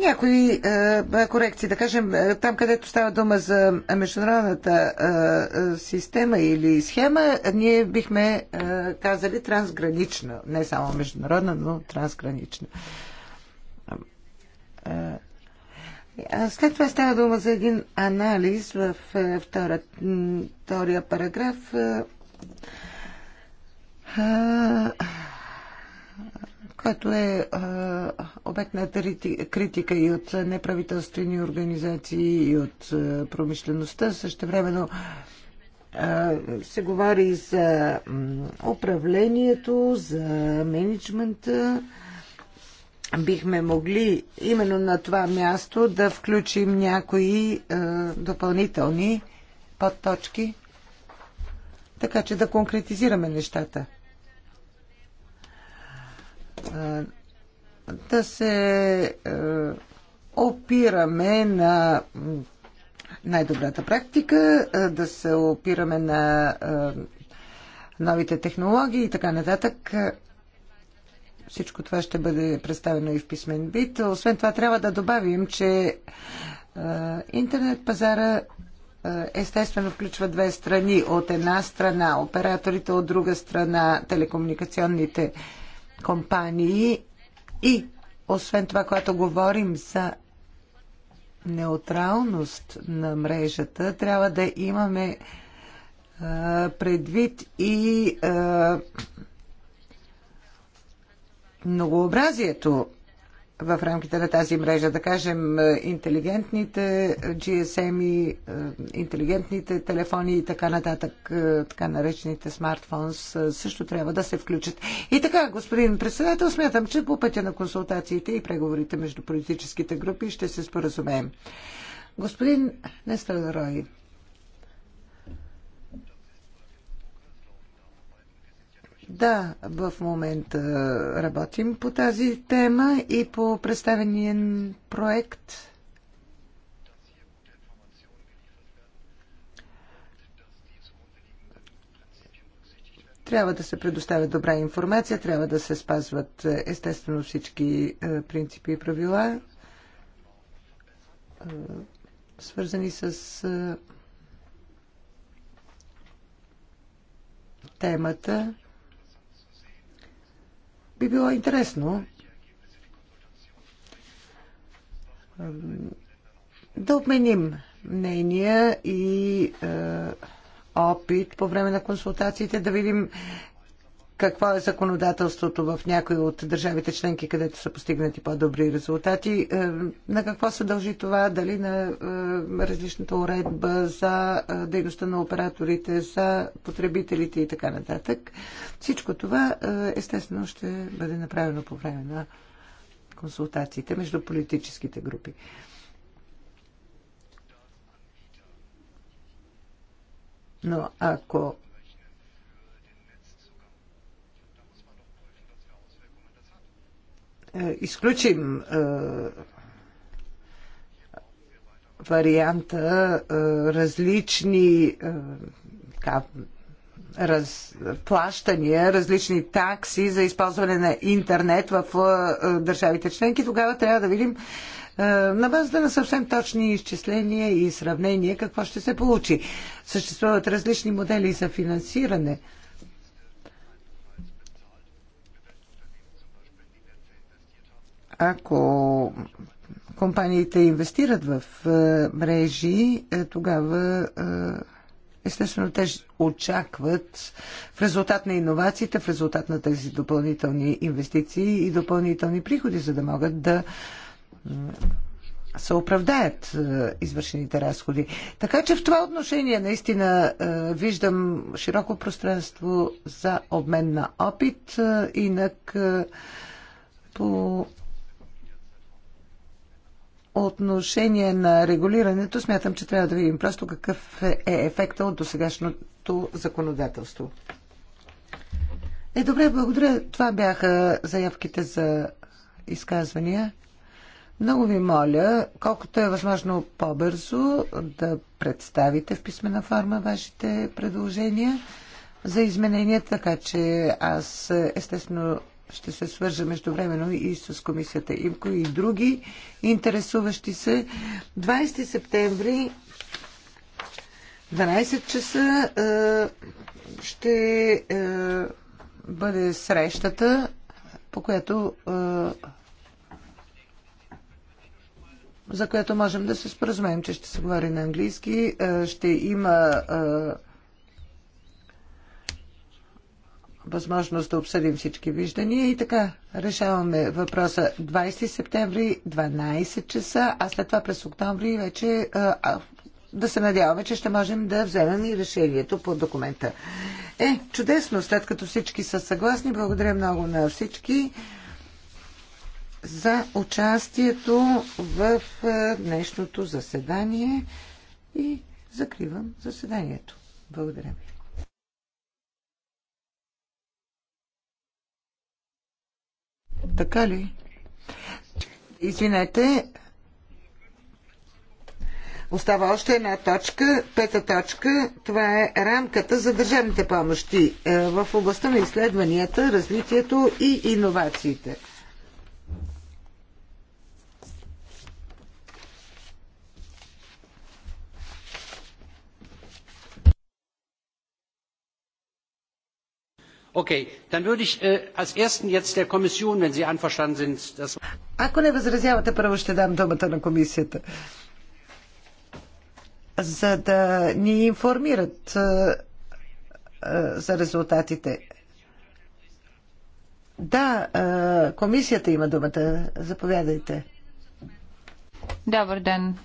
някои корекции, да кажем, там където става дума за международната система или схема, ние бихме казали трансгранична, не само международна, но трансгранична. След това става дума за един анализ в е, втора, втория параграф, е, който е обект на критика и от неправителствени организации, и от е, промишлеността. Също времено се говори за управлението, за менеджмента бихме могли именно на това място да включим някои е, допълнителни подточки, така че да конкретизираме нещата. Е, да се е, опираме на най-добрата практика, е, да се опираме на е, новите технологии и така нататък. Е, всичко това ще бъде представено и в писмен вид. Освен това трябва да добавим, че е, интернет пазара е, естествено включва две страни. От една страна операторите, от друга страна телекомуникационните компании и освен това, когато говорим за неутралност на мрежата, трябва да имаме е, предвид и многообразието в рамките на тази мрежа, да кажем е, интелигентните GSM-и, е, интелигентните телефони и така нататък, е, така наречените смартфонс, също трябва да се включат. И така, господин председател, смятам, че по пътя на консултациите и преговорите между политическите групи ще се споразумеем. Господин Нестер Рой, Да, в момента работим по тази тема и по представения проект. Трябва да се предоставя добра информация, трябва да се спазват естествено всички е, принципи и правила, е, свързани с е, темата би било интересно да обменим мнения и опит по време на консултациите, да видим какво е законодателството в някои от държавите членки, където са постигнати по-добри резултати. Е, на какво се дължи това? Дали на е, различната уредба за е, дейността на операторите, за потребителите и така нататък. Всичко това естествено ще бъде направено по време на консултациите между политическите групи. Но ако Е, изключим е, варианта е, различни как, раз, плащания, различни такси за използване на интернет в държавите членки, тогава трябва да видим на базата на съвсем точни изчисления и сравнения какво ще се получи. Съществуват различни модели за финансиране – ако компаниите инвестират в е, мрежи, е, тогава е, естествено те очакват в резултат на иновациите, в резултат на тези допълнителни инвестиции и допълнителни приходи, за да могат да се оправдаят извършените разходи. Така че в това отношение наистина виждам широко пространство за обмен на опит. Инак по отношение на регулирането, смятам, че трябва да видим просто какъв е, е ефекта от досегашното законодателство. Е, добре, благодаря. Това бяха заявките за изказвания. Много ви моля, колкото е възможно по-бързо да представите в писмена форма вашите предложения за изменения, така че аз естествено ще се свържа междувременно и с комисията ИМКО и други интересуващи се. 20 септември 12 часа е, ще е, бъде срещата, по която е, за която можем да се споразумеем, че ще се говори на английски. Ще има възможност да обсъдим всички виждания и така решаваме въпроса 20 септември, 12 часа, а след това през октомври вече а, да се надяваме, че ще можем да вземем и решението по документа. Е, чудесно, след като всички са съгласни, благодаря много на всички за участието в днешното заседание и закривам заседанието. Благодаря ви. Така ли? Извинете. Остава още една точка, пета точка. Това е рамката за държавните помощи е, в областта на изследванията, развитието и иновациите. Äh, Ако не възразявате, първо ще дам думата на комисията. За да ни информират е, е, за резултатите. Да, е, комисията има думата. Заповядайте. Добър ден.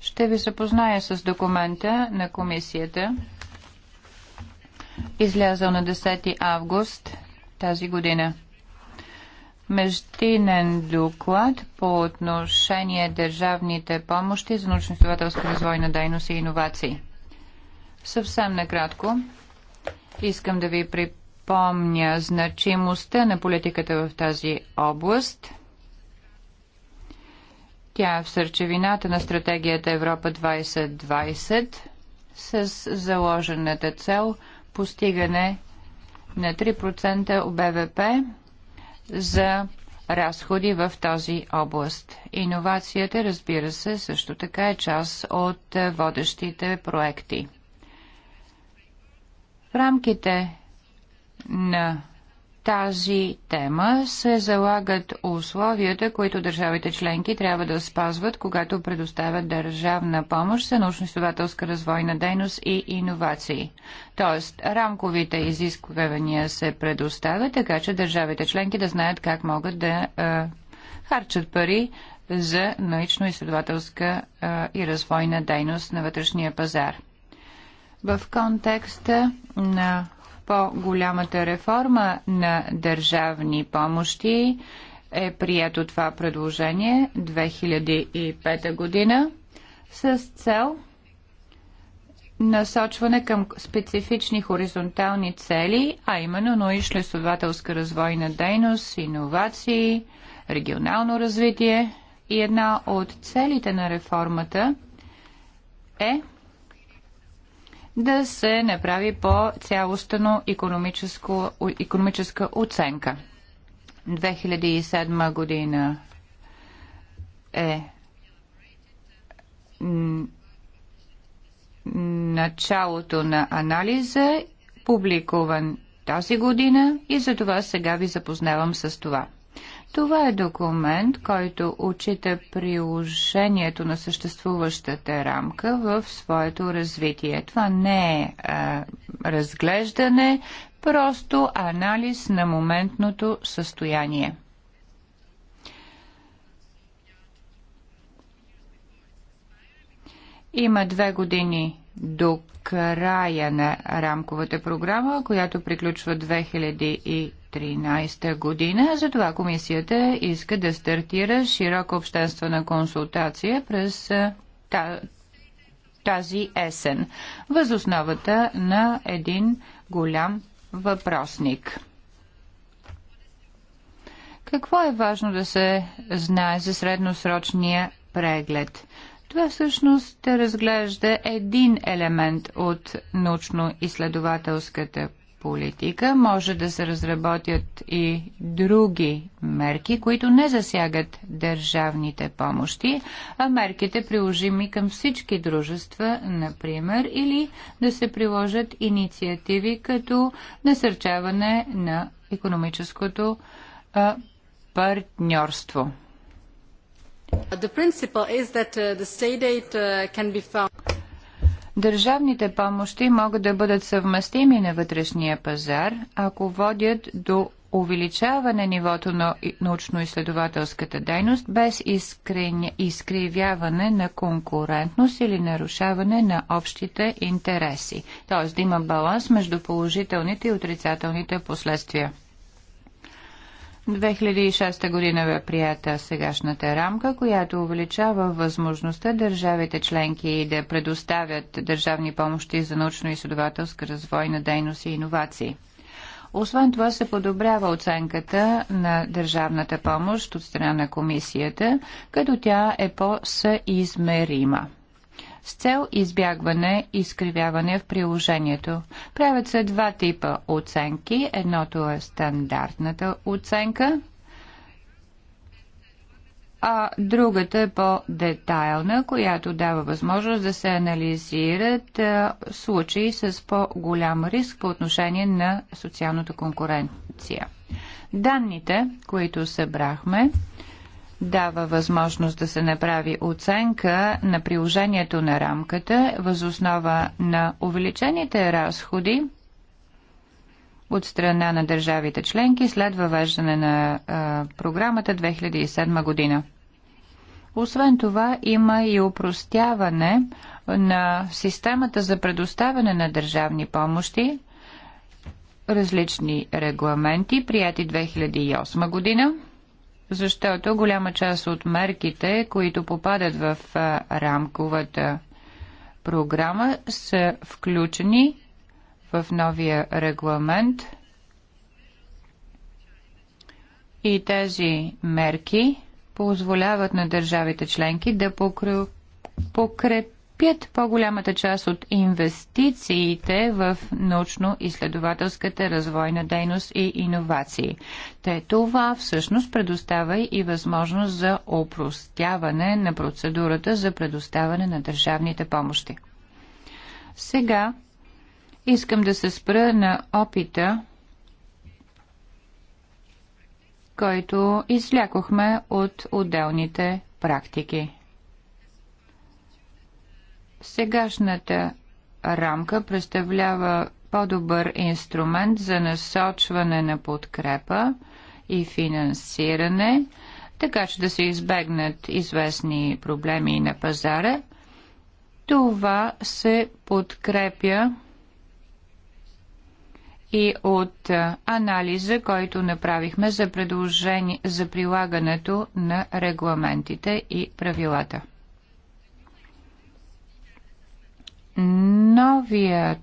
Ще ви запозная с документа на комисията излязъл на 10 август тази година. Междинен доклад по отношение държавните помощи за научно-изследователска развойна дейност и иновации. Съвсем накратко искам да ви припомня значимостта на политиката в тази област. Тя е в сърчевината на стратегията Европа 2020 с заложената цел – постигане на 3% БВП за разходи в този област. Иновацията, разбира се, също така е част от е, водещите проекти. В рамките на тази тема се залагат условията, които държавите членки трябва да спазват, когато предоставят държавна помощ за научно-изследователска развойна дейност и иновации. Тоест, рамковите изисквания се предоставят, така че държавите членки да знаят как могат да е, харчат пари за научно-изследователска е, и развойна дейност на вътрешния пазар. В контекста на по-голямата реформа на държавни помощи е прието това предложение 2005 година с цел насочване към специфични хоризонтални цели, а именно научно-изследователска развойна дейност, иновации, регионално развитие. И една от целите на реформата е да се направи по-цялостно економическа оценка. 2007 година е началото на анализа, публикуван тази година и за това сега ви запознавам с това. Това е документ, който отчита приложението на съществуващата рамка в своето развитие. Това не е а, е, разглеждане, просто анализ на моментното състояние. Има две години до края на рамковата програма, която приключва 2013 година. Затова комисията иска да стартира широка обществена консултация през тази есен, възосновата на един голям въпросник. Какво е важно да се знае за средносрочния преглед? Това всъщност разглежда един елемент от научно-изследователската политика, може да се разработят и други мерки, които не засягат държавните помощи, а мерките приложими към всички дружества, например, или да се приложат инициативи като насърчаване на економическото а, партньорство. The principle is that uh, the state aid uh, can be found Държавните помощи могат да бъдат съвместими на вътрешния пазар, ако водят до увеличаване нивото на научно-изследователската дейност без изкривяване на конкурентност или нарушаване на общите интереси, т.е. да има баланс между положителните и отрицателните последствия. 2006 година бе прията сегашната рамка, която увеличава възможността държавите членки да предоставят държавни помощи за научно-изследователска развойна дейност и иновации. Освен това се подобрява оценката на държавната помощ от страна на комисията, като тя е по-съизмерима с цел избягване и изкривяване в приложението. Правят се два типа оценки. Едното е стандартната оценка, а другата е по-детайлна, която дава възможност да се анализират случаи с по-голям риск по отношение на социалната конкуренция. Данните, които събрахме, дава възможност да се направи оценка на приложението на рамката възоснова на увеличените разходи от страна на държавите членки след въвеждане на а, програмата 2007 година. Освен това, има и упростяване на системата за предоставяне на държавни помощи, различни регламенти, прияти 2008 година – защото голяма част от мерките, които попадат в рамковата програма, са включени в новия регламент и тези мерки позволяват на държавите членки да покрепят подкрепят по-голямата част от инвестициите в научно-изследователската развойна дейност и иновации. Те това всъщност предоставя и възможност за опростяване на процедурата за предоставяне на държавните помощи. Сега искам да се спра на опита, който излякохме от отделните практики. Сегашната рамка представлява по-добър инструмент за насочване на подкрепа и финансиране, така че да се избегнат известни проблеми на пазара. Това се подкрепя и от анализа, който направихме за, за прилагането на регламентите и правилата. новият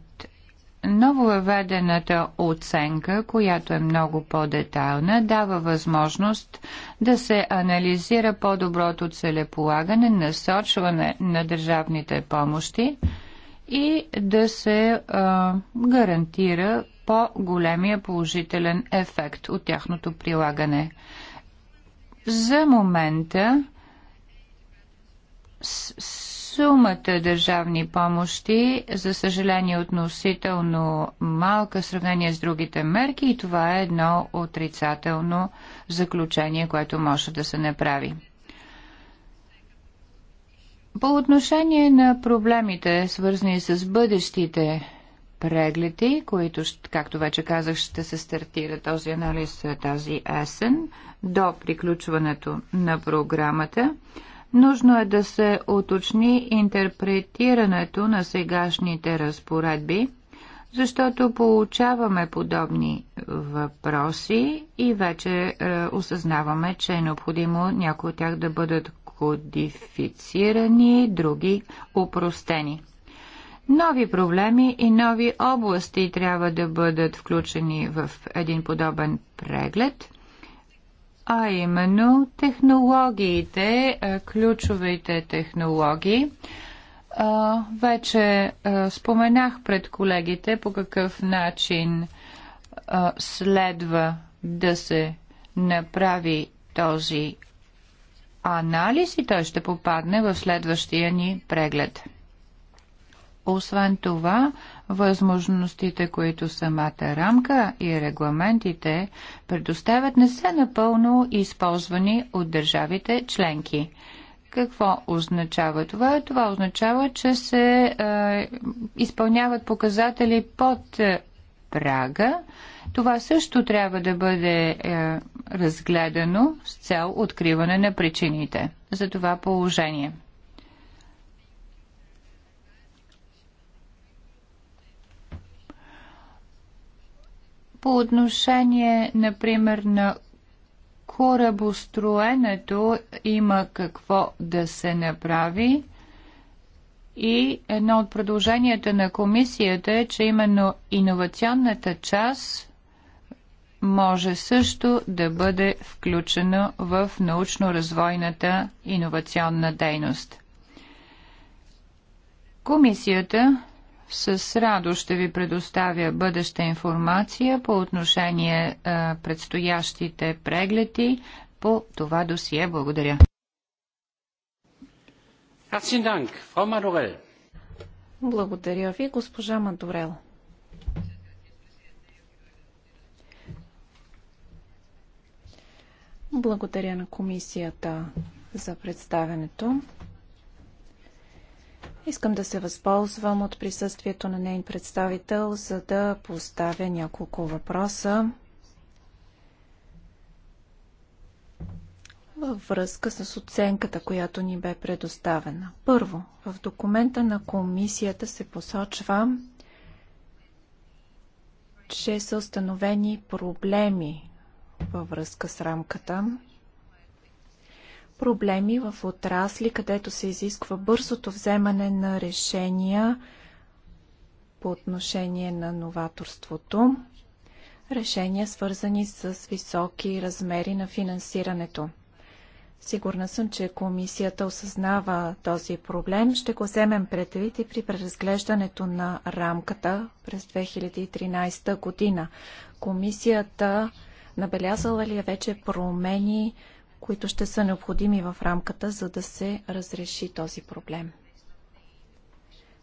нововъведената оценка, която е много по-детайлна, дава възможност да се анализира по-доброто целеполагане, насочване на държавните помощи и да се а, гарантира по-големия положителен ефект от тяхното прилагане. За момента с Сумата държавни помощи, за съжаление, относително малка в сравнение с другите мерки и това е едно отрицателно заключение, което може да се направи. По отношение на проблемите, свързани с бъдещите прегледи, които, както вече казах, ще се стартира този анализ тази есен до приключването на програмата. Нужно е да се уточни интерпретирането на сегашните разпоредби, защото получаваме подобни въпроси и вече е, осъзнаваме, че е необходимо някои от тях да бъдат кодифицирани, други упростени. Нови проблеми и нови области трябва да бъдат включени в един подобен преглед – а именно технологиите, е, ключовите технологии. Вече е, споменах пред колегите по какъв начин е, следва да се направи този анализ и той ще попадне в следващия ни преглед. Освен това, Възможностите, които самата рамка и регламентите предоставят, не са напълно използвани от държавите членки. Какво означава това? Това означава, че се е, изпълняват показатели под прага. Това също трябва да бъде е, разгледано с цел откриване на причините за това положение. по отношение, например, на корабостроенето има какво да се направи. И едно от продълженията на комисията е, че именно иновационната част може също да бъде включена в научно-развойната иновационна дейност. Комисията с радо ще ви предоставя бъдеща информация по отношение а, е, предстоящите прегледи по това досие. Благодаря. Благодаря ви, госпожа Мадорел. Благодаря на комисията за представянето. Искам да се възползвам от присъствието на нейн представител, за да поставя няколко въпроса във връзка с оценката, която ни бе предоставена. Първо, в документа на комисията се посочва, че са установени проблеми във връзка с рамката проблеми в отрасли, където се изисква бързото вземане на решения по отношение на новаторството, решения свързани с високи размери на финансирането. Сигурна съм, че комисията осъзнава този проблем. Ще го вземем предвид и при преразглеждането на рамката през 2013 година. Комисията набелязала ли е вече промени които ще са необходими в рамката, за да се разреши този проблем.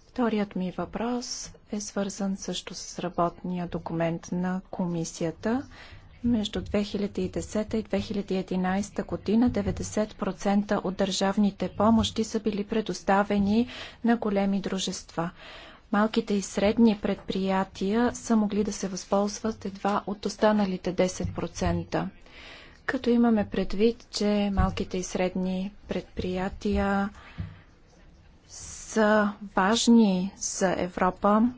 Вторият ми въпрос е свързан също с работния документ на комисията. Между 2010 и 2011 година 90% от държавните помощи са били предоставени на големи дружества. Малките и средни предприятия са могли да се възползват едва от останалите 10% като имаме предвид, че малките и средни предприятия са важни за Европа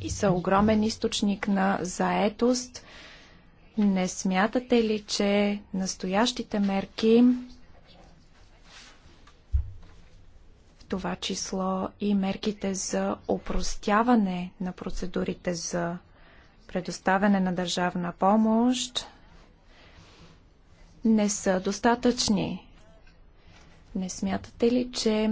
и са огромен източник на заетост, не смятате ли, че настоящите мерки, в това число и мерките за опростяване на процедурите за предоставяне на държавна помощ, не са достатъчни. Не смятате ли, че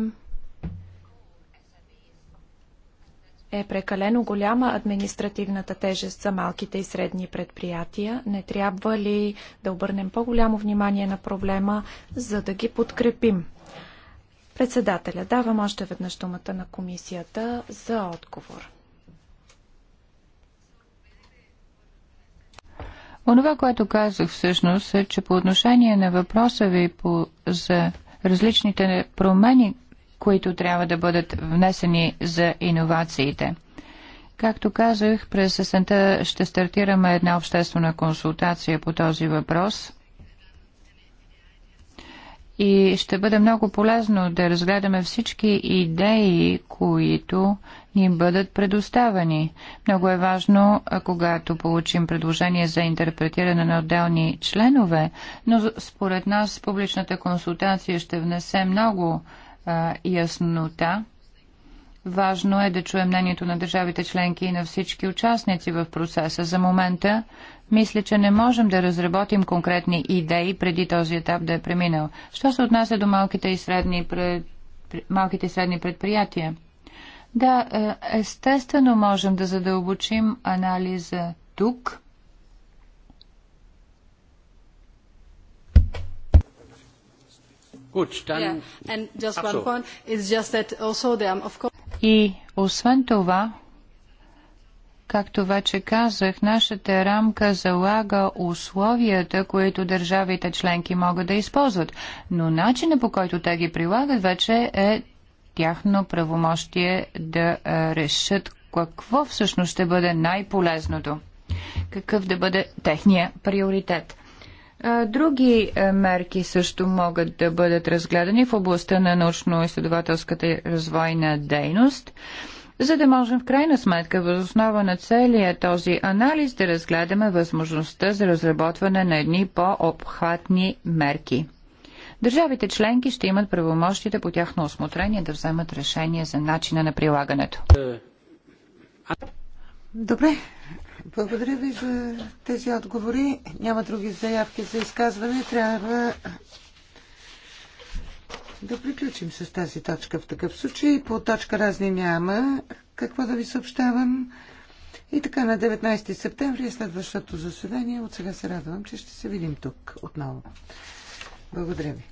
е прекалено голяма административната тежест за малките и средни предприятия? Не трябва ли да обърнем по-голямо внимание на проблема, за да ги подкрепим? Председателя, давам още веднъж думата на комисията за отговор. Онова, което казах всъщност е, че по отношение на въпроса ви по, за различните промени, които трябва да бъдат внесени за иновациите. Както казах, през сесента ще стартираме една обществена консултация по този въпрос – и ще бъде много полезно да разгледаме всички идеи, които ни бъдат предоставени. Много е важно, когато получим предложение за интерпретиране на отделни членове, но според нас публичната консултация ще внесе много а, яснота Важно е да чуем мнението на държавите членки и на всички участници в процеса. За момента мисля, че не можем да разработим конкретни идеи преди този етап да е преминал. Що се отнася до малките и средни, пред... малките и средни предприятия? Да, е, естествено можем да задълбочим анализа тук yeah. И освен това, Както вече казах, нашата рамка залага условията, които държавите членки могат да използват, но начинът по който те ги прилагат вече е тяхно правомощие да решат какво всъщност ще бъде най-полезното, какъв да бъде техния приоритет. Други е, мерки също могат да бъдат разгледани в областта на научно-изследователската развойна дейност, за да можем в крайна сметка, въз основа на целия този анализ, да разгледаме възможността за разработване на едни по-обхватни мерки. Държавите членки ще имат правомощите по тяхно осмотрение да вземат решение за начина на прилагането. Е, Добре, благодаря ви за тези отговори. Няма други заявки за изказване. Трябва да приключим с тази точка в такъв случай. По точка разни няма. Какво да ви съобщавам? И така на 19 септември е следващото заседание. От сега се радвам, че ще се видим тук отново. Благодаря ви.